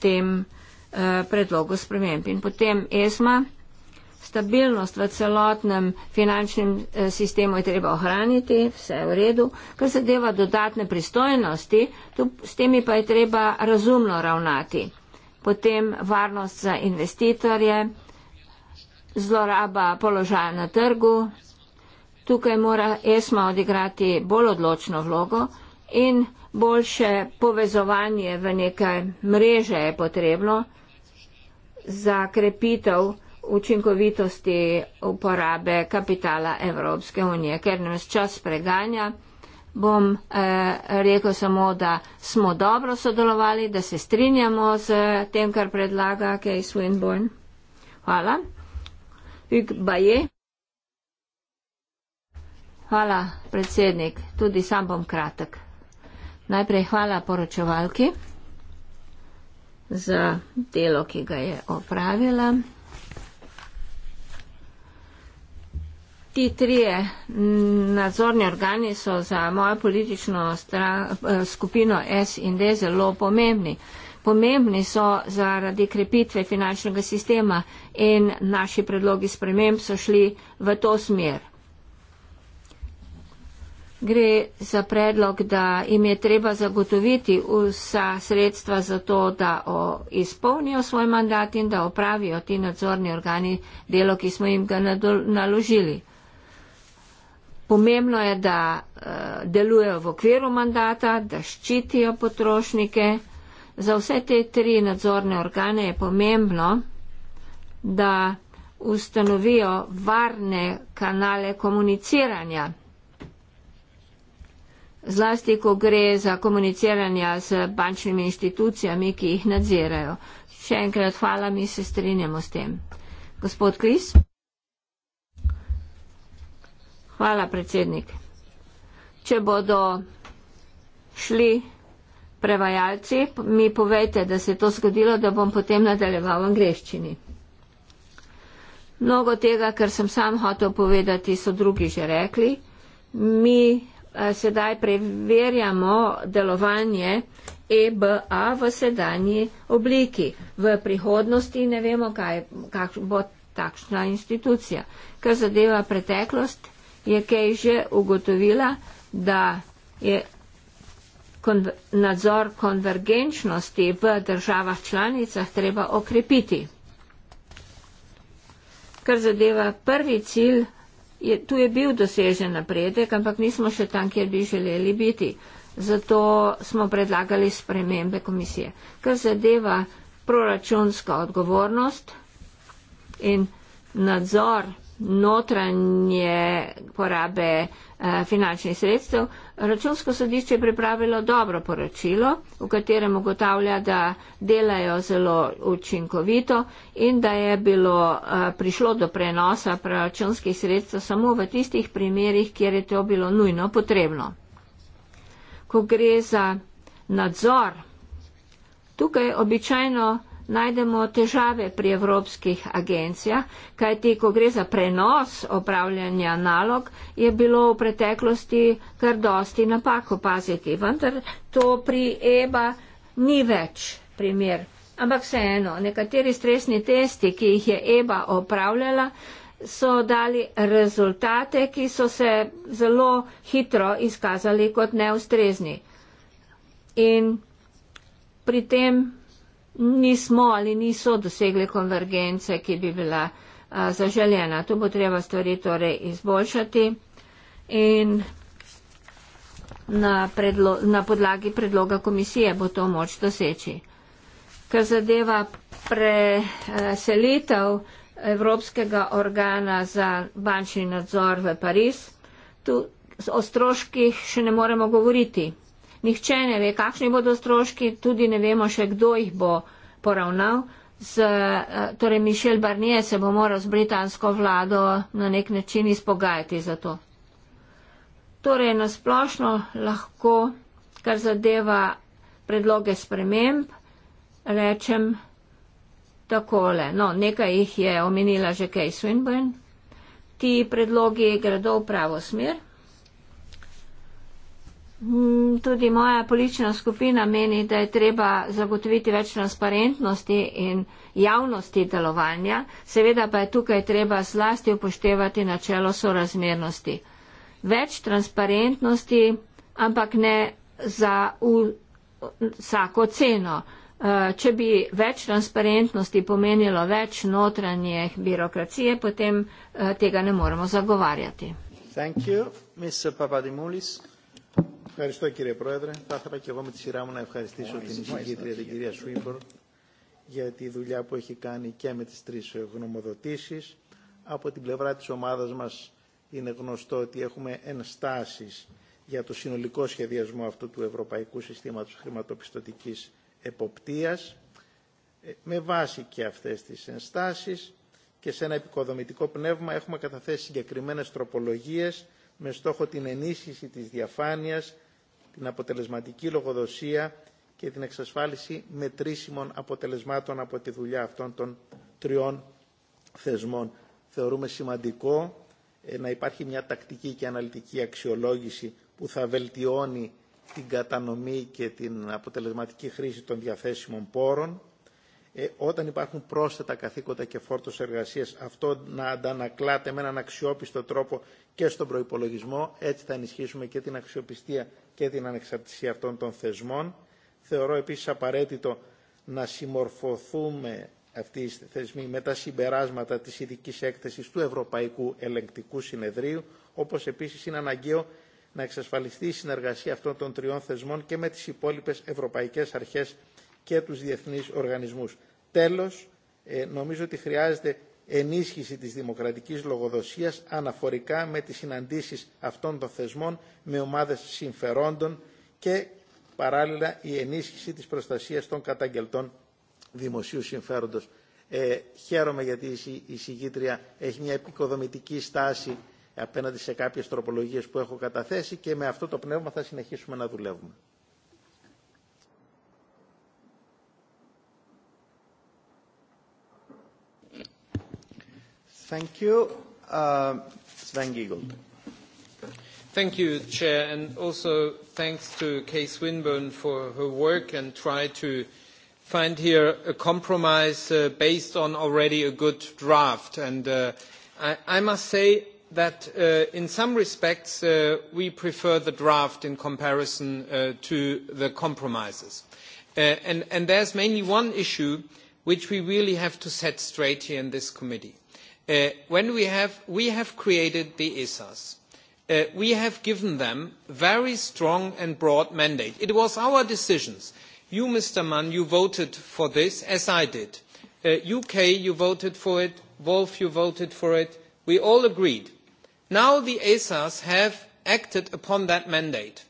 tem eh, predlogu sprememb. In potem ESMA, stabilnost v celotnem finančnem eh, sistemu je treba ohraniti, vse je v redu. Kar se deva dodatne pristojnosti, tu, s temi pa je treba razumno ravnati. Potem varnost za investitorje, zloraba položaja na trgu, Tukaj mora ESMA odigrati bolj odločno vlogo in boljše povezovanje v neke mreže je potrebno za krepitev učinkovitosti uporabe kapitala Evropske unije, ker nas čas preganja. Bom eh, rekel samo, da smo dobro sodelovali, da se strinjamo z tem, kar predlaga Kej Swinburne. Hvala. Ik baje. Hvala, predsednik. Tudi sam bom kratek. Najprej hvala poročevalki za delo, ki ga je opravila. Ti trije nadzorni organi so za mojo politično eh, skupino S in D zelo pomembni. Pomembni so zaradi krepitve finančnega sistema in naši predlogi sprememb so šli v to smer gre za predlog, da jim je treba zagotoviti vsa sredstva za to, da izpolnijo svoj mandat in da opravijo ti nadzorni organi delo, ki smo jim ga naložili. Pomembno je, da uh, delujejo v okviru mandata, da ščitijo potrošnike. Za vse te tri nadzorne organe je pomembno, da ustanovijo varne kanale komuniciranja zlasti, ko gre za komuniciranja z bančnimi institucijami, ki jih nadzirajo. Še enkrat hvala, mi se strinjamo s tem. Gospod Kris? Hvala, predsednik. Če bodo šli prevajalci, mi povejte, da se je to zgodilo, da bom potem nadaljeval v angleščini. Mnogo tega, kar sem sam hotel povedati, so drugi že rekli. Mi Eh, sedaj preverjamo delovanje EBA v sedanji obliki. V prihodnosti ne vemo, kaj kak bo takšna institucija. Kar zadeva preteklost, je Kej že ugotovila, da je konver nadzor konvergenčnosti v državah članicah treba okrepiti. Kar zadeva prvi cilj, je, tu je bil dosežen napredek, ampak nismo še tam, kjer bi želeli biti. Zato smo predlagali spremembe komisije. Kar zadeva proračunska odgovornost in nadzor notranje porabe eh, finančnih sredstev, računsko sodišče je pripravilo dobro poročilo, v katerem ugotavlja, da delajo zelo učinkovito in da je bilo eh, prišlo do prenosa proračunskih sredstev samo v tistih primerjih, kjer je to bilo nujno potrebno. Ko gre za nadzor, tukaj običajno najdemo težave pri evropskih agencijah, kajti ko gre za prenos opravljanja nalog, je bilo v preteklosti kar dosti napak opaziti, vendar to pri EBA ni več primer. Ampak vseeno, nekateri stresni testi, ki jih je EBA opravljala, so dali rezultate, ki so se zelo hitro izkazali kot neustrezni. In pri tem nismo ali niso dosegli konvergence, ki bi bila a, zaželjena. Tu bo treba stvari torej izboljšati in na, predlo, na podlagi predloga komisije bo to moč doseči. Kar zadeva preselitev Evropskega organa za bančni nadzor v Pariz, tu o stroških še ne moremo govoriti nihče ne ve, kakšni bodo stroški, tudi ne vemo še, kdo jih bo poravnal. Z, eh, torej, Mišel Barnier se bo moral z britansko vlado na nek način izpogajati za to. Torej, nasplošno lahko, kar zadeva predloge sprememb, rečem takole. No, nekaj jih je omenila že Kay Swinburne. Ti predlogi gredo v pravo smer. Mm, tudi moja politična skupina meni, da je treba zagotoviti več transparentnosti in javnosti delovanja, seveda pa je tukaj treba zlasti upoštevati načelo sorazmernosti. Več transparentnosti, ampak ne za vsako ceno. Eh, če bi več transparentnosti pomenilo več notranje birokracije, potem eh, tega ne moremo zagovarjati. Thank you, Ms. Papadimulis. Ευχαριστώ κύριε Πρόεδρε. Θα ήθελα και εγώ με τη σειρά μου να ευχαριστήσω την εισηγήτρια την κυρία Σουίμπορ για τη δουλειά που έχει κάνει και με τις τρεις γνωμοδοτήσεις. Από την πλευρά της ομάδας μας είναι γνωστό ότι έχουμε ενστάσεις για το συνολικό σχεδιασμό αυτού του Ευρωπαϊκού Συστήματος Χρηματοπιστωτικής Εποπτείας. Με βάση και αυτές τις ενστάσεις και σε ένα επικοδομητικό πνεύμα έχουμε καταθέσει συγκεκριμένες τροπολογίες με στόχο την ενίσχυση της διαφάνειας, την αποτελεσματική λογοδοσία και την εξασφάλιση μετρήσιμων αποτελεσμάτων από τη δουλειά αυτών των τριών θεσμών. Θεωρούμε σημαντικό να υπάρχει μια τακτική και αναλυτική αξιολόγηση που θα βελτιώνει την κατανομή και την αποτελεσματική χρήση των διαθέσιμων πόρων ε, όταν υπάρχουν πρόσθετα καθήκοντα και φόρτο εργασία, αυτό να αντανακλάται με έναν αξιόπιστο τρόπο και στον προπολογισμό. Έτσι θα ενισχύσουμε και την αξιοπιστία και την ανεξαρτησία αυτών των θεσμών. Θεωρώ επίση απαραίτητο να συμμορφωθούμε αυτή τη θεσμή με τα συμπεράσματα της ειδική έκθεσης του Ευρωπαϊκού Ελεγκτικού Συνεδρίου, όπως επίσης είναι αναγκαίο να εξασφαλιστεί η συνεργασία αυτών των τριών θεσμών και με τις υπόλοιπες ευρωπαϊκές αρχές και τους διεθνείς οργανισμούς. Τέλος, ε, νομίζω ότι χρειάζεται ενίσχυση της δημοκρατικής λογοδοσίας αναφορικά με τις συναντήσεις αυτών των θεσμών με ομάδες συμφερόντων και παράλληλα η ενίσχυση της προστασίας των καταγγελτών δημοσίου συμφέροντος. Ε, χαίρομαι γιατί η, η συγκήτρια έχει μια επικοδομητική στάση απέναντι σε κάποιες τροπολογίες που έχω καταθέσει και με αυτό το πνεύμα θα συνεχίσουμε να δουλεύουμε. Thank you. Uh, Sven Giegold. Thank you, Chair, and also thanks to Kay Swinburne for her work and try to find here a compromise uh, based on already a good draft. Uh, I must say that in some respects, we prefer the draft in comparison to the compromises. There's mainly one issue which we really have to set straight here in this committee. Uh, when we have we have created the esas uh, we have given them very strong and broad mandate it was our decisions you mr mann you voted for this as i did uh, uk you voted for it wolf you voted for it we all agreed now the esas have acted upon that mandate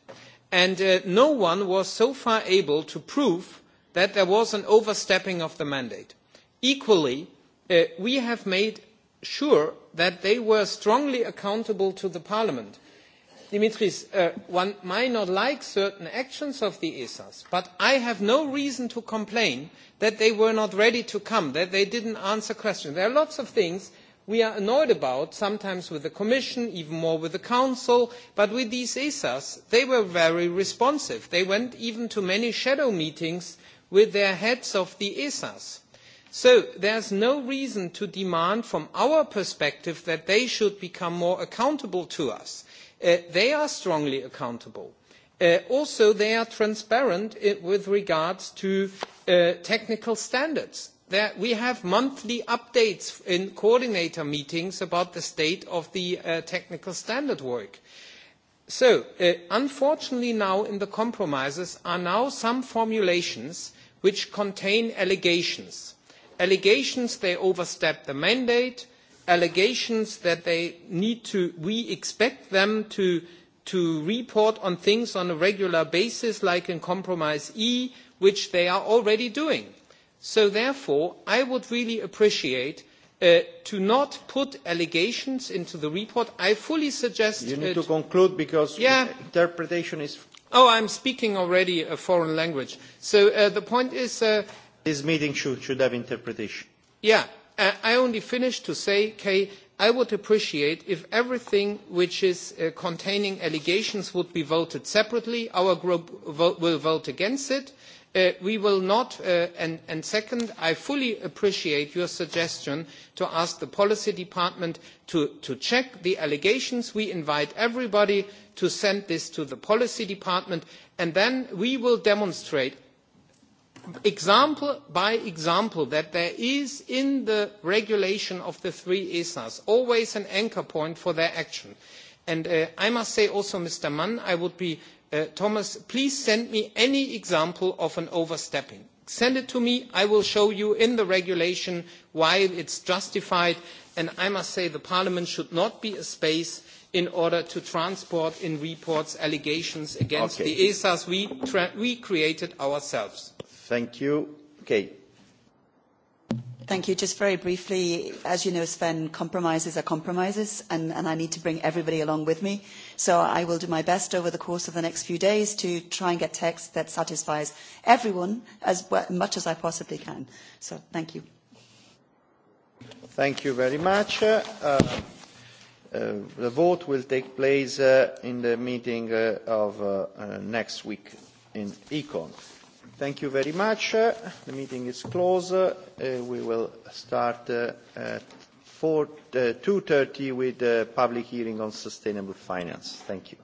and uh, no one was so far able to prove that there was an overstepping of the mandate equally uh, we have made sure that they were strongly accountable to the parliament. Dimitris, uh, one might not like certain actions of the ESAs, but I have no reason to complain that they were not ready to come, that they didn't answer questions. There are lots of things we are annoyed about, sometimes with the Commission, even more with the Council, but with these ESAs, they were very responsive. They went even to many shadow meetings with their heads of the ESAs. So there's no reason to demand from our perspective that they should become more accountable to us. Uh, they are strongly accountable. Uh, also, they are transparent uh, with regards to uh, technical standards. That we have monthly updates in coordinator meetings about the state of the uh, technical standard work. So, uh, unfortunately now in the compromises are now some formulations which contain allegations allegations they overstepped the mandate allegations that they need to we expect them to to report on things on a regular basis like in compromise e which they are already doing so therefore i would really appreciate uh, to not put allegations into the report i fully suggest you need it, to conclude because yeah, interpretation is oh i'm speaking already a foreign language so uh, the point is uh, this meeting should, should have interpretation. Yeah, I only finished to say, Kay, I would appreciate if everything which is uh, containing allegations would be voted separately. Our group vote, will vote against it. Uh, we will not, uh, and, and second, I fully appreciate your suggestion to ask the policy department to, to check the allegations. We invite everybody to send this to the policy department, and then we will demonstrate example by example that there is in the regulation of the three esas always an anchor point for their action and uh, i must say also mr mann uh, thomas please send me any example of an overstepping send it to me i will show you in the regulation why it is justified and i must say that parliament should not be a space in order to transport in reports allegations against the esas we created ourselves just very briefly as you know sven compromises are compromises and i need to bring everybody along with me so i will do my best over the course of the next few days to try and get text that satisfies everyone as much as i possibly can so thank you. thank you very much. Uh, uh, the vote will take place uh, in the meeting uh, of uh, uh, next week in econ. Thank you very much. The meeting is closed. Uh, we will start uh, at 2:30 P.M. Uh, with the public hearing on sustainable finance. Thank you.